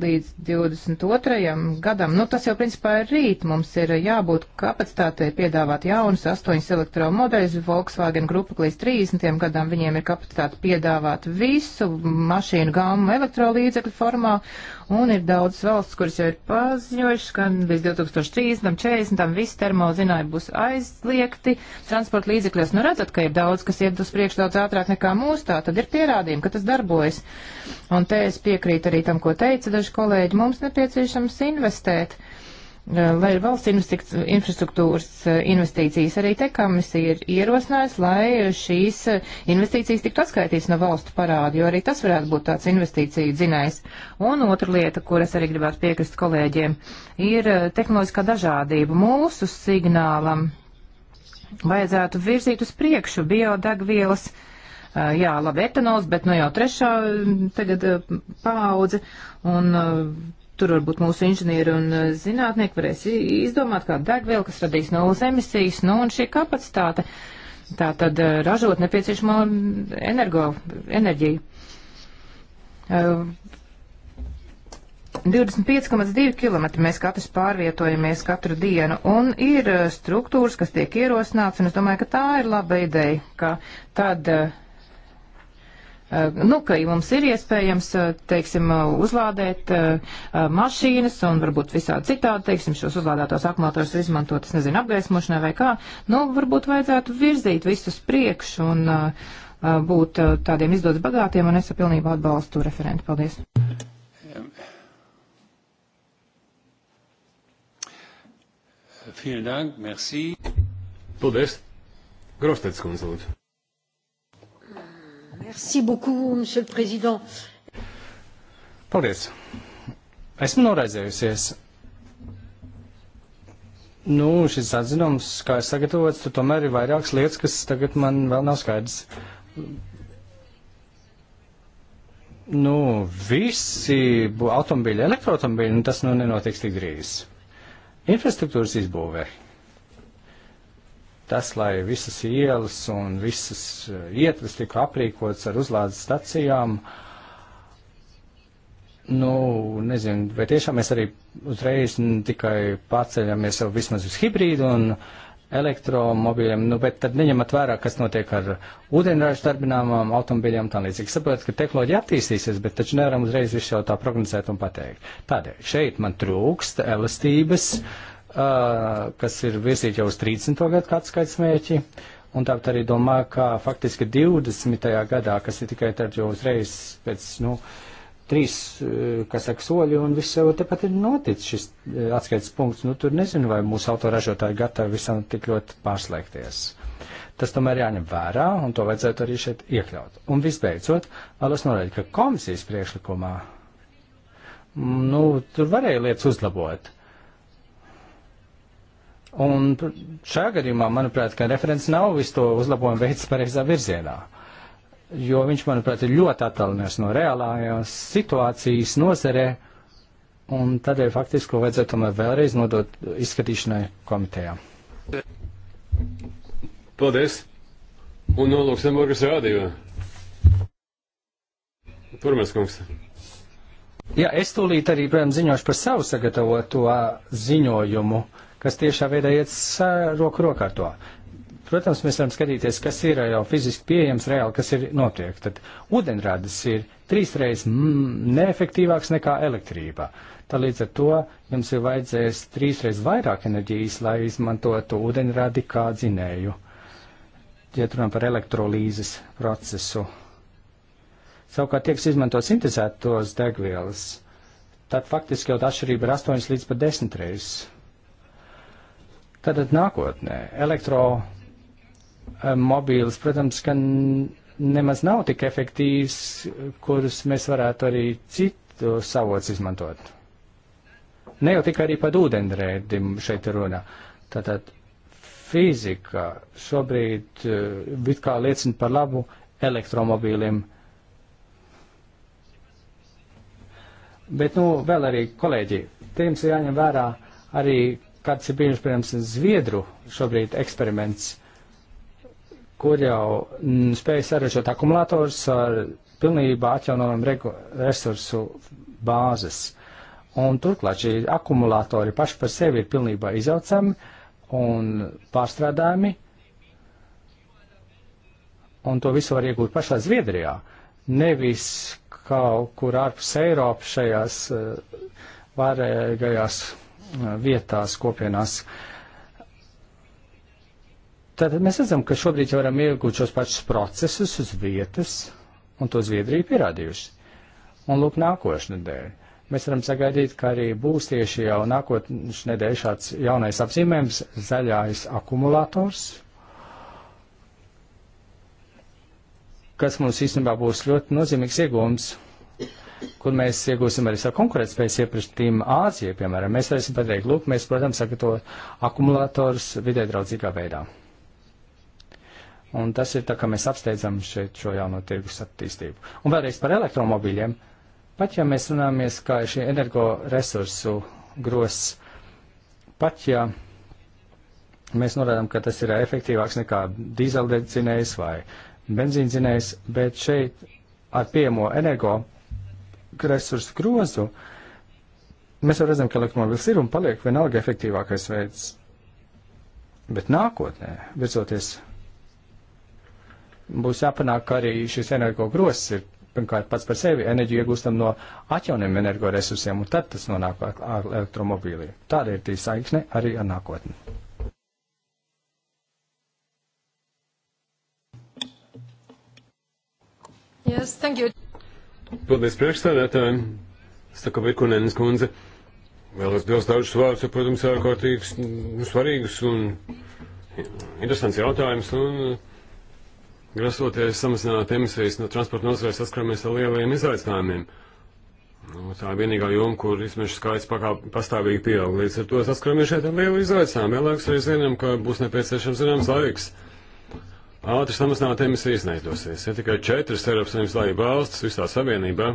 līdz 22. gadam, nu tas jau principā ir rīt, mums ir jābūt kapacitātei piedāvāt jaunus astoņus elektromodeļus. Volkswagen grupa līdz 30. gadam viņiem ir kapacitāte piedāvāt visu mašīnu gāmu elektrolīdzekļu formā. Un ir daudz valsts, kuras jau ir paziņojušas, ka līdz 2030, 40, visi termozināji būs aizliegti transporta līdzekļos. Nu redzat, ka ir daudz, kas iet uz priekšu daudz ātrāk nekā mūs tā, tad ir pierādījumi, ka tas darbojas. Un te es piekrītu arī tam, ko teica daži kolēģi. Mums nepieciešams investēt. Uh, Eh, lai ir valsts infrastruktūras eh, investīcijas. Arī te komisija ir ierosinājusi, lai šīs eh, investīcijas tiktu atskaitīts no valstu parādu, jo arī tas varētu būt tāds investīciju dzinējs. Un otra lieta, kur es arī gribētu piekrist kolēģiem, ir tehnoloģiskā dažādība. Mūsu signālam vajadzētu virzīt uz priekšu biodegvielas. Jā, labi, etanols, bet nu jau trešā mm, tagad paudze, un Tur varbūt mūsu inženieri un eh, zinātnieki varēs izdomāt kādu degvielu, kas radīs nulles emisijas, nu un šī kapacitāte. Tā tad eh, ražot nepieciešamo mm, energo, enerģiju. 25,2 eh, km mēs katrs pārvietojamies katru dienu, un ir struktūras, kas tiek ierosināts, un es domāju, ka tā ir laba ideja, ka tad uh, Eh, nu, ka mums ir iespējams, eh, teiksim, eh, uzlādēt mašīnas un varbūt visādi citādi, teiksim, šos uzlādētos akumulatorus izmantot, es nezinu, apgaismošanai vai kā, nu, varbūt vajadzētu virzīt visus priekš un būt tādiem izdodas bagātiem, un es pilnībā atbalstu referentu. Paldies! Vielen Dank, merci. Paldies. Grostets kundze, lūdzu. Merci beaucoup, monsieur le président. Paldies. Esmu noraizējusies. Nu, šis atzinums, kā es sagatavots, tur tomēr ir vairākas lietas, kas tagad man vēl nav skaidrs. Nu, visi automobīļi, elektroautomobīļi, nu, tas nu nenotiks tik drīz. Infrastruktūras izbūvē tas, lai visas ielas un visas eh, ietves tika aprīkots ar uzlādes stacijām, nu, nezinu, vai tiešām mēs arī uzreiz tikai pārceļamies jau vismaz uz hibrīdu un elektromobīļiem, nu, bet tad neņemat vērā, kas notiek ar ūdeņraža darbināmām automobiļiem un tā līdzīgi. Saprotat, ka tehnoloģija attīstīsies, bet taču nevaram uzreiz visu jau tā prognozēt un pateikt. Tādēļ šeit man trūkst elastības. Mm kas ir virzīti jau uz 30. gadu kā atskaits mērķi, un tāpat arī domā, ka faktiski 20. gadā, kas ir tikai tad jau uzreiz pēc, nu, trīs, kas saka, soļi, un viss jau tepat ir noticis šis atskaits punkts, nu, tur nezinu, vai mūsu autoražotāji gatavi visam tik ļoti pārslēgties. Tas tomēr jāņem vērā, un to vajadzētu arī šeit iekļaut. Un visbeidzot, vēlos norādīt, ka komisijas priekšlikumā, nu, tur varēja lietas uzlabot. Uh, Un šajā gadījumā, manuprāt, ka referents nav visu to uzlabojumu veids pareizā virzienā, jo viņš, manuprāt, ir ļoti attālinies no reālās situācijas nozarē, un tādēļ faktiski to vajadzētu tomēr vēlreiz nodot izskatīšanai komitejā. Paldies! Un no Luksemburgas rādījumā. Turmēs kungs. Jā, es tūlīt arī, protams, ziņošu par savu sagatavoto ziņojumu. Uh, kas tiešā veidā iet roku rokā ar to. Protams, mēs varam skatīties, kas ir jau fiziski pieejams reāli, kas ir notiek. Tad ūdenrādes ir trīsreiz neefektīvāks nekā elektrība. Tā līdz ar to jums ir vajadzēs trīsreiz vairāk enerģijas, lai izmantotu ūdenrādi kā dzinēju. Ja runājam par elektrolīzes procesu. Savukārt tiek izmantot sintēzētos degvielas, tad faktiski jau tā atšķirība ir 8 līdz pat 10 reizes Tātad nākotnē elektromobīls, eh, protams, ka nemaz nav tik efektīvs, kurus mēs varētu arī citu savots izmantot. Ne jau tikai arī par ūdenrēdim šeit ir runa. Tātad fizika šobrīd eh, it kā liecina par labu elektromobīliem. Bet, nu, vēl arī kolēģi, te jums ir jāņem vērā arī kāds ir bijis, piemēram, Zviedru šobrīd eksperiments, kur jau m, mm, spēja sarežot akumulators ar pilnībā atjaunojumu resursu bāzes. Un turklāt šī akumulatori paši par sevi ir pilnībā izaucami un pārstrādājami, un to visu var iegūt pašā Zviedrijā, nevis kaut kur ārpus Eiropas šajās uh, eh, varēgajās vietās, kopienās. Tātad mēs redzam, ka šobrīd jau varam iegūt šos pašus procesus uz vietas, un to Zviedrija pierādījusi. Un lūk, nākošais nedēļa mēs varam sagaidīt, ka arī būs tieši jau nākotnes nedēļa šāds jaunais apzīmējums - zaļais akumulators, kas mums īstenībā būs ļoti nozīmīgs iegūms kur mēs iegūsim arī savu konkurētspējas iepratīm Āzijai, piemēram. Mēs varēsim pateikt, lūk, mēs, protams, sagatavot akumulators vidē draudzīgā veidā. Un tas ir tā, ka mēs apsteidzam šeit šo jauno tirgus attīstību. Un vēlreiz par elektromobīļiem. Pat ja mēs runāmies, kā šī energoresursu gros, pat ja mēs norādām, ka tas ir efektīvāks nekā dīzeldedzinējs vai benzīndzinējs, bet šeit ar pieejamo energo resursu grozu, mēs jau redzam, ka elektromobils ir un paliek vienalga efektīvākais veids. Bet nākotnē, virzoties, būs jāpanāk, ka arī šis energo grozs ir pirmkārt pats par sevi enerģiju iegūstam no atjauniem energoresursiem, un tad tas nonāk ar elektromobīlī. Tāda ir tī saikne arī ar nākotni. Yes, thank you. Paldies priekšstādētājiem. Staka Virkunēnas kundze. Vēlos bilst dažus vārdus, protams, ārkārtīgs, svarīgus un interesants jautājums. Un uh, grasoties samazināt emisijas no transporta nozarē saskaramies ar lieliem izaicinājumiem. Nu, tā ir vienīgā joma, kur izmešu skaits pakāp, pastāvīgi pieaug. Līdz ar to saskaramies šeit ar lielu izaicinājumu. Vienlaikus arī zinām, ka būs nepieciešams zināms laiks. Mm ātri samazināt emisijas neizdosies. Ir tikai četras Eiropas Savienības laiva valstis visā savienībā,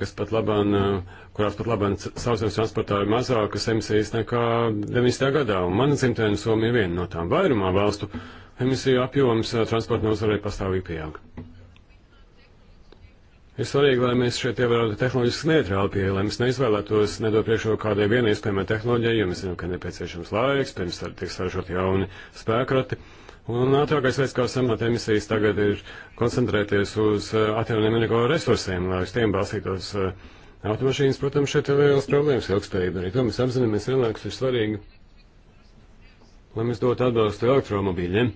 kas pat labāk, eh, kurās pat labāk sauszemes transportā ir mazākas emisijas nekā 90. gadā, un mana dzimtene Somija ir viena no tām vairumā valstu emisiju apjoms eh, transporta nozarei pastāvīgi pieaug. Ir svarīgi, lai mēs šeit ievērotu tehnoloģiski neitrālu pieeju, lai mēs neizvēlētos nedot priekšroku kādai vienai iespējamai tehnoloģijai, jo mēs zinām, ka nepieciešams laiks, pirms tiek saražot jauni spēkrati. Un ātrākais veids, kā samat emisijas tagad, ir koncentrēties uz eh, atjauniem energo resursiem, lai uz tiem balstītos eh, automašīnas. Protams, šeit ir liels problēmas ilgspējība. Arī to mēs apzināmies, vienlaikus ir svarīgi, lai mēs dotu atbalstu elektromobīļiem.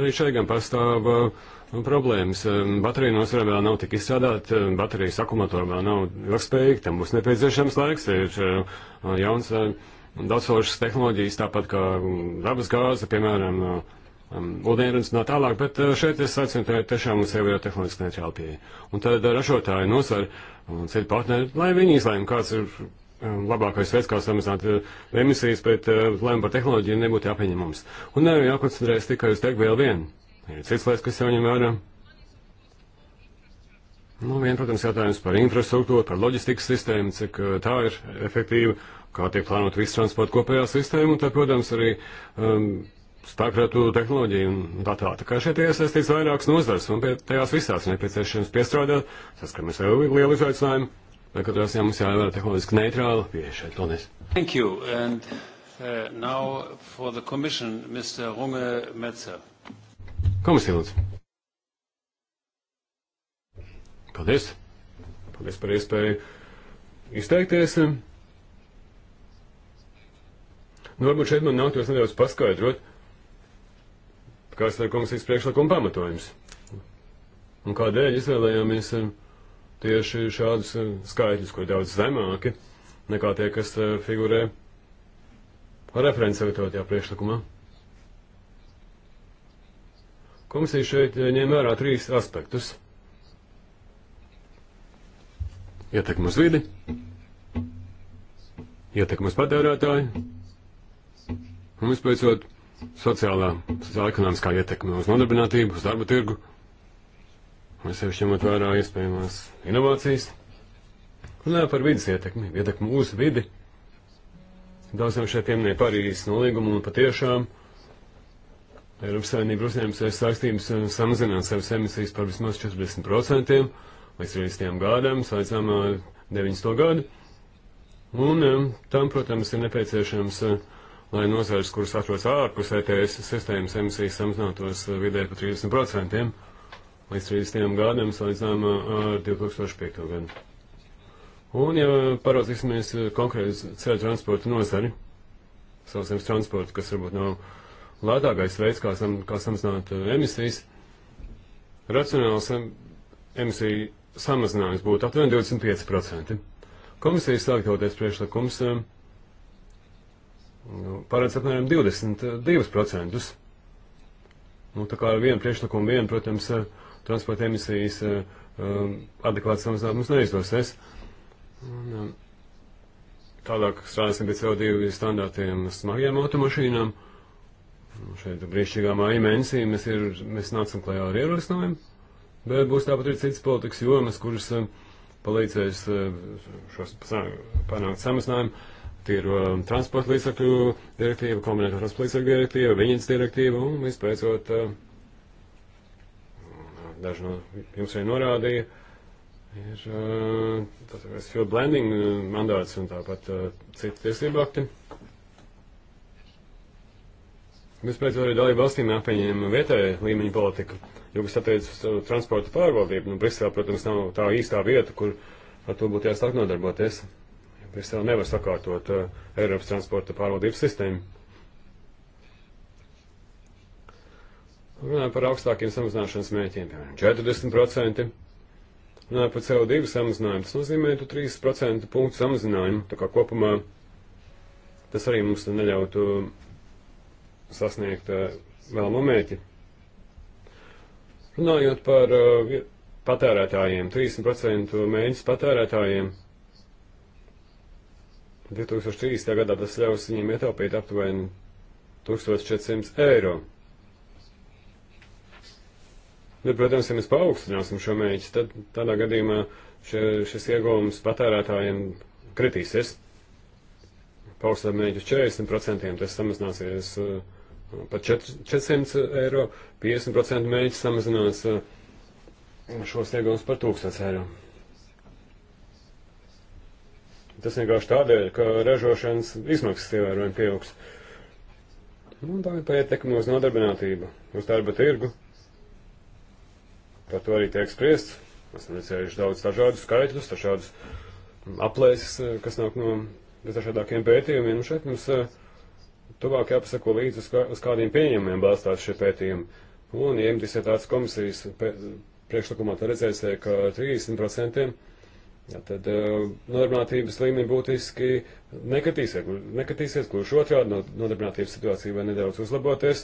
Arī šeit gan pastāv eh, problēmas. Baterija nosvērā vēl nav tik izstrādāta, baterijas akumulatora vēl nav ilgspējīga, tam būs nepieciešams laiks, ir jauns daudzsološas tehnoloģijas, tāpat kā mm, dabas gāze, piemēram, no ūdeņradis um, nāk tālāk, bet uh, šeit es akcentēju tiešām uz sevi jau tehnoloģiski neitrālu pieeju. Un tad uh, ražotāji nosver un citu partneri, lai viņi izlēma, kāds ir um, labākais veids, kā samazināt uh, emisijas, bet lēma par tehnoloģiju nebūtu jāpieņem mums. Un nav jākoncentrējas tikai uz degvielu vien. Ir cits lietas, kas jāņem vērā. Nu, vien, protams, jautājums par infrastruktūru, par loģistikas sistēmu, cik tā ir efektīva, kā tiek plānot visu transportu kopējā sistēmu, un tad, protams, arī um, spēkratu tehnoloģiju un tā tā. Tā kā šeit iesaistīts vairākas nozars un tajās visās nepieciešams piestrādāt, saskaramies ar lielu izaicinājumu, vai katrā ziņā mums jāievēro tehnoloģiski neitrāla pieeja šeit. Paldies. Thank you. And uh, now for the commission, Mr. Runge Metzer. Komisija lūdzu. Paldies. Paldies par iespēju izteikties. Nu, varbūt šeit man nāktos nedaudz paskaidrot Kāds ir komisijas priekšlikuma pamatojums? Un kādēļ izvēlējāmies eh, tieši šādus eh, skaitļus, kur daudz zemāki nekā tie, kas eh, figurē referents sagatavotajā priekšlikumā? Komisija šeit ņem vērā trīs aspektus. Ietekmu uz vidi, ietekmu uz patērētāju un, vispēcot, sociālā, sociālā ekonomiskā ietekme uz nodarbinātību, uz darba tirgu. Mēs sevišķi ņemot vērā iespējamās inovācijas. Runājot par vidas ietekmi, ietekmi uz vidi. Daudziem šeit pieminēja Parīzes nolīgumu un patiešām Eiropas Savienība uzņēmusies saistības eh, samazināt savas emisijas par vismaz 40% līdz 30. gadam, saistām 90. gadu. Un eh, tam, protams, ir nepieciešams uh, lai nozares, kuras atrodas ārpus ETS sistēmas, emisijas samazinātos eh, vidē pa 30% līdz 30. gadam, salīdzinām ar 2005. gadu. Un, ja paraudzīsimies eh, konkrēti ceļu transporta nozari, sauszemes transporta, kas varbūt nav lētākais veids, kā, sam, kā samazināt eh, emisijas, racionāls emisiju samazinājums būtu aptuveni 25%. Komisijas sāktoties priekšlikums. Um, nu, paredz apmēram 22%. Nu, tā kā ar vienu priekšlikumu, vienu, protams, eh, transporta emisijas eh, eh, adekvāti samazināt mums neizdosies. Un, tālāk strādāsim pie CO2 standārtiem smagajām automašīnām. Nu, šeit brīnišķīgā māja mēnesī mēs, ir, mēs nācam klajā ar ierosinājumu, bet būs tāpat arī citas politikas jomas, kuras palīdzēs šos panākt samazinājumu. Tie ir um, transporta līdzakļu direktīva, kombinētā transporta līdzakļu direktīva, viņas direktīva un vispēcot, uh, daži no jums arī norādīja, ir uh, um, tāds fuel blending um, mandāts un tāpat uh, citi tiesību akti. Vispēc arī dalību valstīm jāpieņem vietēja līmeņa politika, jo, kas attiecas uz uh, transporta pārvaldību, nu, Briselē, protams, nav tā īstā vieta, kur ar to būtu jāsāk nodarboties pie sev nevar sakārtot uh, Eiropas transporta pārvaldības sistēmu. Runājot par augstākiem samazināšanas mērķiem, piemēram, 40%. Runājot par CO2 samazinājumu, tas nozīmē 3% punktu samazinājumu. Tā kā kopumā tas arī mums neļautu sasniegt uh, vēlamo mērķi. Runājot par uh, patērētājiem, 30% mēģis patērētājiem. 2030. gadā tas ļaus viņiem ietaupīt aptuveni 1400 eiro. Bet, protams, ja mēs paaugstināsim šo mēģi, tad tādā gadījumā še, šis ieguvums patērētājiem kritīsies. Paaugstināt mēģi uz 40%, tas samazināsies uh, par 400 eiro, 50% mēģi samazinās uh, šos ieguvumus par 1000 eiro. Tas vienkārši tādēļ, ka ražošanas izmaksas ievērojami pieaugs. Nu, un tā ir pietekme uz nodarbinātību, uz darba tirgu. Par to arī tiek spriests. Esam redzējuši daudz dažādus skaitļus, dažādus aplēses, eh, kas nāk no dažādākiem pētījumiem. Un šeit mums eh, tuvāk jāpasako līdz uz, kā, uz kādiem pieņēmumiem balstās šie pētījumi. Un, ja imtisē tāds komisijas priekšlikumā, tad redzēsiet, ka 30% Ja tad uh, nodarbinātības līmeni būtiski nekatīsies, nekatīsies kurš otrādi no, nodarbinātības situācija vai nedaudz uzlaboties.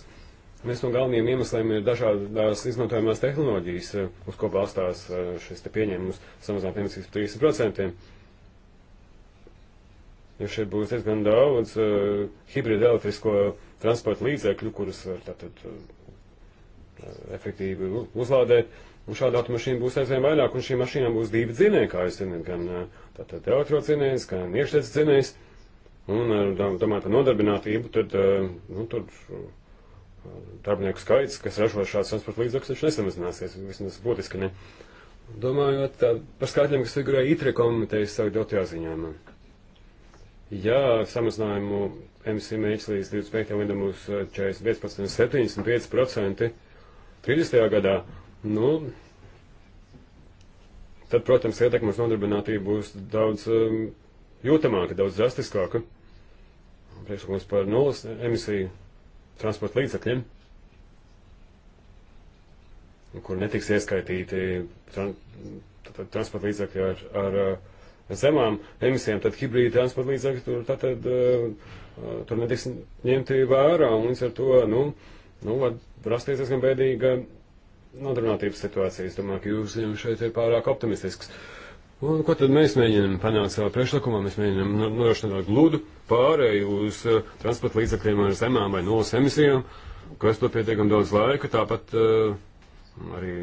Viens no galvenajiem iemesliem ir dažādās izmantojamās tehnoloģijas, eh, uz ko balstās eh, šis te pieņēmums samazināt emisijas par 30%. Jo šeit būs diezgan daudz uh, hibrida elektrisko transporta līdzekļu, kurus var tātad uh, efektīvi uzlādēt. Uh, Un šādu automašīnu būs aizvien vairāk, un šīm mašīnām būs divi dzinēji, kā jūs zināt, gan tātad elektrocinējs, gan iekšķēdes dzinējs. Un, domāju, tā nodarbinātība, tad, nu, tur darbinieku skaits, kas ražo šāds transporta līdzekļus, viņš nesamazināsies, vismaz būtiski ne. Domājot tā, par skaitļiem, kas figurē ITRE komitejas sagatavotajā ziņojumā. Jā, samazinājumu emisiju mērķis līdz 25. gadam uz 45,75%, 30. gadā Nu, tad, protams, ietekme uz nodarbinātību būs daudz um, jūtamāka, daudz drastiskāka. Priekšlikums par nulles emisiju transporta līdzakļiem, kur netiks ieskaitīti tran transporta līdzakļi ar, ar, ar uh, zemām emisijām, tad hibrīda transporta līdzakļi tur, tātad, uh, uh, tur netiks ņemti vērā un līdz ar to, nu, nu var rasties diezgan bēdīga nodarbinātības situācijas. Domāju, ka jūs šeit ir pārāk optimistisks. Un ko tad mēs mēģinām panākt savā priekšlikumā? Mēs mēģinām norošināt gludu pārēju uz uh, transporta līdzakļiem ar zemām vai nulles emisijām, kas to pietiekam daudz laika, tāpat uh, arī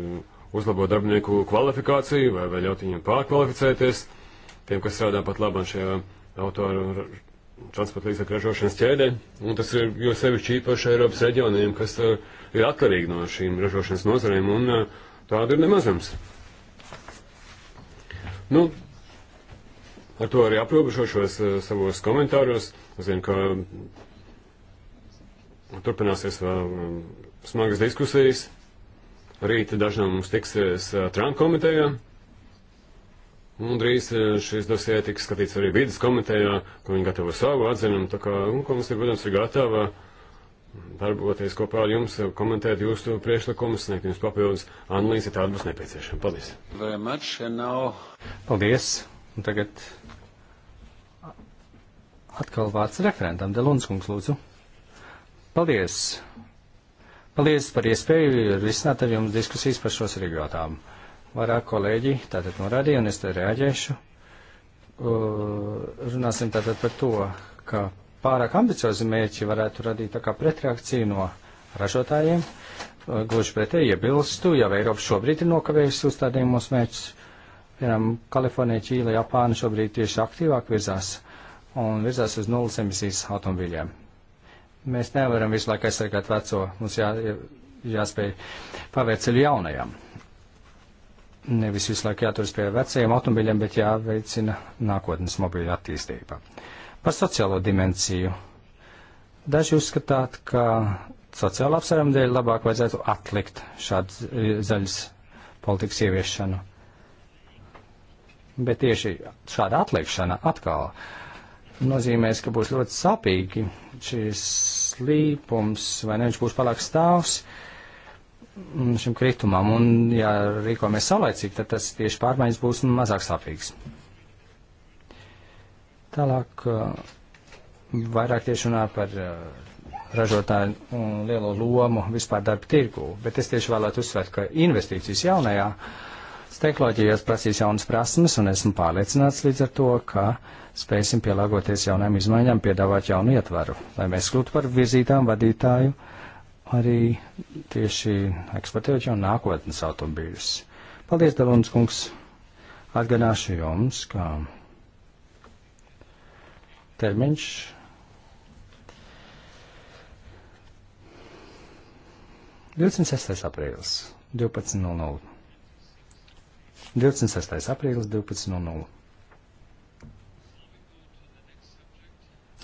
uzlabot darbinieku kvalifikāciju vai, vai ļaut viņiem pārkvalificēties, tiem, kas strādā pat labam šajā autoru transporta līdzekļu ražošanas ķēdē, un tas ir jo sevišķi īpaši Eiropas reģioniem, kas uh, ir atkarīgi no šīm ražošanas nozarēm, un uh, tāda ir nemazams. Nu, ar to arī aprobežošos uh, savos komentāros. Es zinu, ka mm, turpināsies vēl um, smagas diskusijas. Rīta dažnam mums tiksies uh, Trump komitejā. Un drīz e, šis dosie tiks skatīts arī vidas komitejā, kur viņi gatavo savu atzinumu. Tā kā komisija, protams, ir gatava darboties kopā ar jums, komentēt jūsu priekšlikumus, sniegt jums papildus analīzi, ja tāda būs nepieciešama. Paldies! Very much, now... Paldies! Un tagad atkal vārds referentam. Deluns kungs, lūdzu. Paldies! Paldies par iespēju risināt ar jums diskusijas par šos regulātām vairāk kolēģi tātad norādīja, un es te reaģēšu. Runāsim tātad par to, ka pārāk ambiciozi mērķi varētu radīt tā kā pretreakciju no ražotājiem. Gluži pretēji iebilstu, jau Eiropa šobrīd ir nokavējusi uzstādījumos mērķus. Piemēram, Kalifornija, Čīla, Japāna šobrīd tieši aktīvāk virzās un virzās uz nulles emisijas automobīļiem. Mēs nevaram visu laiku aizsargāt veco, mums jā, jāspēj pavērt ceļu jaunajam nevis visu laiku jāturas pie vecajiem automobiļiem, bet jāveicina nākotnes mobīļa attīstība. Par sociālo dimensiju. Daži uzskatāt, ka sociāla apsvērumu dēļ labāk vajadzētu atlikt šādu e, zaļas politikas ieviešanu. Bet tieši šāda atliekšana atkal nozīmēs, ka būs ļoti sapīgi šis līpums, vai ne viņš būs palāk stāvs. Uh, Mm, šim kritumam, un ja rīkojamies saulēcīgi, tad tas tieši pārmaiņas būs mazāk sāpīgs. Tālāk eh, vairāk tieši runā par eh, ražotāju mm, lielo lomu vispār darba tirgū, bet es tieši vēlētu uzsvērt, ka investīcijas jaunajā tehnoloģijās prasīs jaunas prasmes, un esmu pārliecināts līdz ar to, ka spēsim pielāgoties jaunām izmaiņām, piedāvāt jaunu ietvaru, lai mēs kļūtu par virzītām vadītāju arī tieši eksportējot jau nākotnes automobīļus. Paldies, Dalons kungs! Atgādāšu jums, ka termiņš – 26. aprīlis, 12.00. 26. aprīlis, 12.00.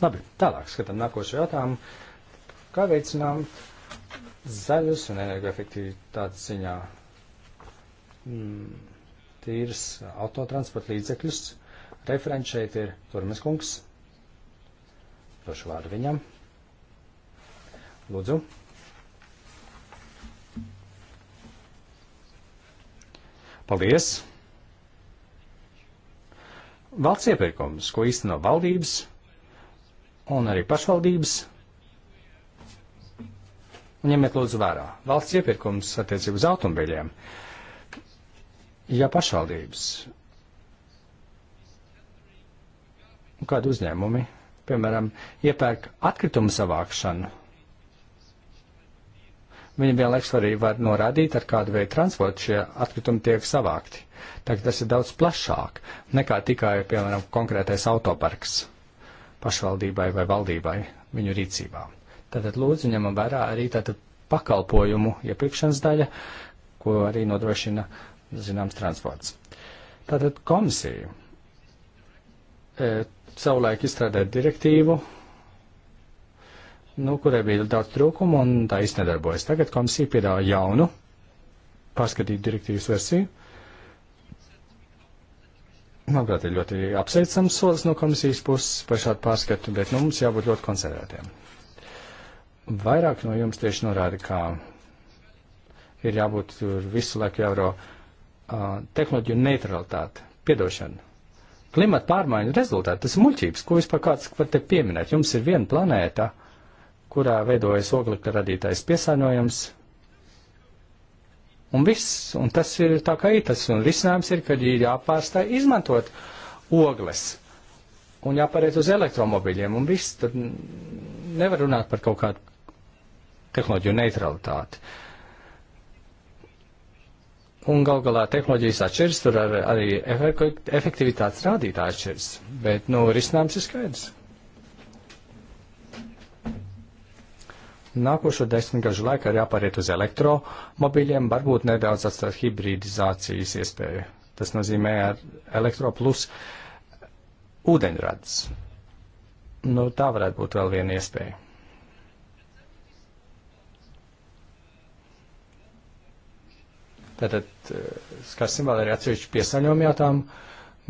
Labi, tālāk skatām nākošo jautājumu. Kā veicinām zaļus un energoefektivitātes ziņā mm, tīras autotransporta līdzekļus. Referents šeit ir Turmes kungs. Došu vārdu viņam. Lūdzu. Paldies! Valsts iepirkums, ko īsteno valdības un arī pašvaldības un ņemiet lūdzu vērā valsts iepirkums attiecībā uz automobiļiem. Ja pašvaldības un kādi uzņēmumi, piemēram, iepērk atkritumu savākšanu, viņi vienlaiks arī var norādīt, ar kādu veidu transportu šie atkritumi tiek savākti. Tagad tas ir daudz plašāk nekā tikai, piemēram, konkrētais autoparks pašvaldībai vai valdībai viņu rīcībā. Tātad lūdzu ņemam vērā arī tātad pakalpojumu iepirkšanas daļa, ko arī nodrošina zināms transports. Tātad komisija e, savulaik izstrādāja direktīvu, nu, kurai bija daudz trūkumu un tā īsti nedarbojas. Tagad komisija piedāvā jaunu pārskatītu direktīvas versiju. Manuprāt, ir ļoti apsveicams solis no komisijas puses par šādu pārskatu, bet nu, mums jābūt ļoti koncentrētiem. Vairāk no jums tieši norāda, ka ir jābūt visu laiku jāro uh, tehnoloģiju neutralitāte, piedošana. Klimata pārmaiņu rezultāti, tas ir muļķības, ko vispār kāds var te pieminēt. Jums ir viena planēta, kurā veidojas oglika radītais piesāņojums, un viss, un tas ir tā kā itas, un risinājums ir, ka ir jāpārstāj izmantot ogles un jāpārēt uz elektromobīļiem, un viss, tad nevar runāt par kaut kādu tehnoloģiju neutralitāti. Un gal galā tehnoloģijas atšķiras, tur ar, arī efektivitātes rādītāji atšķiras, bet, nu, risinājums ir skaidrs. Nākošo desmitgažu laikā ir jāpāriet uz elektromobīļiem, varbūt nedaudz atstāt hibrīdizācijas iespēju. Tas nozīmē ar elektro plus ūdeņrads. Nu, tā varētu būt vēl viena iespēja. Tātad eh, skarsim vēl arī atsevišķu piesaņojumu jautājumu,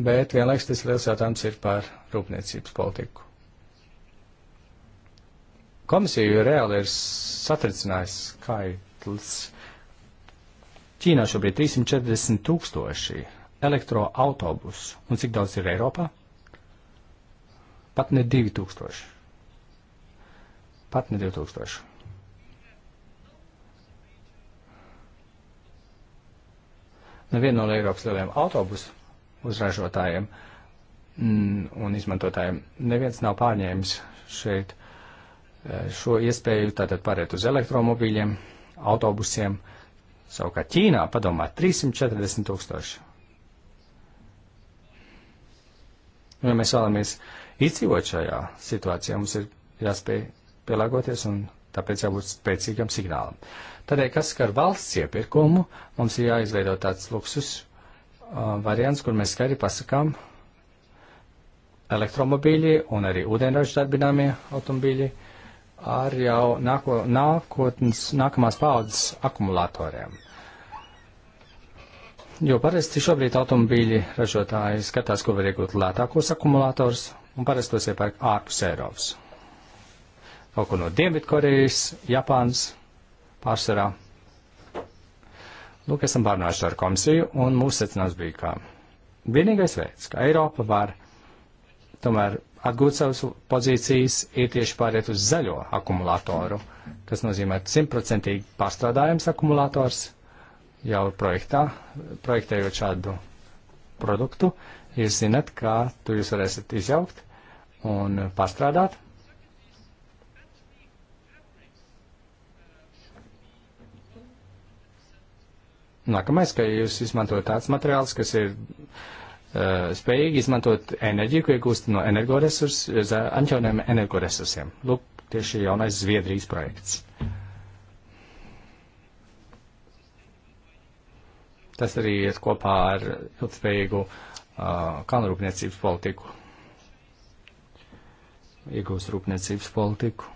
bet vienlaiks tas liels jautājums ir par rūpniecības politiku. Komisija reāli ir satricinājis skaitlis. Ķīnā šobrīd 340 tūkstoši elektroautobusu. Un cik daudz ir Eiropā? Pat ne 2000. Pat ne 2000. Neviena no Eiropas lieliem autobusu uzražotājiem mm, un izmantotājiem neviens nav pārņēmis šeit e, šo iespēju tātad pāriet uz elektromobīļiem, autobusiem. Savukārt Ķīnā, padomā, 340 tūkstoši. Nu, ja mēs vēlamies izdzīvot šajā situācijā, mums ir jāspēj pielāgoties un Tāpēc jābūt spēcīgam signālam. Tādēļ, kas skar valsts iepirkumu, mums ir jāizveido tāds luksus uh, variants, kur mēs skaidri pasakām elektromobīļi un arī ūdeņražu darbināmie automobīļi ar jau nāko, nākotnes, nākamās paudzes akumulatoriem. Jo parasti šobrīd automobīļi ražotāji skatās, ko var iegūt lētākos akumulatorus, un parasti tos iepērk ārpus Eiropas kaut kur no Dienvidkorejas, Japānas pārsvarā. Lūk, esam pārnājuši ar komisiju, un mūsu secinājums bija, ka vienīgais veids, kā Eiropa var tomēr atgūt savas pozīcijas, ir tieši pāriet uz zaļo akumulātoru, kas nozīmē simtprocentīgi pārstrādājums akumulators jau projektā, projektējot šādu produktu, jūs zinat, kā tu jūs varēsiet izjaukt un pārstrādāt, Nākamais, ka jūs izmantojat tāds materiāls, kas ir uh, spējīgi izmantot enerģiju, ko iegūst no energoresursiem, anķauniem energoresursiem. Lūk, tieši jaunais Zviedrijas projekts. Tas arī iet kopā ar ilgspējīgu uh, kalnu rūpniecības politiku. Iegūst rūpniecības politiku.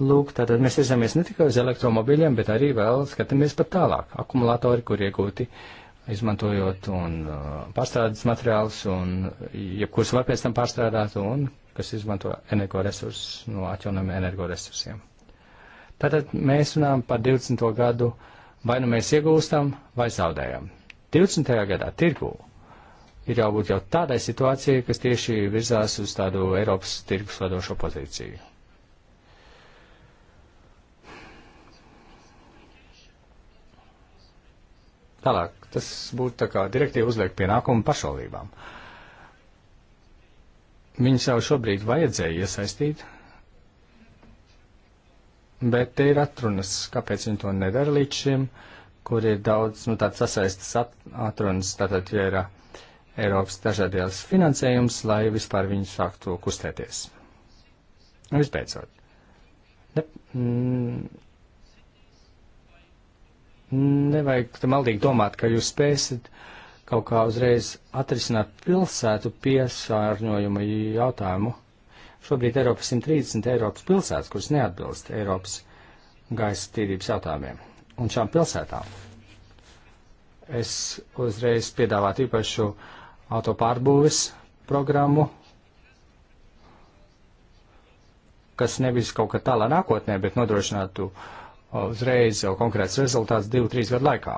Lūk, tātad mēs virzamies ne tikai uz elektromobīļiem, bet arī vēl skatāmies pat tālāk. Akumulatori, kur iegūti izmantojot un uh, pārstrādes materiālus, un jebkurus var pēc tam pārstrādāt, un kas izmanto energoresursus no atjaunojumiem energoresursiem. Tātad mēs runājam par 20. gadu, vai nu mēs iegūstam, vai zaudējam. 20. gadā tirgū ir jābūt jau tādai situācijai, kas tieši virzās uz tādu Eiropas tirgus vadošo pozīciju. Tālāk, tas būtu tā kā direktīva uzliek pienākumu pašvaldībām. Viņus jau šobrīd vajadzēja iesaistīt, bet te ir atrunas, kāpēc viņi to nedara līdz šim, kur ir daudz, nu, tāds sasaistas atrunas, tātad, ja ir uh, Eiropas dažādās finansējums, lai vispār viņi sāktu kustēties. Un visbeidzot, ne, mm, nevajag maldīgi domāt, ka jūs spēsit kaut kā uzreiz atrisināt pilsētu piesārņojuma jautājumu. Šobrīd Eiropas 130 Eiropas pilsētas, kuras neatbilst Eiropas gaisa tīrības jautājumiem. Un šām pilsētām es uzreiz piedāvātu īpašu autopārbūves programmu, kas nebija kaut kā tālā nākotnē, bet nodrošinātu uh, uzreiz jau konkrēts rezultāts divu, trīs gadu laikā.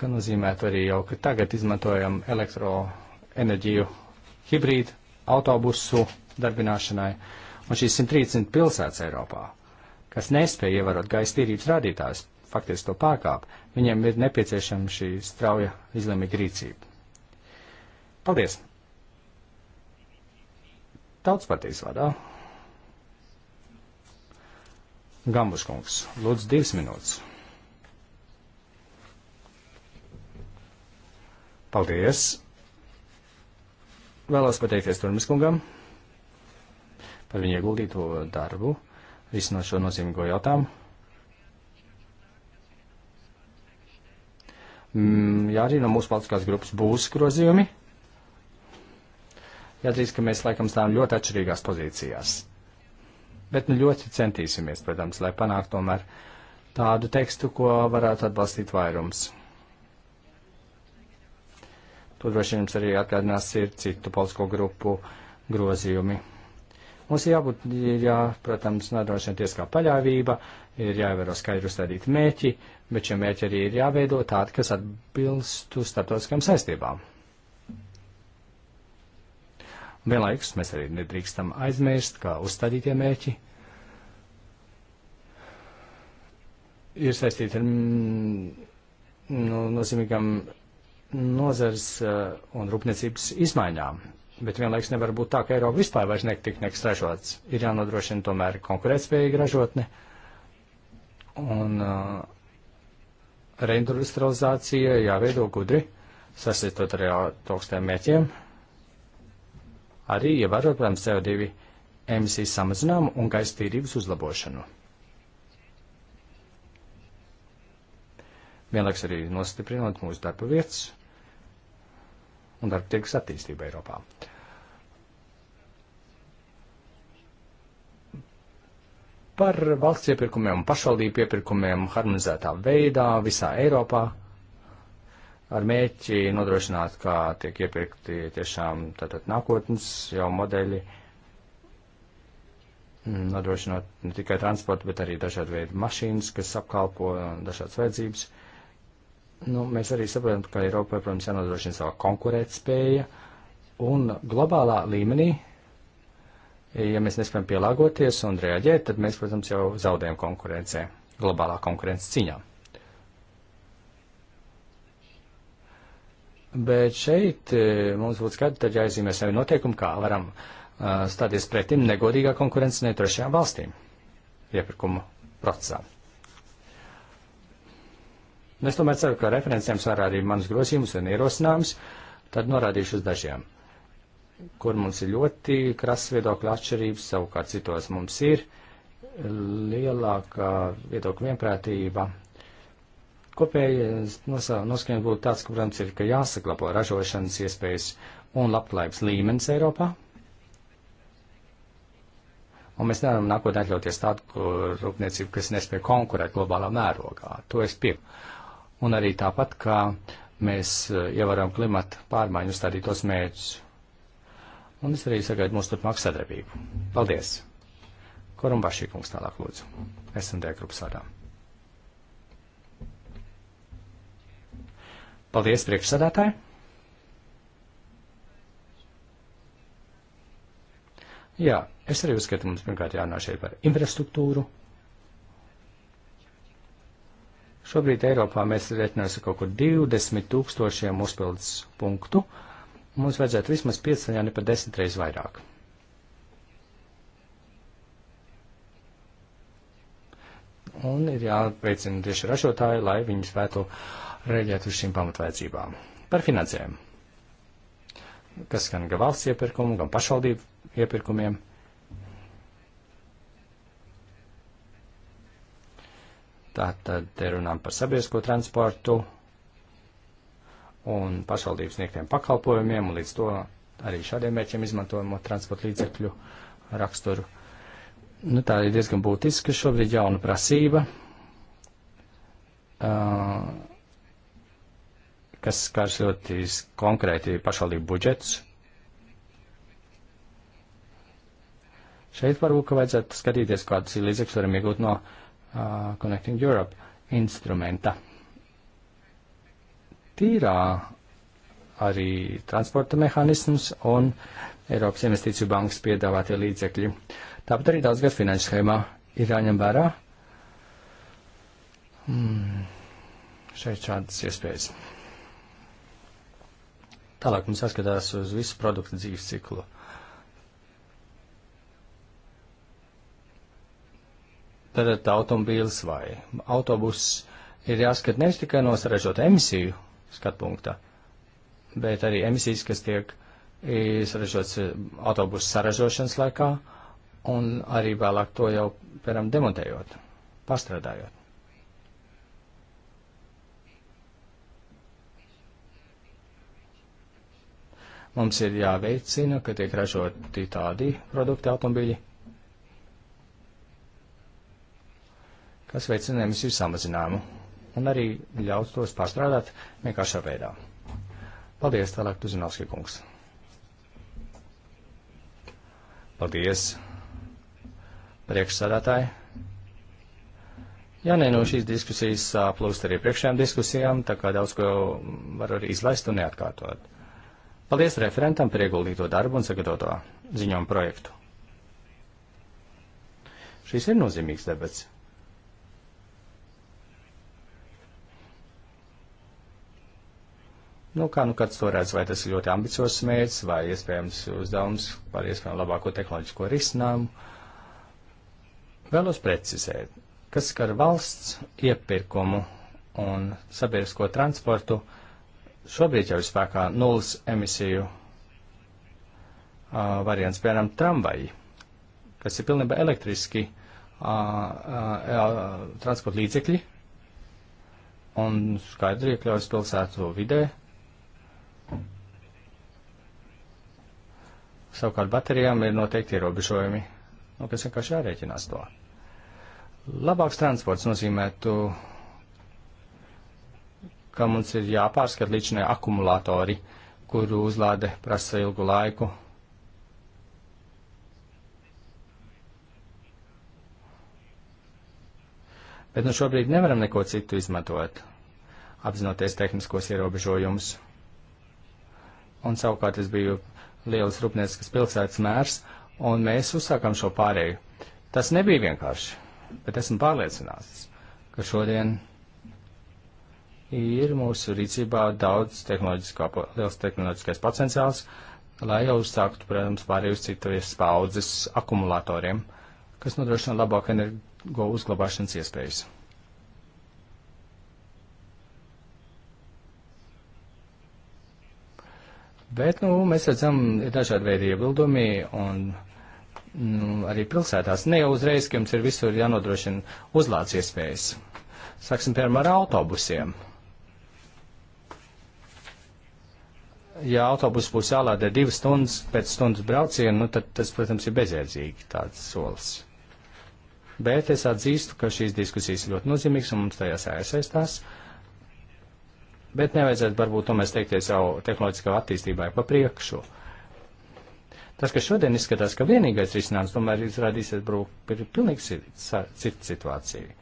Ka nozīmētu arī jau, ka tagad izmantojam elektroenerģiju hibrīdu autobusu darbināšanai un šīs 130 pilsētas Eiropā, kas nespēja ievarot gaisa tīrības rādītājus, faktiski to pārkāp, viņiem ir nepieciešama šī strauja izlēmīga rīcība. Paldies! Tautspartijas vadā. Gambuškungs, lūdzu, divas minūtes. Paldies! Vēlos pateikties Turmiskungam par viņu ieguldīto darbu, risinot šo nozīmīgo jautājumu. Mm, jā, arī no mūsu politiskās grupas būs grozījumi. Jāatzīst, ka mēs laikam stāvam ļoti atšķirīgās pozīcijās. Bet nu ļoti centīsimies, protams, lai panāktu tomēr tādu tekstu, ko varētu atbalstīt vairums. To droši vien jums arī atgādinās ir citu politisko grupu grozījumi. Mums ir jābūt, jā, protams, nodrošina tieskā paļāvība, ir jāievēro skaidri uzstādīti mērķi, bet šie mērķi arī ir jāveido tādi, kas atbilstu starptautiskām saistībām. Un vienlaikus mēs arī nedrīkstam aizmirst, ka uzstādītie mērķi ir saistīti ar mm, nu, nozīmīgām nozares eh, un rūpniecības izmaiņām. Bet vienlaiks nevar būt tā, ka Eiropa vispār vairs netiek nekas ražots. Ir jānodrošina tomēr konkurētspējīga ražotne un uh, reindustrializācija jāveido gudri, sasistot arī ar augstiem mērķiem arī ievērot, ja protams, CO2 emisiju samazinājumu un gaisa tīrības uzlabošanu. Vienlaiks arī nostiprinot mūsu darba vietas un darba tirgus attīstību Eiropā. Par valsts iepirkumiem un pašvaldību iepirkumiem harmonizētā veidā visā Eiropā ar mērķi nodrošināt, kā tiek iepirkti tiešām tātad nākotnes jau modeļi, nodrošinot ne tikai transportu, bet arī dažādu veidu mašīnas, kas apkalpo dažādas vajadzības. Nu, mēs arī saprotam, ka Eiropai, protams, jānodrošina savā konkurētspēja, un globālā līmenī, ja mēs nespējam pielāgoties un reaģēt, tad mēs, protams, jau zaudējam konkurencē, globālā konkurences ciņā. Bet šeit e, mums būtu skaidri, tad jāizzīmē sevi noteikumi, kā varam uh, stāties pretim negodīgā konkurence ne trešajām valstīm iepirkuma procesā. Nu, es tomēr ceru, ka referencēm sārā arī manus grozījumus un ierosinājumus, tad norādīšu uz dažiem, kur mums ir ļoti krasas viedokļa atšķirības, savukārt citos mums ir lielāka viedokļa vienprātība Kopējais noskaņojums būtu tāds, ka, protams, ir, ka jāsaglabo ražošanas iespējas un labklājības līmenis Eiropā. Un mēs nevaram nākotnē atļauties tādu ka rūpniecību, kas nespēja konkurēt globālā mērogā. To es pieņemu. Un arī tāpat, ka mēs eh, ievaram klimata pārmaiņu stādītos mērķus. Un es arī sagaidu mūsu turpmāku sadarbību. Paldies! Korumbašī kungs tālāk lūdzu. SMD grupas vārdā. Paldies, priekšsēdētāji! Jā, es arī uzskatu, mums pirmkārt jārunā šeit par infrastruktūru. Šobrīd Eiropā mēs rēķināsim kaut kur 20 tūkstošiem uzpildes punktu. Mums vajadzētu vismaz 5, ja ne pat 10 reizes vairāk. Un ir jāveicina tieši ražotāji, lai viņi spētu uh, rēģēt uz šīm pamatvajadzībām. Par finansēm, kas gan gan valsts iepirkumu, gan pašvaldību iepirkumiem. Tātad te runām par sabiedrisko transportu un pašvaldības sniegtiem pakalpojumiem, un līdz to arī šādiem mērķiem izmantojamo transporta līdzekļu raksturu. Nu, tā ir diezgan būtiska šobrīd jauna prasība. Uh, kas skars ļoti konkrēti pašvaldību budžets. Šeit varbūt, ka vajadzētu skatīties, kādas līdzekļus varam iegūt no uh, Connecting Europe instrumenta. Tīrā arī transporta mehānisms un Eiropas investīciju bankas piedāvātie līdzekļi. Tāpat arī daudzgad finanšu schēmā ir jāņem vērā. Hmm. Šeit šādas iespējas. Tālāk mums jāskatās uz visu produktu dzīves ciklu. Tad automobīls vai autobuss ir jāskat nevis tikai no sarežģīta emisiju skatu punktā, bet arī emisijas, kas tiek sarežģītas e, autobusu sarežģīšanas laikā un arī vēlāk to jau, piemēram, demontējot, pastrādājot. Mums ir jāveicina, ka tiek ražoti tādi produkti automobīļi, kas veicina emisiju samazinājumu un arī ļauj tos pārstrādāt vienkāršā veidā. Paldies, tālāk Tuzinovski kungs. Paldies, priekšsādātāji. Jā, nē, no nu, šīs diskusijas plūst arī priekšējām diskusijām, tā kā daudz ko var arī izlaist un neatkārtot. Paldies referentam par ieguldīto darbu un sagatavoto ziņojumu projektu. Šis ir nozīmīgs debats. Nu, kā nu kāds to redz, vai tas ir ļoti ambiciozs mērķis, vai iespējams uzdevums par iespējami labāko tehnoloģisko risinājumu. Vēlos precizēt, kas skar valsts iepirkumu un sabiedrisko transportu šobrīd jau ir spēkā nulles emisiju uh, variants, piemēram, tramvaji, kas ir pilnībā elektriski uh, uh, transporta līdzekļi un skaidri iekļaujas pilsētu vidē. Savukārt baterijām ir noteikti ierobežojumi, nu, kas vienkārši jārēķinās to. Labāks transports nozīmētu ka mums ir jāpārskat līdzinie akumulatori, kuru uzlāde prasa ilgu laiku. Bet nu šobrīd nevaram neko citu izmantot, apzinoties tehniskos ierobežojumus. Un savukārt es biju lielas rūpnieciskas pilsētas mērs, un mēs uzsākam šo pārēju. Tas nebija vienkārši, bet esmu pārliecināts, ka šodien ir mūsu rīcībā daudz tehnoloģiskā, liels tehnoloģiskais potenciāls, lai jau uzsāktu, protams, pārēj uz citas paudzes akumulatoriem, kas nodrošina labāku energo uzglabāšanas iespējas. Bet, nu, mēs redzam, ir dažādi veidi iebildumi un nu, arī pilsētās. Ne jau uzreiz, ka jums ir visur jānodrošina uzlādes iespējas. Sāksim, piemēram, ar autobusiem. ja autobus būs jālādē divas stundas pēc stundas brauciena, nu tad tas, protams, ir bezjēdzīgi tāds solis. Bet es atzīstu, ka šīs diskusijas ir ļoti nozīmīgas un mums tajās jāiesaistās. Bet nevajadzētu varbūt tomēr steigties jau tehnoloģiskā attīstībai pa priekšu. Tas, kas šodien izskatās, ka vienīgais risinājums, tomēr izrādīsies, būs pilnīgi cita situācija.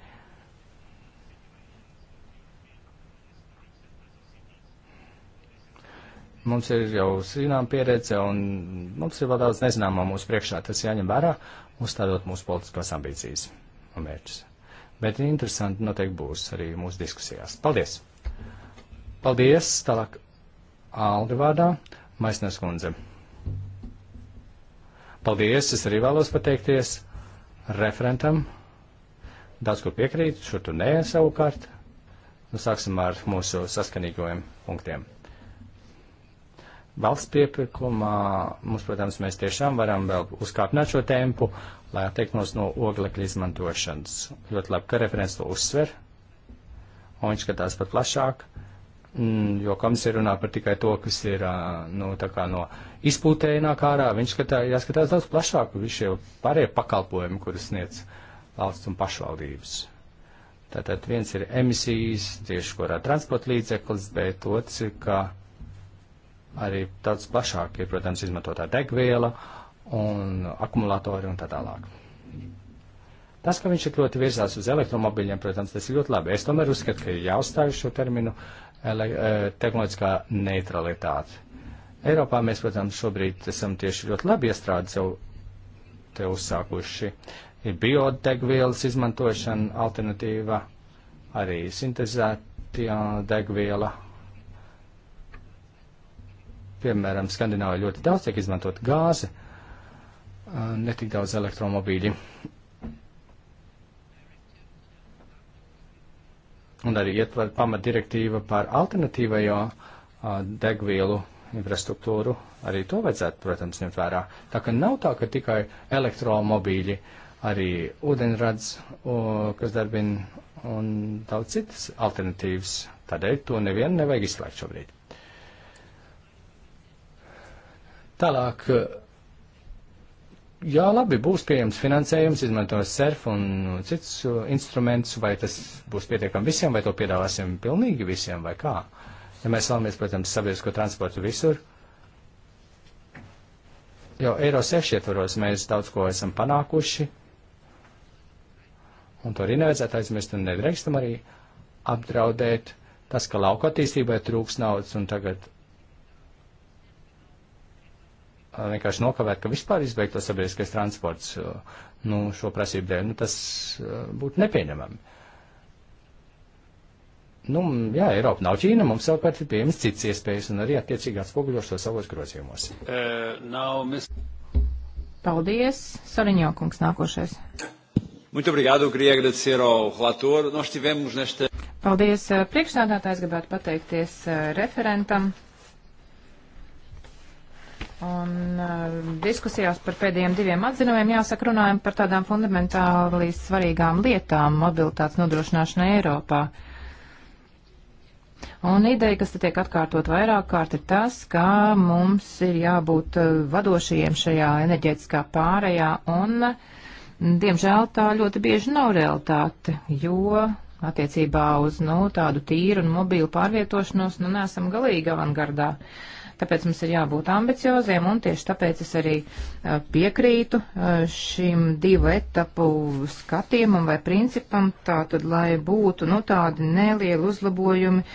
Mums ir jau zinām pieredze un mums ir vēl daudz nezināmā mūsu priekšā. Tas jāņem vērā, uzstādot mūsu politiskās ambīcijas un mērķus. Bet interesanti noteikti būs arī mūsu diskusijās. Paldies! Paldies! Tālāk Aldi vārdā Maisnes kundze. Paldies! Es arī vēlos pateikties referentam. Daudz kur piekrīt, šur tur nē savukārt. Nu, sāksim ar mūsu saskanīgajiem punktiem valsts piepirkumā. Mums, protams, mēs tiešām varam vēl uzkāpināt šo tempu, lai attiektos no oglekļa izmantošanas. Ļoti labi, ka referents to uzsver, un viņš skatās pat plašāk, mm, jo komisija runā par tikai to, kas ir nu, no izpūtējumāk ārā. Viņš skatā, jāskatās daudz plašāk, visi šie pārējie pakalpojumi, kurus sniedz valsts un pašvaldības. Tātad viens ir emisijas, tieši kurā transporta līdzeklis, bet otrs ir, ka arī tāds plašāk ir, protams, izmantotā degviela un akumulatori un tā tālāk. Tas, ka viņš ir ļoti virzās uz elektromobiļiem, protams, tas ir ļoti labi. Es tomēr uzskatu, ka ir jāuzstāj šo terminu e, tehnoloģiskā neutralitāte. Eiropā mēs, protams, šobrīd esam tieši ļoti labi iestrādes jau te uzsākuši. Ir biodegvielas izmantošana, alternatīva, arī sintetizētā degviela piemēram, Skandināvijā ļoti daudz tiek izmantot gāze, netik daudz elektromobīļi. Un arī ietver pamatdirektīva par alternatīvajo degvielu infrastruktūru, arī to vajadzētu, protams, ņemt vērā. Tā ka nav tā, ka tikai elektromobīļi, arī ūdenrads, kas darbina, un daudz citas alternatīvas. Tādēļ to nevienu nevajag izslēgt šobrīd. Tālāk, jā, labi, būs pieejams finansējums, izmantos SERF un cits uh, instruments, vai tas būs pietiekami visiem, vai to piedāvāsim pilnīgi visiem, vai kā. Ja mēs vēlamies, protams, sabiedrisko transportu visur, jau Eiro 6 ietvaros mēs daudz ko esam panākuši, un to arī nevajadzētu aizmirst, un nedrīkstam arī apdraudēt tas, ka lauka attīstībai trūks naudas, un tagad vienkārši nokavēt, ka vispār izbeigtos sabiedriskais transports nu, šo prasību dēļ, nu, tas eh, būtu nepieņemami. Nu, jā, Eiropa nav Ķīna, mums savukārt ir pieejamas citas iespējas un arī attiecīgi atspoguļošo savos grozījumos. Uh, nav, mēs... Paldies, Soriņo kungs nākošais. Muito obrigado, queria agradecer ao relator. Nós tivemos nesta. Paldies, eh, priekšstādātājs gribētu pateikties referentam. Un uh, diskusijās par pēdējiem diviem atzinumiem jāsaka runājam par tādām fundamentāli svarīgām lietām mobilitātes nodrošināšana Eiropā. Un ideja, kas te tiek atkārtot vairāk kārt, ir tas, ka mums ir jābūt uh, vadošajiem šajā enerģētiskā pārējā, un, diemžēl, tā ļoti bieži nav realitāte, jo attiecībā uz, nu, tādu tīru un mobīlu pārvietošanos, nu, nesam galīgi avangardā. Uh, Tāpēc mums ir jābūt ambicioziem, un tieši tāpēc es arī piekrītu šim divu etapu skatījumam vai principam, tātad, lai būtu nu, tādi nelieli uzlabojumi,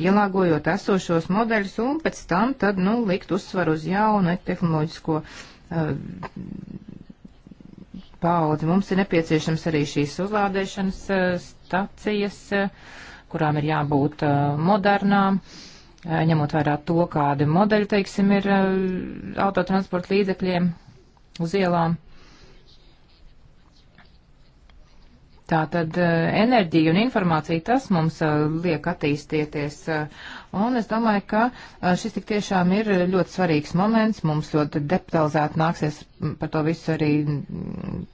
pielāgojot esošos modeļus, un pēc tam tad, nu, likt uzsvaru uz jaunu tehnoloģisko paudzi. Mums ir nepieciešams arī šīs uzlādēšanas stacijas, kurām ir jābūt modernām. Uh, Eh, ņemot vērā to, kādi modeļi, teiksim, ir eh, autotransporta līdzekļiem uz ielām. Tātad eh, enerģija un informācija tas mums liek attīstieties. Un es domāju, ka šis tik tiešām ir ļoti svarīgs moments. Mums ļoti detalizēti nāksies par to visu arī mm,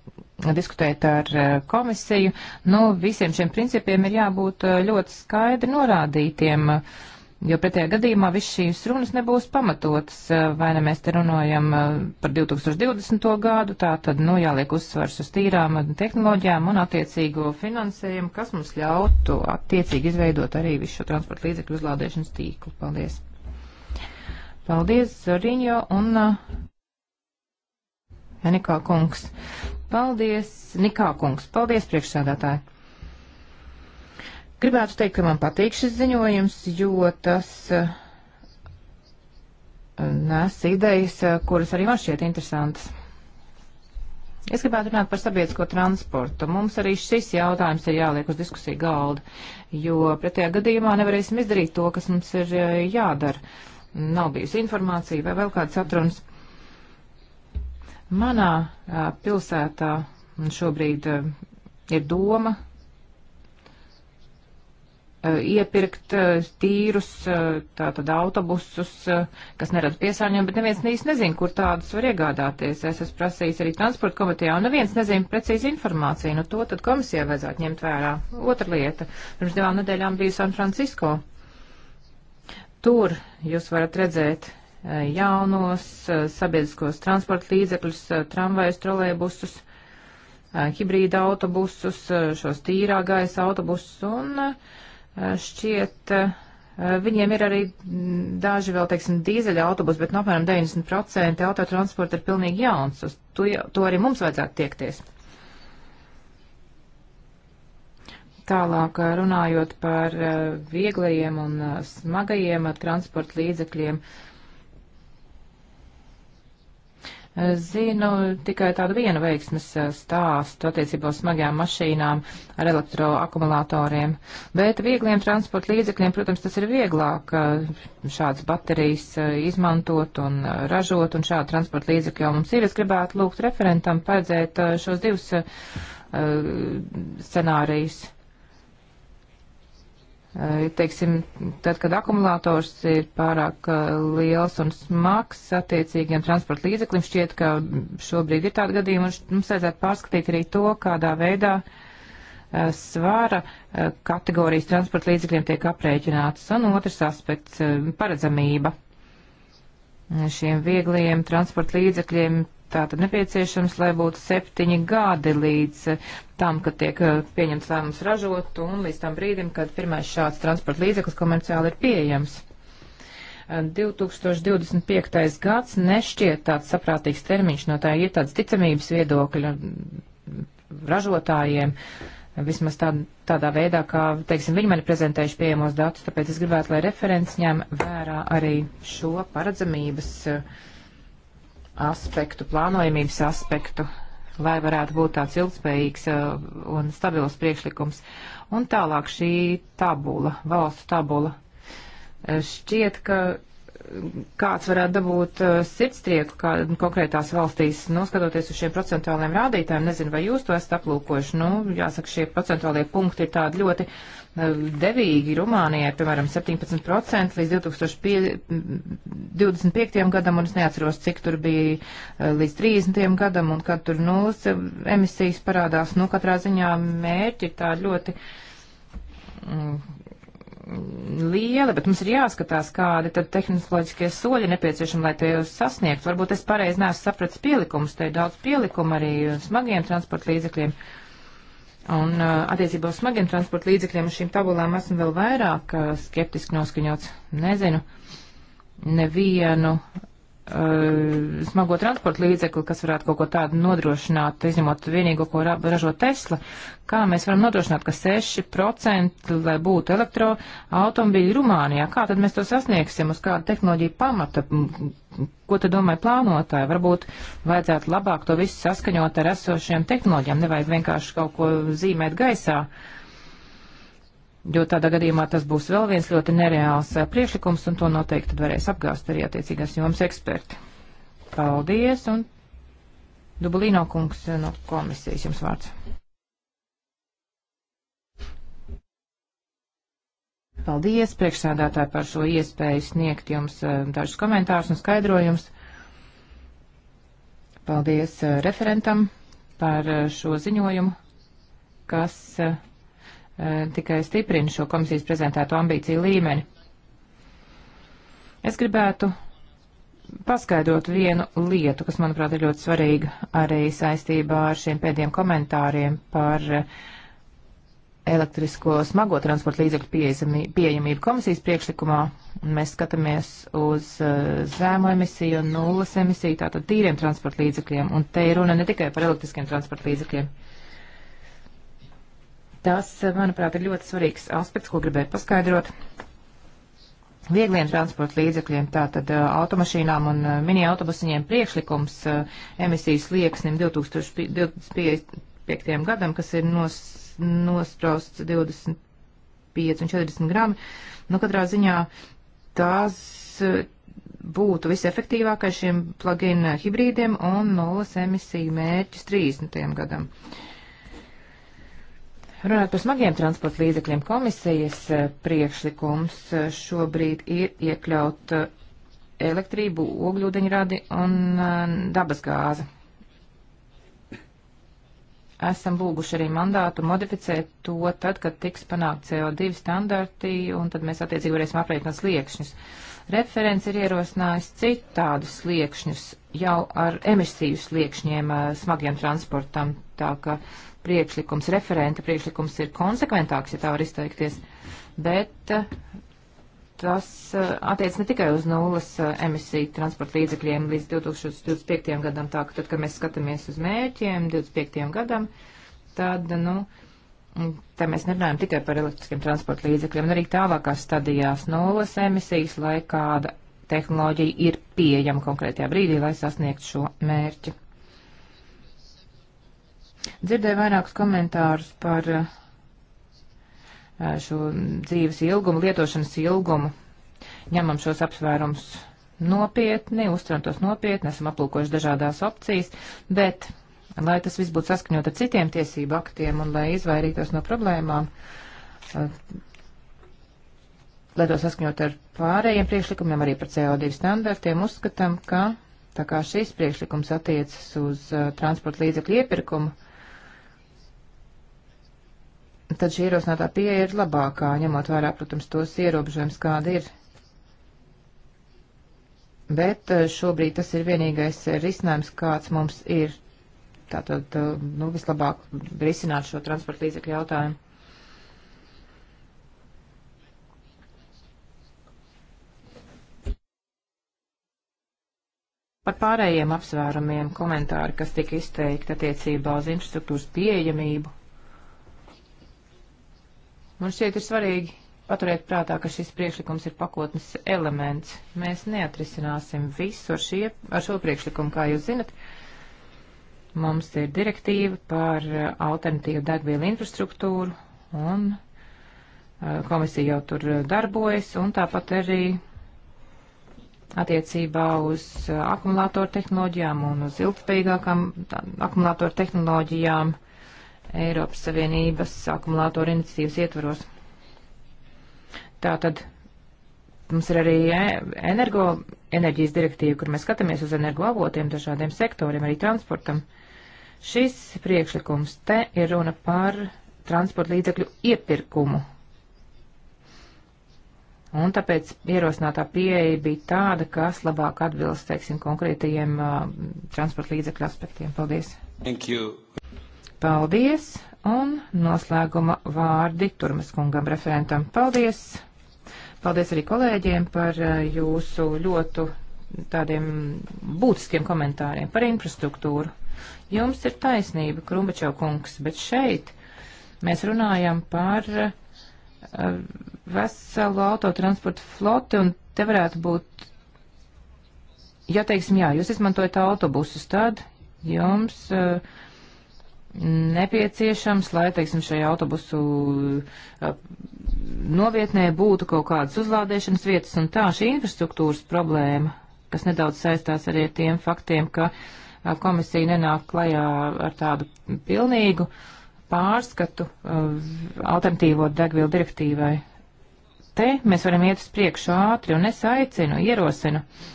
diskutēt ar komisiju. Nu, visiem šiem principiem ir jābūt ļoti skaidri norādītiem. Uh, Jo pretējā gadījumā viss šīs runas nebūs pamatotas, eh, vai ne mēs te runājam eh, par 2020. gadu, tā tad, nu, jāliek uzsvars uz tīrām eh, tehnoloģijām un attiecīgo finansējumu, kas mums ļautu attiecīgi izveidot arī visu šo transporta līdzekļu uzlādēšanas tīklu. Paldies! Paldies, Zoriņo un Enikā kungs! Paldies, Nikā kungs! Paldies, priekšsādātāji! Gribētu teikt, ka man patīk šis ziņojums, jo tas eh, nes idejas, eh, kuras arī man šķiet interesantas. Es gribētu runāt par sabiedrisko transportu. Mums arī šis jautājums ir jāliek uz diskusiju galda, jo pretējā gadījumā nevarēsim izdarīt to, kas mums ir eh, jādara. Nav bijusi informācija vai vēl kāds atruns. Manā pilsētā šobrīd ir doma Eh, iepirkt eh, tīrus eh, tātad autobusus, kas nerada piesārņojumu, bet neviens īsti nezin, kur tādus var iegādāties. Es esmu prasījis arī transporta komitejā, un neviens nezin precīzi informāciju. Nu, to tad komisijai vajadzētu ņemt vērā. Otra lieta. Pirms divām nedēļām biju San Francisco. Tur jūs varat redzēt jaunos sabiedriskos transporta līdzekļus, tramvajus, trolēbusus, hibrīda autobusus, šos tīrā gaisa autobusus un uh, šķiet, eh, viņiem ir arī mm, daži vēl, teiksim, dīzeļa autobusi, bet no apmēram 90% autotransporta ir pilnīgi jauns. Uz to, to arī mums vajadzētu tiekties. Tālāk eh, runājot par eh, vieglajiem un smagajiem transporta līdzekļiem. Uh, Zinu tikai tādu vienu veiksmes eh, stāstu attiecībā uz smagajām mašīnām ar elektroakumulatoriem, bet viegliem transporta līdzekļiem, protams, tas ir vieglāk eh, šādas baterijas eh, izmantot un ražot, un šādu transporta līdzekļu jau mums ir. Es gribētu lūgt referentam paredzēt šos divus scenārijus. Uh, Eh, teiksim, tad, kad akumulators ir pārāk eh, liels un smags attiecīgiem transporta līdzeklim, šķiet, ka šobrīd ir tāda gadījuma, un mums vajadzētu pārskatīt arī to, kādā veidā eh, svara kategorijas transporta līdzekļiem tiek aprēķinātas, un otrs aspekts - paredzamība. Šiem viegliem transporta līdzekļiem tātad nepieciešams, lai būtu septiņi gadi līdz eh, tam, kad tiek eh, pieņemts lēmums ražot un līdz tam brīdim, kad pirmais šāds transporta līdzeklis komerciāli ir pieejams. 2025. Eh, gads nešķiet tāds saprātīgs termiņš, no tā ir tāds ticamības viedokļa mm, ražotājiem, vismaz tā, tādā veidā, kā, teiksim, viņi man ir prezentējuši pieejamos datus, tāpēc es gribētu, lai referents ņem vērā arī šo paredzamības uh, aspektu, plānojamības aspektu, lai varētu būt tāds ilgspējīgs uh, un stabils priekšlikums. Un tālāk šī tabula, valstu tabula. Šķiet, ka kāds varētu dabūt uh, sirdstrieku kā, konkrētās valstīs, noskatoties nu, uz šiem procentuāliem rādītājiem. Nezinu, vai jūs to esat aplūkojuši. Nu, jāsaka, šie procentuālie punkti ir tādi ļoti uh, devīgi Rumānijai, piemēram, 17% līdz 2025. gadam, un es neatceros, cik tur bija uh, līdz 30. gadam, un kad tur nulles emisijas parādās. Nu, katrā ziņā mērķi ir tādi ļoti. Mm, lieli, bet mums ir jāskatās, kādi tad tehnoloģiskie soļi nepieciešami, lai tajos sasniegtu. Varbūt es pareizi neesmu sapratis pielikumus, te ir daudz pielikumu arī smagiem transporta līdzekļiem. Un uh, attiecībā uz smagiem transporta līdzekļiem un šīm tabulām esmu vēl vairāk uh, skeptiski noskaņots. Nezinu nevienu Uh, smago transporta līdzekli, kas varētu kaut ko tādu nodrošināt, izņemot vienīgo, ko ražo Tesla, kā mēs varam nodrošināt, ka 6% lai būtu elektroautomobīļi Rumānijā, kā tad mēs to sasniegsim, uz kādu tehnoloģiju pamata, ko te domāja plānotāji, varbūt vajadzētu labāk to visu saskaņot ar esošiem tehnoloģiem, nevajag vienkārši kaut ko zīmēt gaisā. Uh, jo tādā gadījumā tas būs vēl viens ļoti nereāls eh, priekšlikums, un to noteikti varēs apgāst arī attiecīgās jomas eksperti. Paldies, un Dublīno kungs eh, no komisijas jums vārds. Paldies, priekšsēdētāji, par šo iespēju sniegt jums eh, dažus komentārus un skaidrojumus. Paldies referentam par šo ziņojumu, kas Eh, tikai stiprina šo komisijas prezentēto ambīciju līmeni. Es gribētu paskaidrot vienu lietu, kas, manuprāt, ir ļoti svarīga arī saistībā ar šiem pēdējiem komentāriem par eh, elektrisko smago transporta līdzekļu pieejamību komisijas priekšlikumā. Mēs skatāmies uz eh, zēmu emisiju un nulles emisiju, tātad tīriem transporta līdzekļiem. Un te ir runa ne tikai par elektriskiem transporta līdzekļiem. Tas, manuprāt, ir ļoti svarīgs aspekts, ko gribēju paskaidrot. Viegliem transporta līdzekļiem, tātad uh, automašīnām un uh, mini autobusiņiem priekšlikums uh, emisijas lieksnim 2025. gadam, kas ir nos, nostrausts 25 un 40 grami. Nu, katrā ziņā tās būtu visefektīvākais šiem plug-in hibrīdiem un nulles emisiju mērķis 30. gadam. Uh, Runājot par smagiem transporta līdzekļiem, komisijas eh, priekšlikums eh, šobrīd ir iekļaut eh, elektrību, ogļūdeņradi un dabasgāzi. Esam lūguši arī mandātu modificēt to tad, kad tiks panākt CO2 standarti, un tad mēs attiecīgi varēsim aprēķināt sliekšņus. Referents ir ierosinājis citādus sliekšņus jau ar emisiju sliekšņiem smagiem transportam, tā ka uh, priekšlikums, referenta priekšlikums ir konsekventāks, ja tā var izteikties, bet eh, tas eh, attiec ne tikai uz nulles eh, emisiju transporta līdzekļiem līdz 2025. gadam, tā ka tad, kad mēs skatāmies uz mērķiem 25. gadam, tad, nu, Tā mēs nerunājam tikai par elektriskiem transporta līdzekļiem, un arī tālākās stadijās nulles emisijas, lai kāda tehnoloģija ir pieejama konkrētajā brīdī, lai sasniegtu šo mērķi. Dzirdēju vairākus komentārus par eh, šo dzīves ilgumu, lietošanas ilgumu. Ņemam šos apsvērums nopietni, uztveram tos nopietni, esam aplūkojuši dažādās opcijas, bet, lai tas viss būtu saskaņot ar citiem tiesību aktiem un lai izvairītos no problēmām, eh, lai to saskaņot ar pārējiem priekšlikumiem, arī par CO2 standartiem, uzskatām, ka tā kā šis priekšlikums attiecas uz uh, transporta līdzekļu iepirkumu, tad šī ierosinātā pieeja ir labākā, ņemot vērā, protams, tos ierobežojums, kāda ir. Bet eh, šobrīd tas ir vienīgais eh, risinājums, kāds mums ir. Tātad, eh, nu, vislabāk risināt šo transporta līdzekļu jautājumu. Par pārējiem apsvērumiem komentāri, kas tika izteikti attiecībā uz infrastruktūras pieejamību, Un šeit ir svarīgi paturēt prātā, ka šis priekšlikums ir pakotnes elements. Mēs neatrisināsim visu ar, šie, ar šo priekšlikumu, kā jūs zinat. Mums ir direktīva par uh, alternatīvu degvielu infrastruktūru, un uh, komisija jau tur uh, darbojas, un tāpat arī attiecībā uz akumulātoru tehnoloģijām un uz ilgspējīgākām akumulātoru tehnoloģijām. Uh, Eiropas Savienības akumulātoru iniciatīvas ietvaros. Tātad mums ir arī e, energo, enerģijas direktīva, kur mēs skatāmies uz energoavotiem, dažādiem sektoriem, arī transportam. Šis priekšlikums te ir runa par transporta līdzekļu iepirkumu. Un tāpēc ierosinātā pieeja bija tāda, kas labāk atbilst, teiksim, konkrētajiem uh, transporta līdzekļu aspektiem. Paldies! Thank you. Paldies! Un noslēguma vārdi Turmas kungam referentam. Paldies! Paldies arī kolēģiem par eh, jūsu ļoti tādiem būtiskiem komentāriem par infrastruktūru. Jums ir taisnība, Krumbačev kungs, bet šeit mēs runājam par eh, veselu autotransportu floti, un te varētu būt, ja teiksim, jā, jūs izmantojat autobusus, tad jums uh, nepieciešams, lai, teiksim, šajā autobusu novietnē būtu kaut kādas uzlādēšanas vietas, un tā šī infrastruktūras problēma, kas nedaudz saistās arī ar tiem faktiem, ka komisija nenāk klajā ar tādu pilnīgu pārskatu alternatīvo degvielu direktīvai. Te mēs varam iet uz priekšu ātri, un es aicinu, ierosinu. Uh,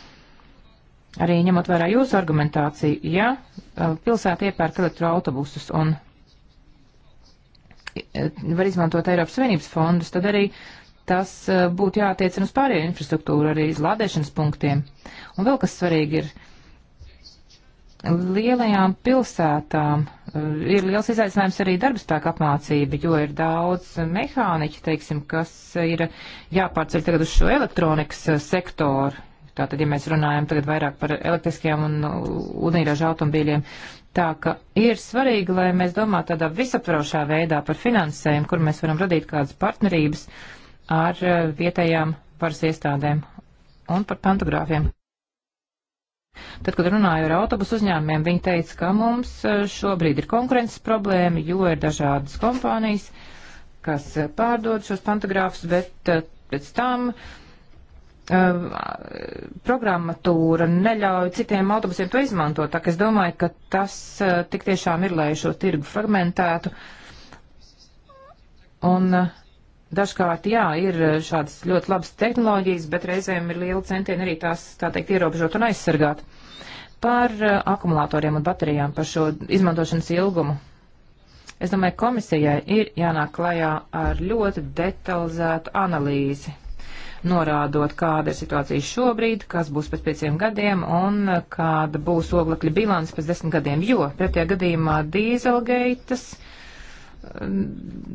arī ņemot vērā jūsu argumentāciju, ja uh, pilsēta iepērk elektroautobusus un e, var izmantot Eiropas Savienības fondus, tad arī tas uh, būtu jātiecina uz pārējo infrastruktūru, arī uz lādēšanas punktiem. Un vēl kas svarīgi ir, lielajām pilsētām uh, ir liels izaicinājums arī darbspēka apmācība, jo ir daudz mehāniķi, teiksim, kas ir jāpārceļ tagad uz šo elektronikas sektoru, Tātad, ja mēs runājam tagad vairāk par elektriskajiem un ūdeņraža automobīļiem, tā ka ir svarīgi, lai mēs domātu tādā visaptvarošā veidā par finansējumu, kur mēs varam radīt kādas partnerības ar eh, vietējām varas iestādēm un par pantogrāfiem. Tad, kad runāju ar autobusu uzņēmumiem, viņi teica, ka mums eh, šobrīd ir konkurences problēma, jo ir dažādas kompānijas, kas eh, pārdod šos pantogrāfus, bet pēc tam uh, Ehm, programmatūra neļauj citiem autobusiem to izmantot. Tā ka es domāju, ka tas eh, tik tiešām ir, lai šo tirgu fragmentētu. Un eh, dažkārt, jā, ir eh, šādas ļoti labas tehnoloģijas, bet reizēm ir liela centieni arī tās, tā teikt, ierobežot un aizsargāt. Par akumulatoriem un baterijām, par šo izmantošanas ilgumu. Es domāju, komisijai ir jānāk klajā ar ļoti detalizētu analīzi norādot, kāda ir situācija šobrīd, kas būs pēc pieciem gadiem un kāda būs oglekļa bilants pēc desmit gadiem, jo pretējā gadījumā dīzelgeitas.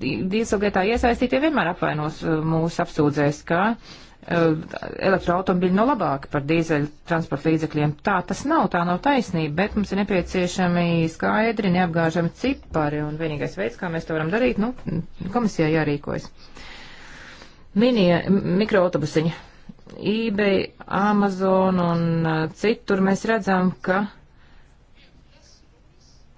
Dīzelgaitā eh, iesaistītie vienmēr apvainos eh, mūs apsūdzēs, ka eh, elektroautomobīļi nav no labāki par dīzeļu transporta līdzekļiem. Tā tas nav, tā nav taisnība, bet mums ir nepieciešami skaidri, neapgāžami cipari, un vienīgais veids, kā mēs to varam darīt, nu, komisijā jārīkojas minie, mikroautobusiņi. eBay, Amazon un uh, citur mēs redzam, ka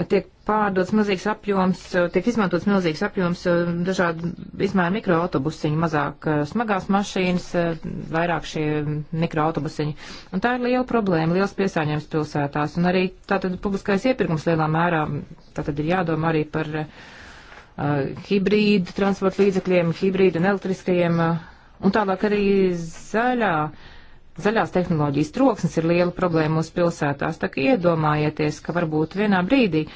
tiek pārdots milzīgs apjoms, uh, tiek izmantots milzīgs apjoms uh, dažādu izmēru mikroautobusiņu, mazāk smagās mašīnas, vairāk šie mikroautobusiņi. Un tā ir liela problēma, liels piesāņojums pilsētās. Un arī tātad publiskais iepirkums lielā mērā, tātad ir jādomā arī par uh, hibrīdu transporta līdzekļiem, hibrīdu un elektriskajiem, un tālāk arī zaļā, zaļās tehnoloģijas troksnis ir liela problēma mūsu pilsētās. Tā kā iedomājieties, ka varbūt vienā brīdī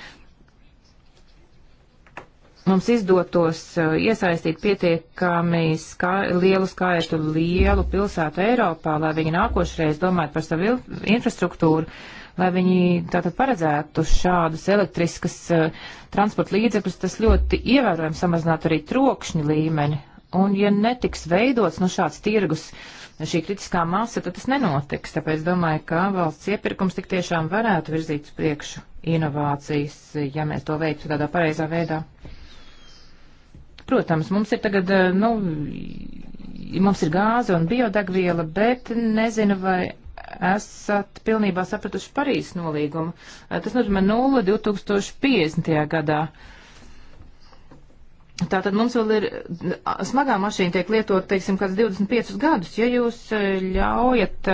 mums izdotos iesaistīt pietiekami ska lielu skaitu lielu pilsētu Eiropā, lai viņi nākošreiz domātu par savu infrastruktūru. Uh, lai viņi tātad paredzētu šādus elektriskas uh, transporta līdzekļus, tas ļoti ievērojami samazinātu arī trokšņu līmeni. Un ja netiks veidots nu, šāds tirgus, šī kritiskā masa, tad tas nenotiks. Tāpēc domāju, ka valsts iepirkums tik tiešām varētu virzīt uz priekšu inovācijas, ja mēs to veiktu tādā pareizā veidā. Protams, mums ir tagad, eh, nu, mums ir gāze un biodegviela, bet nezinu, vai esat pilnībā sapratuši Parīzes nolīgumu. Tas nozīmē 0 2050. gadā. Tātad mums vēl ir smagā mašīna tiek lietot, teiksim, kāds 25 gadus. Ja jūs ļaujat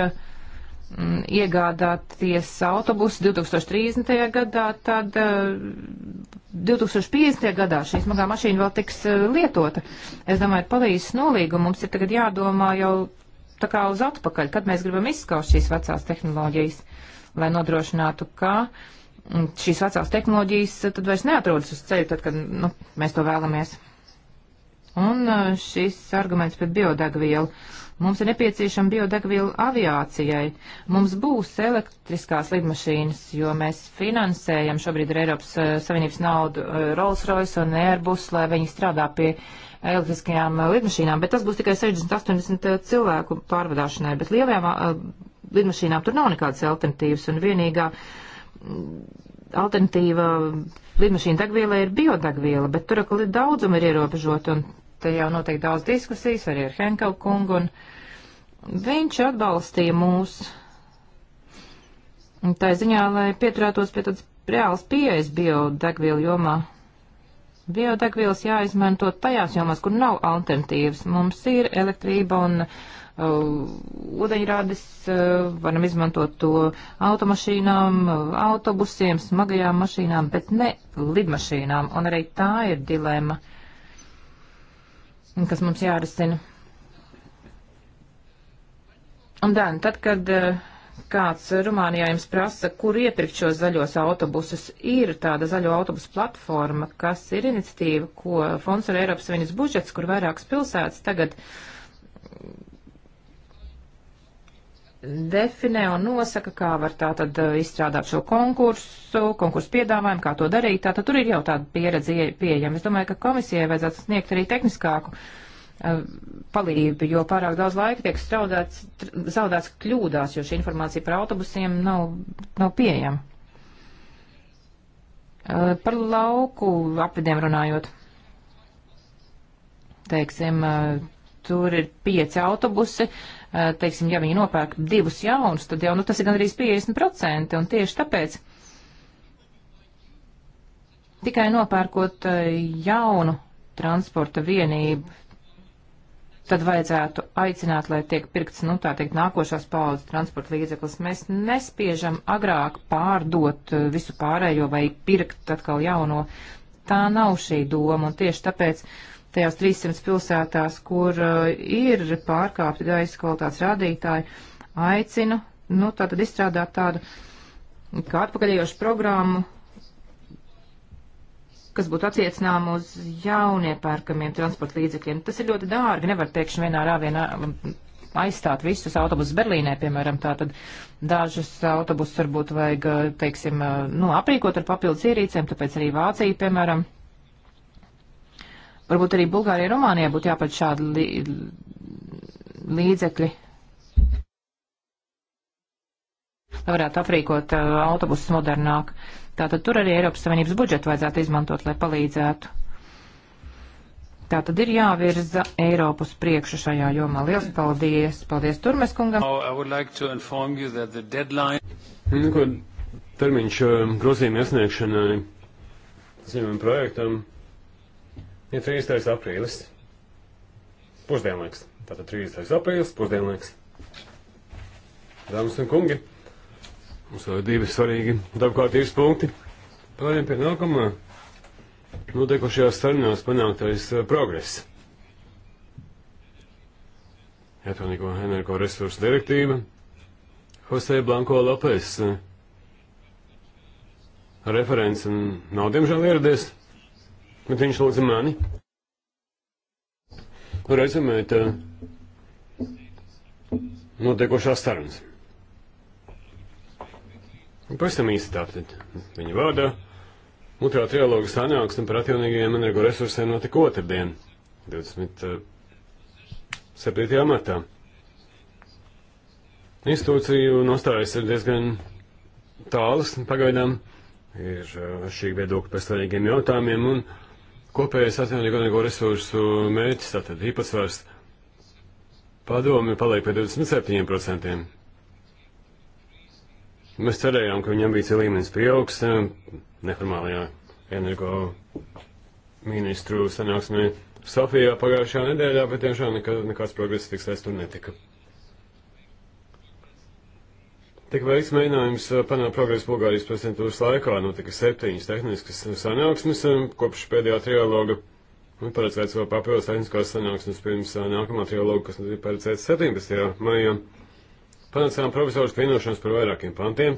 iegādāties autobusu 2030. gadā, tad 2050. gadā šī smagā mašīna vēl tiks lietota. Es domāju, palīdzes nolīgumu mums ir tagad jādomā jau tā kā uz atpakaļ, kad mēs gribam izskaust šīs vecās tehnoloģijas, lai nodrošinātu, ka mm, šīs vecās tehnoloģijas eh, tad vairs neatrodas uz ceļa, tad, kad nu, mēs to vēlamies. Un eh, šis arguments pret biodegvielu. Mums ir nepieciešama biodegviela aviācijai. Mums būs elektriskās lidmašīnas, jo mēs finansējam šobrīd ar Eiropas eh, Savienības naudu Rolls Royce un Airbus, lai viņi strādā pie uh, elektriskajām eh, lidmašīnām, bet tas būs tikai 60-80 eh, cilvēku pārvadāšanai, bet lielajām eh, lidmašīnām tur nav nekādas alternatīvas, un vienīgā mm, alternatīva lidmašīna degvielai ir biodegviela, bet tur, ka daudzumi ir ierobežoti, un te jau noteikti daudz diskusijas arī ar Henkelu kungu, un viņš atbalstīja mūs tā ziņā, lai pieturētos pie tādas reāls pieejas biodegvielu jomā. Biodegvielas jāizmanto tajās jomās, kur nav alternatīvas. Mums ir elektrība un uh, ūdeņrādis, uh, varam izmantot to automašīnām, uh, autobusiem, smagajām mašīnām, bet ne lidmašīnām. Un arī tā ir dilema, kas mums jārisina. Un, Dēn, tad, kad uh, kāds eh, Rumānijā jums prasa, kur iepirkt šos zaļos autobusus, ir tāda zaļo autobusu platforma, kas ir iniciatīva, ko fonds ar Eiropas Savienības budžets, kur vairākas pilsētas tagad definē un nosaka, kā var tā tad eh, izstrādāt šo konkursu, konkursu piedāvājumu, kā to darīt. Tātad tur ir jau tāda pieredze pieejama. Es domāju, ka komisijai vajadzētu sniegt arī tehniskāku uh, Uh, palīdzību, jo pārāk daudz laika tiek straudāts, zaudāts kļūdās, jo šī informācija par autobusiem nav, nav pieejama. Uh, par lauku apvidiem runājot, teiksim, uh, tur ir pieci autobusi, teiksim, ja viņi nopērk divus jaunus, tad jau nu, tas ir gandrīz 50%, un tieši tāpēc tikai nopērkot jaunu transporta vienību, tad vajadzētu aicināt, lai tiek pirkts, nu, tā teikt, nākošās paudzes transporta līdzeklis. Mēs nespiežam agrāk pārdot eh, visu pārējo vai pirkt atkal jauno. Tā nav šī doma, un tieši tāpēc tajās 300 pilsētās, kur uh, ir pārkāpti gaisa kvalitātes rādītāji, aicinu, nu, tātad izstrādāt tādu kā atpakaļējošu programmu kas būtu attiecinām uz jauniepērkamiem transporta līdzekļiem. Tas ir ļoti dārgi, nevar pēkšņi vienā rāvienā aizstāt visus autobusus Berlīnē, piemēram, tātad dažus autobusus varbūt vajag, eh, teiksim, eh, nu, aprīkot ar papildus ierīcēm, tāpēc arī Vācija, piemēram, varbūt arī Bulgārija, Rumānija būtu jāpat šādi li līdzekļi. Varētu aprīkot uh, autobusus modernāk. Uh, Tātad tur arī Eiropas Savienības budžetu vajadzētu izmantot, lai palīdzētu. Tā tad ir jāvirza Eiropu uz priekšu šajā jomā. Lielas paldies! Paldies Turmes kungam! Oh, like deadline... Nu, ko termiņš um, grozījuma iesniegšanai ziņojuma projektam ir 30. aprīlis. Pusdienlaiks. Tātad 30. aprīlis, pusdienlaiks. Dāmas un kungi! Mums vēl ir divi svarīgi dabkārtības punkti. Pārējiem pie nākamā. Notiekošajās sarunās panāktais eh, progress. Atjaunīgo energoresursu direktīva. Jose Blanko Lopes. Eh, referents nav diemžēl ieradies, bet viņš lūdza mani. Rezumēt eh, notiekošās sarunas. Pavisam īsi tātad viņa vārdā. Mutrā trialoga sanāksme par atjaunīgajiem energoresursiem notika otrdien, 27. Eh, martā. Institūciju nostājas ir diezgan tālas pagaidām. Ir eh, šī viedokļa par svarīgiem jautājumiem un kopējais atjaunīgo energoresursu mērķis, tātad īpatsvars padomi paliek pie 27%. Mēs cerējām, ka viņam bija līmenis pieaugs eh, neformālajā energo ministru sanāksmē Sofijā pagājušajā nedēļā, bet tiešām nekā, nekāds progress fiksēts tur netika. Tik veikts mēģinājums eh, panākt progresu Bulgārijas prezidentūras laikā, notika septiņas tehniskas sanāksmes eh, kopš pēdējā trialoga. Un paredzēts vēl papildus tehniskās sanāksmes pirms nākamā trialoga, kas ir paredzēts 17. maijā. Ja panācām provizorisku vienošanos par vairākiem pantiem.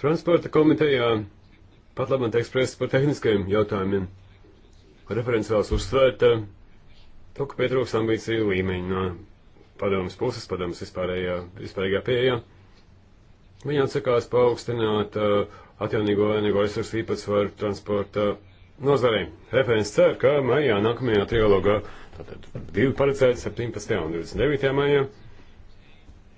Transporta komitejā pat labāk ekspresa par tehniskajiem jautājumiem. Referents vēlas uzsvērt eh, to, ka pietrūks ambīciju līmeņa no padomas puses, padomas vispārējā, vispārējā pieejā. Viņa atsakās paaugstināt eh, atjaunīgo energoresursu īpatsvaru transporta nozarei. Referents cer, ka maijā nākamajā trilogā, tātad divi paredzēti 17. un 29. maijā,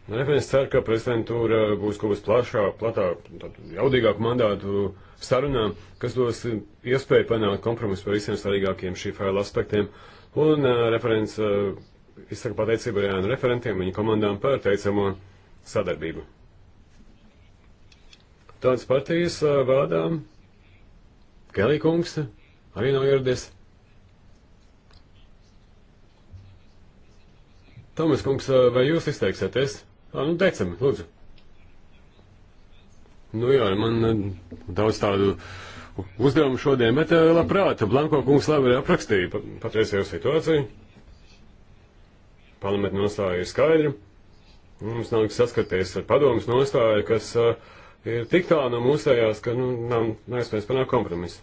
Nu, Referents cer, ka prezidentūra būs kaut kas plašāk, platāk, jaudīgāk mandātu sarunām, kas dos iespēju panākt kompromisu par visiem svarīgākiem šī faila aspektiem. Un uh, referents uh, izsaka pateicību arī ēnu referentiem, viņa komandām par teicamo sadarbību. Tāds partijas uh, vādām Kelī kungs arī nav ieradies. Tomas kungs, vai jūs izteiksieties? Ah, nu, teicam, lūdzu. Nu jā, man eh, daudz tādu uzdevumu šodien, bet eh, labprāt, Blanko kungs labi aprakstīja patreizējo situāciju. Parlamenta nostāja ir skaidra. Mums nav saskarties ar padomus nostāju, kas uh, ir tik tālu no mūsējās, ka nu, nav, nav iespējams panākt kompromisu.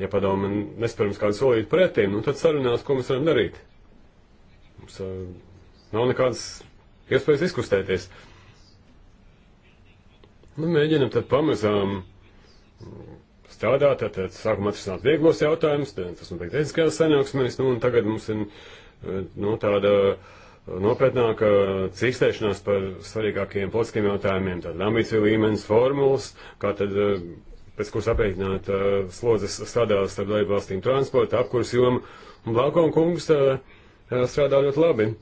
Ja padomu nespējams kādu solīt pretī, nu tad sarunās, ko mēs varam darīt. Mums uh, nav nekādas iespējas izkustēties. Nu, mēģinam tad pamazām strādāt, tad, tad sākam atrisināt vieglos jautājumus, tas notiek tehniskajās sanāksmēs, nu, un tagad mums ir eh, nu, tāda nopietnāka cīkstēšanās par svarīgākajiem politiskiem jautājumiem, tad ambīciju līmenis, formulas, kā tad eh, pēc kuras apreikināt eh, slodzes strādās starp dalību valstīm transporta, apkurs joma, un Blaukon kungs strādā ļoti labi.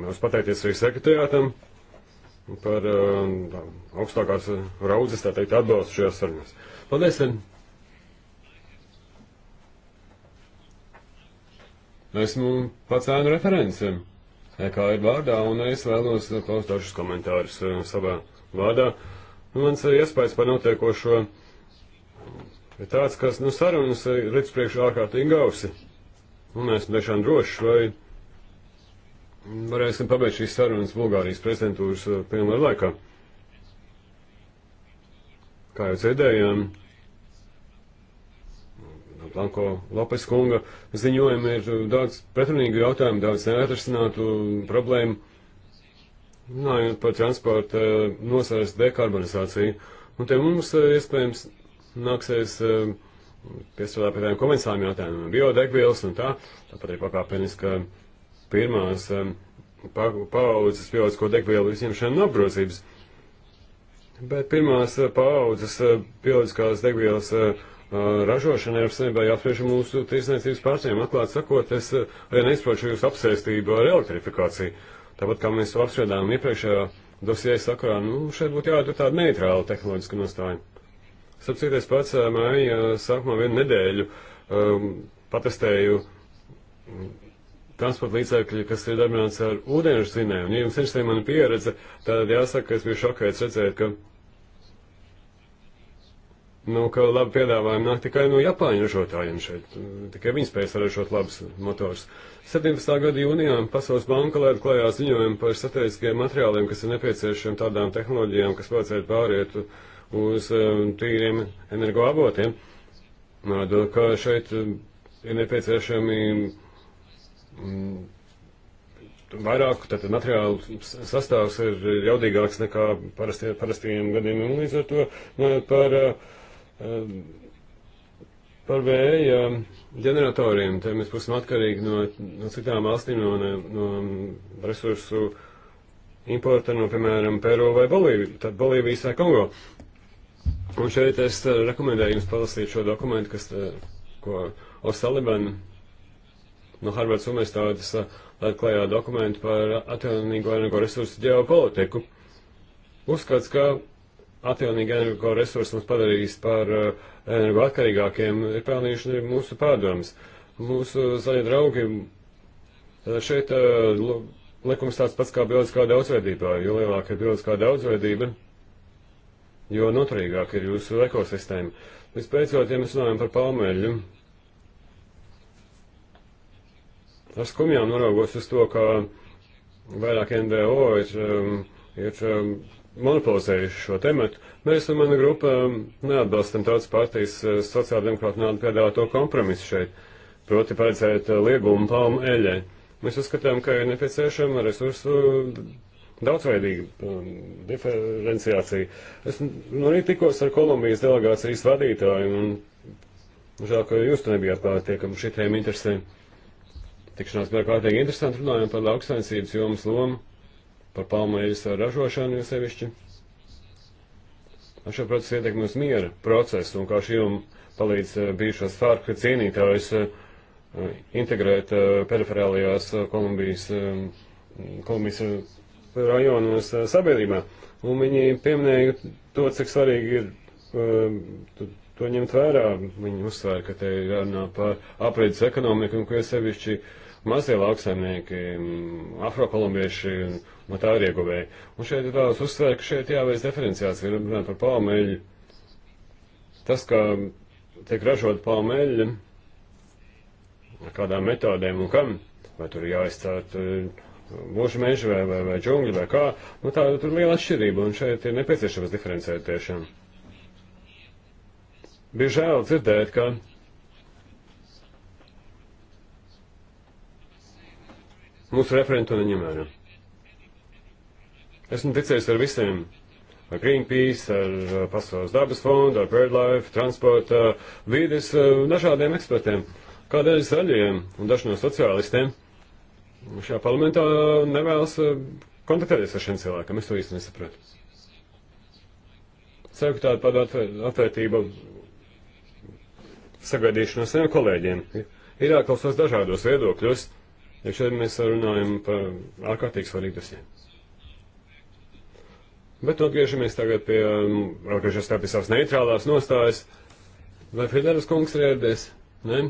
Mēs pateikties arī sekretariātam par uh, augstākās raudzes, tā teikt, atbalstu šajās sarunās. Paldies! Tad. Esmu pats ēnu referents, e kā ir vārdā, un es vēlos paust dažus komentārus uh, savā vārdā. Nu, mans iespējas par notiekošo ir tāds, kas, nu, sarunas ir līdz priekšu ārkārtīgi gausi. Un esmu tiešām drošs, vai varēsim pabeigt šīs sarunas Bulgārijas prezidentūras eh, pilnvaru laikā. Kā jau dzirdējām, Blanko Lopes kunga ziņojumi ir daudz pretrunīgu jautājumu, daudz neatrisinātu problēmu. Runājot par transporta eh, nosares dekarbonizāciju, un te mums eh, iespējams nāksies piestrādāt pie tādiem konvencionāliem jautājumiem, biodegvielas un tā, tāpat ir pakāpeniska. Ka pirmās um, pa, paaudzes pielisko degvielu izņemšanu no apgrozības. Bet pirmās uh, eh, paaudzes uh, eh, pieliskās degvielas uh, eh, ražošana Eiropas Savienībā jāapspriež mūsu tirsniecības pārstāvjiem. Atklāt sakot, es arī neizprotu jūsu apsēstību ar elektrifikāciju. Tāpat kā mēs to apspriedām iepriekšējā dosijai sakarā, nu, šeit būtu jāatur tāda neitrāla tehnoloģiska nostāja. Sapcīt, es pats māju sākumā vienu nedēļu um, patestēju transporta līdzekļi, kas ir darbināts ar ūdeņu zinēm. Ja jums interesē mana pieredze, tad jāsaka, ka es biju šokēts redzēt, ka, nu, ka labi piedāvājumi nāk tikai no Japāņu ražotājiem šeit. Tikai viņi spēj saražot labus motors. 17. gada jūnijā Pasaules banka laid klajā ziņojumu par strateģiskajiem materiāliem, kas ir nepieciešami tādām tehnoloģijām, kas vajadzētu pāriet uz um, tīriem energoavotiem. Nādu, ka šeit um, ir nepieciešami Mm, vairāk tātad materiālu sastāvs ir jaudīgāks nekā parastie, parastajiem gadiem, un līdz ar to nu, par, eh, par vēja ģeneratoriem, te mēs būsim atkarīgi no, no citām valstīm, no, no resursu importa, no, piemēram, Peru vai Bolīvi, tad Bolīvijas vai Kongo. Un šeit es eh, rekomendēju jums palasīt šo dokumentu, kas, eh, ko O'Sullivan no nu, Harvards universitātes atklājā dokumentu par atjaunīgo energoresursu ģeopolitiku. Uzskats, ka atjaunīgi energoresursi mums padarīs par energoatkarīgākiem, ir pelnījuši mūsu pārdomas. Mūsu zaļie draugi šeit likums tāds pats kā bioloģiskā daudzveidībā. Jo lielāka ir bioloģiskā daudzveidība, jo noturīgāka ir jūsu ekosistēma. Vispēcot, ja mēs runājam par palmeļu, ar skumjām noraugos uz to, ka vairāk NVO ir, um, ir um, monopolizējuši šo tematu. Mēs un mana grupa neatbalstam tautas partijas uh, sociāldemokrāta nādu piedāvāto kompromisu šeit, proti paredzēt uh, liegumu palmu eļai. Mēs uzskatām, ka ir nepieciešama resursu daudzveidīga um, diferenciācija. Es nu arī tikos ar Kolumbijas delegācijas vadītāju un žēl, ka jūs te nebijāt klāt tiekam šitiem interesēm. Tikšanās bija kārtīgi interesanti, runājām par lauksainsības jomas lomu, par palmēļas ražošanu jo sevišķi. Ar šo procesu ietekmi uz miera procesu un kā šī joma palīdz eh, bijušos farku cīnītājus eh, integrēt eh, periferālajās Kolumbijas, Kolumbijas rajonos sabiedrībā. Un viņi pieminēja to, cik svarīgi ir to, to ņemt vērā. Viņi uzsvēra, ka te ir jārunā par apredzes ekonomiku un, ko sevišķi, uh, mazie lauksaimnieki, afrokolumbieši un tā arī ieguvēji. Un šeit ir tāds uzsver, ka šeit jāveic diferenciācija, runājot par palmeļu. Tas, kā tiek ražot palmeļu, kādām metodēm un kam, vai tur jāizcērt e, mūža meži vai, vai, vai džungļi vai kā, nu tā tur liela atšķirība un šeit ir nepieciešams diferencēt tiešām. Bija žēl dzirdēt, ka Mūsu referenti to neņem vērā. Esmu ticējis ar visiem, ar Greenpeace, ar uh, Pasaules dabas fondu, ar BirdLife, transporta, uh, vides, uh, dažādiem ekspertiem. Kādēļ zaļiem un daži no sociālistiem šajā parlamentā nevēlas kontaktēties ar šiem cilvēkiem? Es to īsti nesapratu. Ceru, ka tāda padāta atvērtība sagaidīšu no saviem kolēģiem. Ir jāklausās dažādos viedokļos. Ja šeit mēs runājam par ārkārtīgi svarīgu dosiem. Bet atgriežamies tagad pie, atgriežamies um, tā pie savas neitrālās nostājas. Vai Frideras kungs ir ieradies? Nē?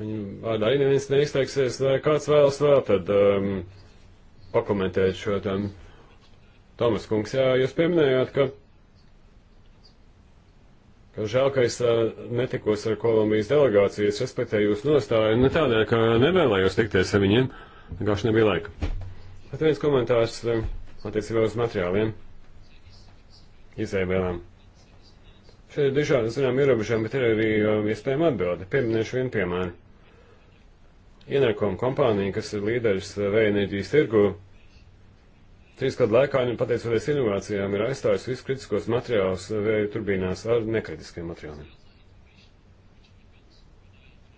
Viņa vārdā arī neviens neizteiksies, vai kāds vēlas vēl tad um, pakomentēt šo tam. Tomas kungs, jā, jūs pieminējāt, ka Žēl, ka es uh, netikos ar Kolumbijas delegāciju, es respektēju jūsu nostāju, ne tādēļ, ka nevēlējos tikties ar viņiem, vienkārši nebija laika. Bet viens komentārs um, attiecībā uz materiāliem, izēvēlēm. Šeit ir dažādi, zinām, ierobežojumi, bet ir arī um, iespējama atbilde. Pieminēšu vienu piemēru. Ienākuma kompānija, kas ir līderis uh, vēja enerģijas tirgu, Trīs gadu laikā viņi pateicoties inovācijām ir aizstājusi visus kritiskos materiālus vēju turbīnās ar nekritiskiem materiāliem.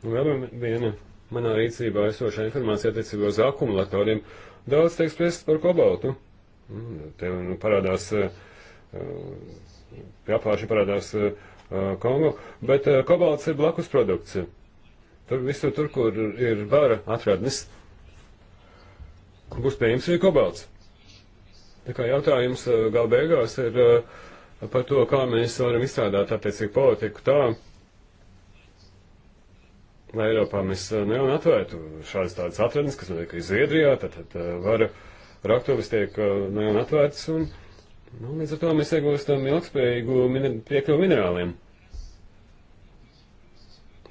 Un vēl viena manā rīcībā esošā informācija attiecībā uz akumulatoriem. Daudz tiek spriest par kobaltu. Mm, te nu, parādās, eh, eh, aplāši parādās eh, Kongo, bet kobalts ir blakus produkts. Tur visur tur, kur ir vara atradnes, būs pieejams arī kobalts. Tā kā jautājums eh, gal beigās ir eh, par to, kā mēs varam izstrādāt attiecīgu politiku tā, lai Eiropā mēs eh, nevienu atvērtu šādas tādas atradnes, kas notiek Zviedrijā, tad, tad vara raktuvis tiek nevienu atvērts un nu, līdz ar to mēs iegūstam ilgspējīgu miner piekļuvu minerāliem.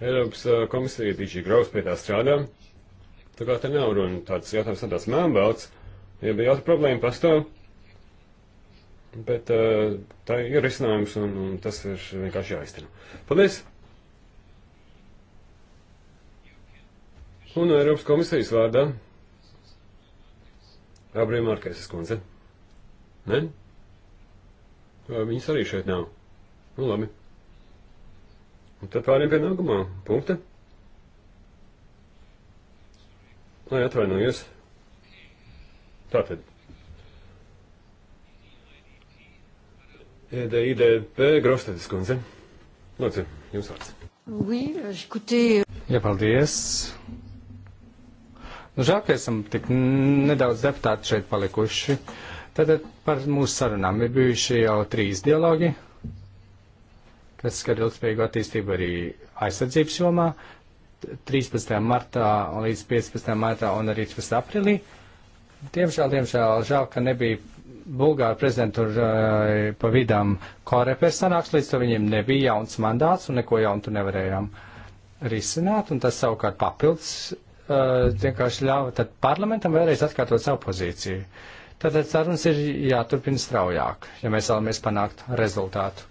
Eiropas komisija DG Graus pie tā strādā, tā kā te nav runa tāds jautājums, tāds mēmbelts, ja bija jautājums problēma pastāv. Bet uh, tā ir risinājums, un, un tas ir vienkārši jāiztena. Paldies! Un Eiropas komisijas vārdā Gabriela Markēsas kundze. Ne? Viņas arī šeit nav. Nu, labi. Un tad pārējiem pie nākamā punkta. Lai atvainojos. Tātad. EDIDP Grofstedis kundze. Lūdzu, jums vārds. Oui, euh, Jā, paldies. Nu, žēl, ka esam tik nedaudz deputāti šeit palikuši. Tātad par mūsu sarunām ir bijuši jau trīs dialogi, kas skar ilgspējīgu attīstību arī aizsardzības jomā. 13. martā līdz 15. martā un arī 13. aprīlī. Diemžēl, diemžēl, žēl, ka nebija Bulgāra prezidentūrai pa vidām korepēs sanāks, līdz to viņiem nebija jauns mandāts un neko jaunu tur nevarējām risināt, un tas savukārt papildus uh, vienkārši ļāva tad parlamentam vēlreiz atkārtot savu pozīciju. Tātad sarunas ir jāturpina straujāk, ja mēs vēlamies panākt rezultātu.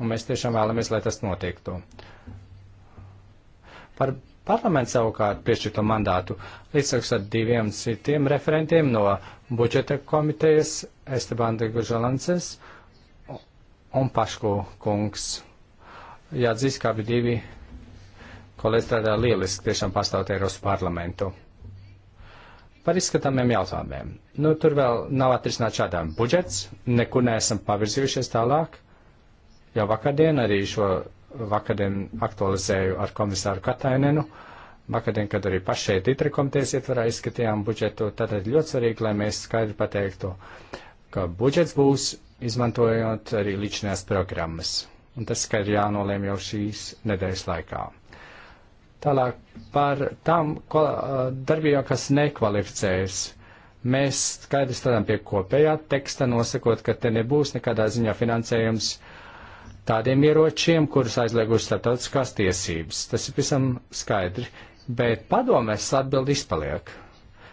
Un mēs tiešām vēlamies, lai tas notiektu. Par Parlaments savukārt piešķirto mandātu līdzsakus ar diviem citiem referentiem no budžeta komitejas Esteban de Gužalances un Pašku kungs. Jāatzīst, ka abi divi kolēģi strādā lieliski tiešām pastāvot Eiropas parlamentu. Par izskatāmiem jautājumiem. Nu, tur vēl nav atrisināt šādām budžets, nekur neesam pavirzījušies tālāk. Jau vakardien arī šo vakardien aktualizēju ar komisāru Katainenu. Vakardien, kad arī pašai titri komitejas ietvarā izskatījām budžetu, tad ir ļoti svarīgi, lai mēs skaidri pateiktu, ka budžets būs izmantojot arī līdzinās programmas. Un tas skaidri jānolēm jau šīs nedēļas laikā. Tālāk par tām darbībām, kas nekvalificējas. Mēs skaidri strādājam pie kopējā teksta, nosakot, ka te nebūs nekādā ziņā finansējums uh, tādiem ieročiem, kurus aizlieguši starptautiskās tiesības. Tas ir visam skaidri, bet padomēs atbildi izpaliek.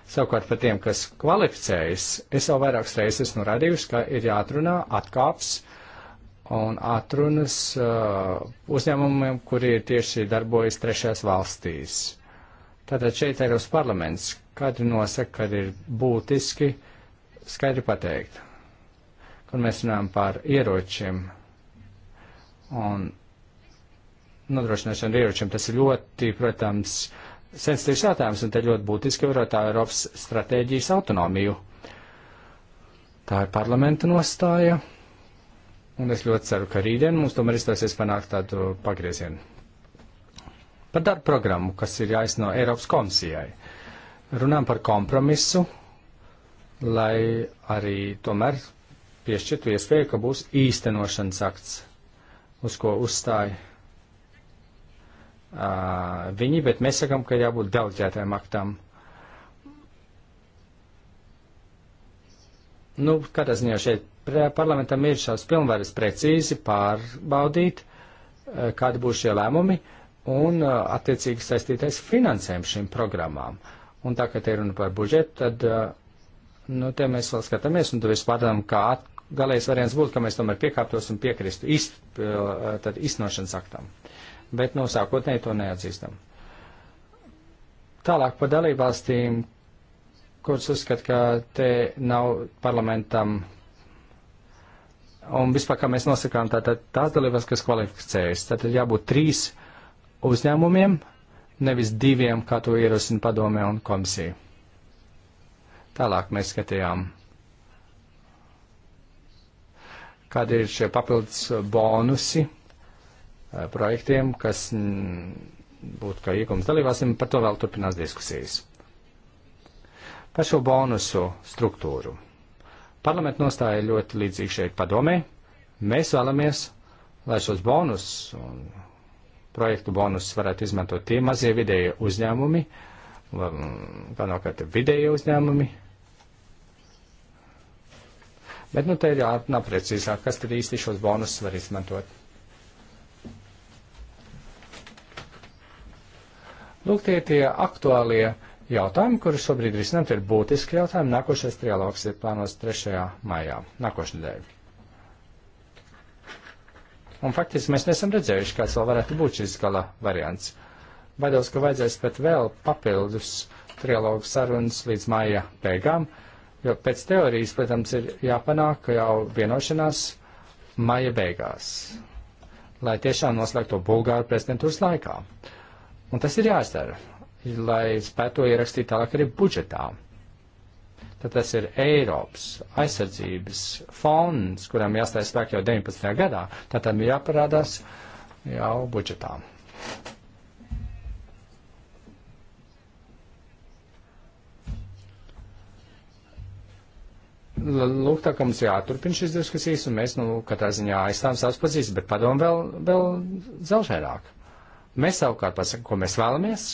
Savukārt par tiem, kas kvalificējas, es jau vairākas reizes esmu norādījusi, ka ir jāatrunā atkāps un atrunas uh, uzņēmumiem, kuri ir tieši darbojas trešajās valstīs. Tātad šeit Eiropas parlaments katru nosaka, kad ir būtiski skaidri pateikt, kad mēs runājam par ieročiem, un nodrošināšanu ieročiem. Tas ir ļoti, protams, sensitīvs jautājums, un te ļoti būtiski ir tā Eiropas stratēģijas autonomiju. Tā ir parlamenta nostāja, un es ļoti ceru, ka rītdien mums tomēr izdosies panākt tādu pagriezienu. Par darbu programmu, kas ir jāizno Eiropas komisijai. Runām par kompromisu, lai arī tomēr piešķirtu iespēju, ka būs īstenošanas akts uz ko uzstāja uh, viņi, bet mēs sakam, ka jābūt delģētiem aktam. Nu, katrā ziņā šeit parlamentam ir šās pilnvaras precīzi pārbaudīt, kādi būs šie lēmumi un attiecīgi saistītais finansējums šīm programmām. Un tā, ka te runa par budžetu, tad, nu, te mēs vēl skatāmies un tu vispārdām, kā galējais variants būtu, ka mēs tomēr piekāptos un piekristu iz, eh, tad iznošanas aktam. Bet, nu, no sākotnēji to neatzīstam. Tālāk par dalībvalstīm, kuras uzskata, ka te nav parlamentam un vispār, kā mēs nosakām, tātad tās dalībvalstis, kas kvalificējas, tātad jābūt trīs uzņēmumiem, nevis diviem, kā to ierosina padome un komisija. Tālāk mēs skatījām kādi ir šie papildus bonusi eh, projektiem, kas būtu kā iegums dalībvalstīm, par to vēl turpinās diskusijas. Par šo bonusu struktūru. Parlamenta nostāja ļoti līdzīga šeit padomē. Mēs vēlamies, lai šos bonus un projektu bonus varētu izmantot tie mazie vidēji uzņēmumi, galvenokārt vidēji uzņēmumi, Bet, nu, te ir jārunā precīzāk, kas tad īsti šos bonusus var izmantot. Lūk, tie tie aktuālie jautājumi, kurus šobrīd risinām, tie ir būtiski jautājumi. Nākošais trialogs ir plānos 3. maijā, nākošnedēļ. Un faktiski mēs nesam redzējuši, kāds vēl varētu būt šis gala variants. Baidos, ka vajadzēs pat vēl papildus trialogu sarunas līdz maija beigām. Uh, Jo pēc teorijas, protams, ir jāpanāk jau vienošanās maija beigās, lai tiešām noslēgto Bulgāru prezidentūras laikā. Un tas ir jāizdara, lai spētu ierakstīt tālāk arī budžetā. Tad tas ir Eiropas aizsardzības fonds, kuram jāstājas spēk jau 19. gadā. Tātad ir jāparādās jau budžetā. Lūk, tā kā mums jāturpina šīs diskusijas, un mēs, nu, katrā ziņā aizstāvam savas pozīcijas, bet padomu vēl, vēl zelžērāk. Mēs savukārt pasakām, ko mēs vēlamies,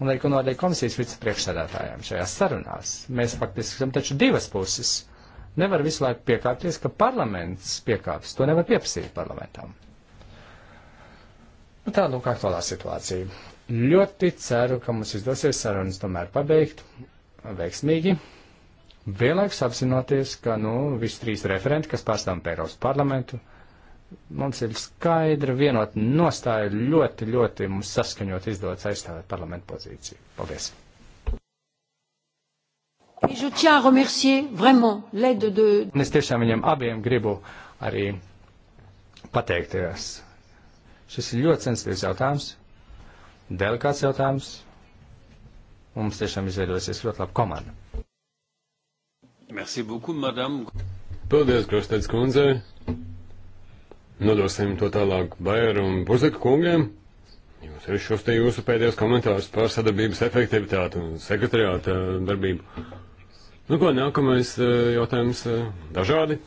un arī, ko norādīja komisijas vicepriekšsēdētājiem šajās sarunās. Mēs faktiski esam taču divas puses. Nevar visu laiku piekāpties, ka parlaments piekāps. To nevar pieprasīt parlamentam. Nu, tā lūk aktuālā situācija. Ļoti ceru, ka mums izdosies sarunas tomēr pabeigt veiksmīgi, vienlaikus apzinoties, ka, nu, visi trīs referenti, kas pārstāv Eiropas parlamentu, mums ir skaidra vienota nostāja ļoti, ļoti mums saskaņot izdodas aizstāvēt parlamentu pozīciju. Paldies! Un es tiešām viņiem abiem gribu arī pateikties. Šis ir ļoti sensitīvs jautājums, delikāts jautājums. Mums tiešām izveidosies ļoti laba komanda. Merci beaucoup, madame. Paldies, Krustēts kundzei. Nodosim to tālāk Bayer un Buzika kungiem. Jūs arī šos te jūsu pēdējos komentārus par sadarbības efektivitāti un sekretariāta darbību. Nu, ko nākamais eh, jautājums eh, dažādi.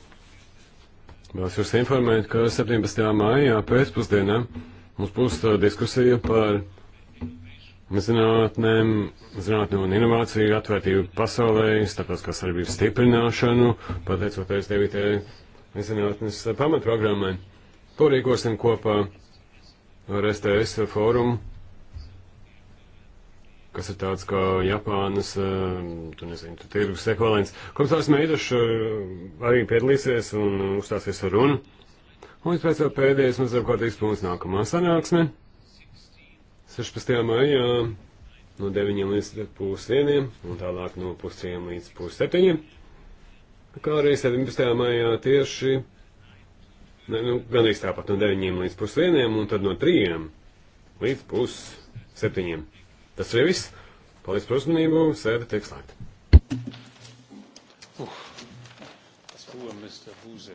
Vēlos jūs informēt, ka 17. maijā pēcpusdienā mums būs eh, diskusija par zinātnēm, zinātnēm un inovāciju atvērtību pasaulē, starptautiskās sadarbības stiprināšanu, pateicoties 9. zinātnes pamatprogrammai. To rīkosim kopā ar STS fórumu, kas ir tāds kā Japānas, eh, tu nezinu, tirgus ekvalents. Komisārs Meidašs eh, arī piedalīsies un uzstāsies ar runu. Un pēc jau pēdējais mums apkārtīs punkts nākamā sanāksme. 16. maijā no 9 līdz pusdieniem un tālāk no pusdieniem līdz pusseptiņiem. Kā arī 17. maijā tieši, ne, nu, gandrīz tāpat no 9 līdz pusdieniem un tad no 3 līdz pusseptiņiem. Tas ir viss. Paldies par uzmanību. Sēde tiek slēgta. Uh. Das Ruhe, Mr. Buse.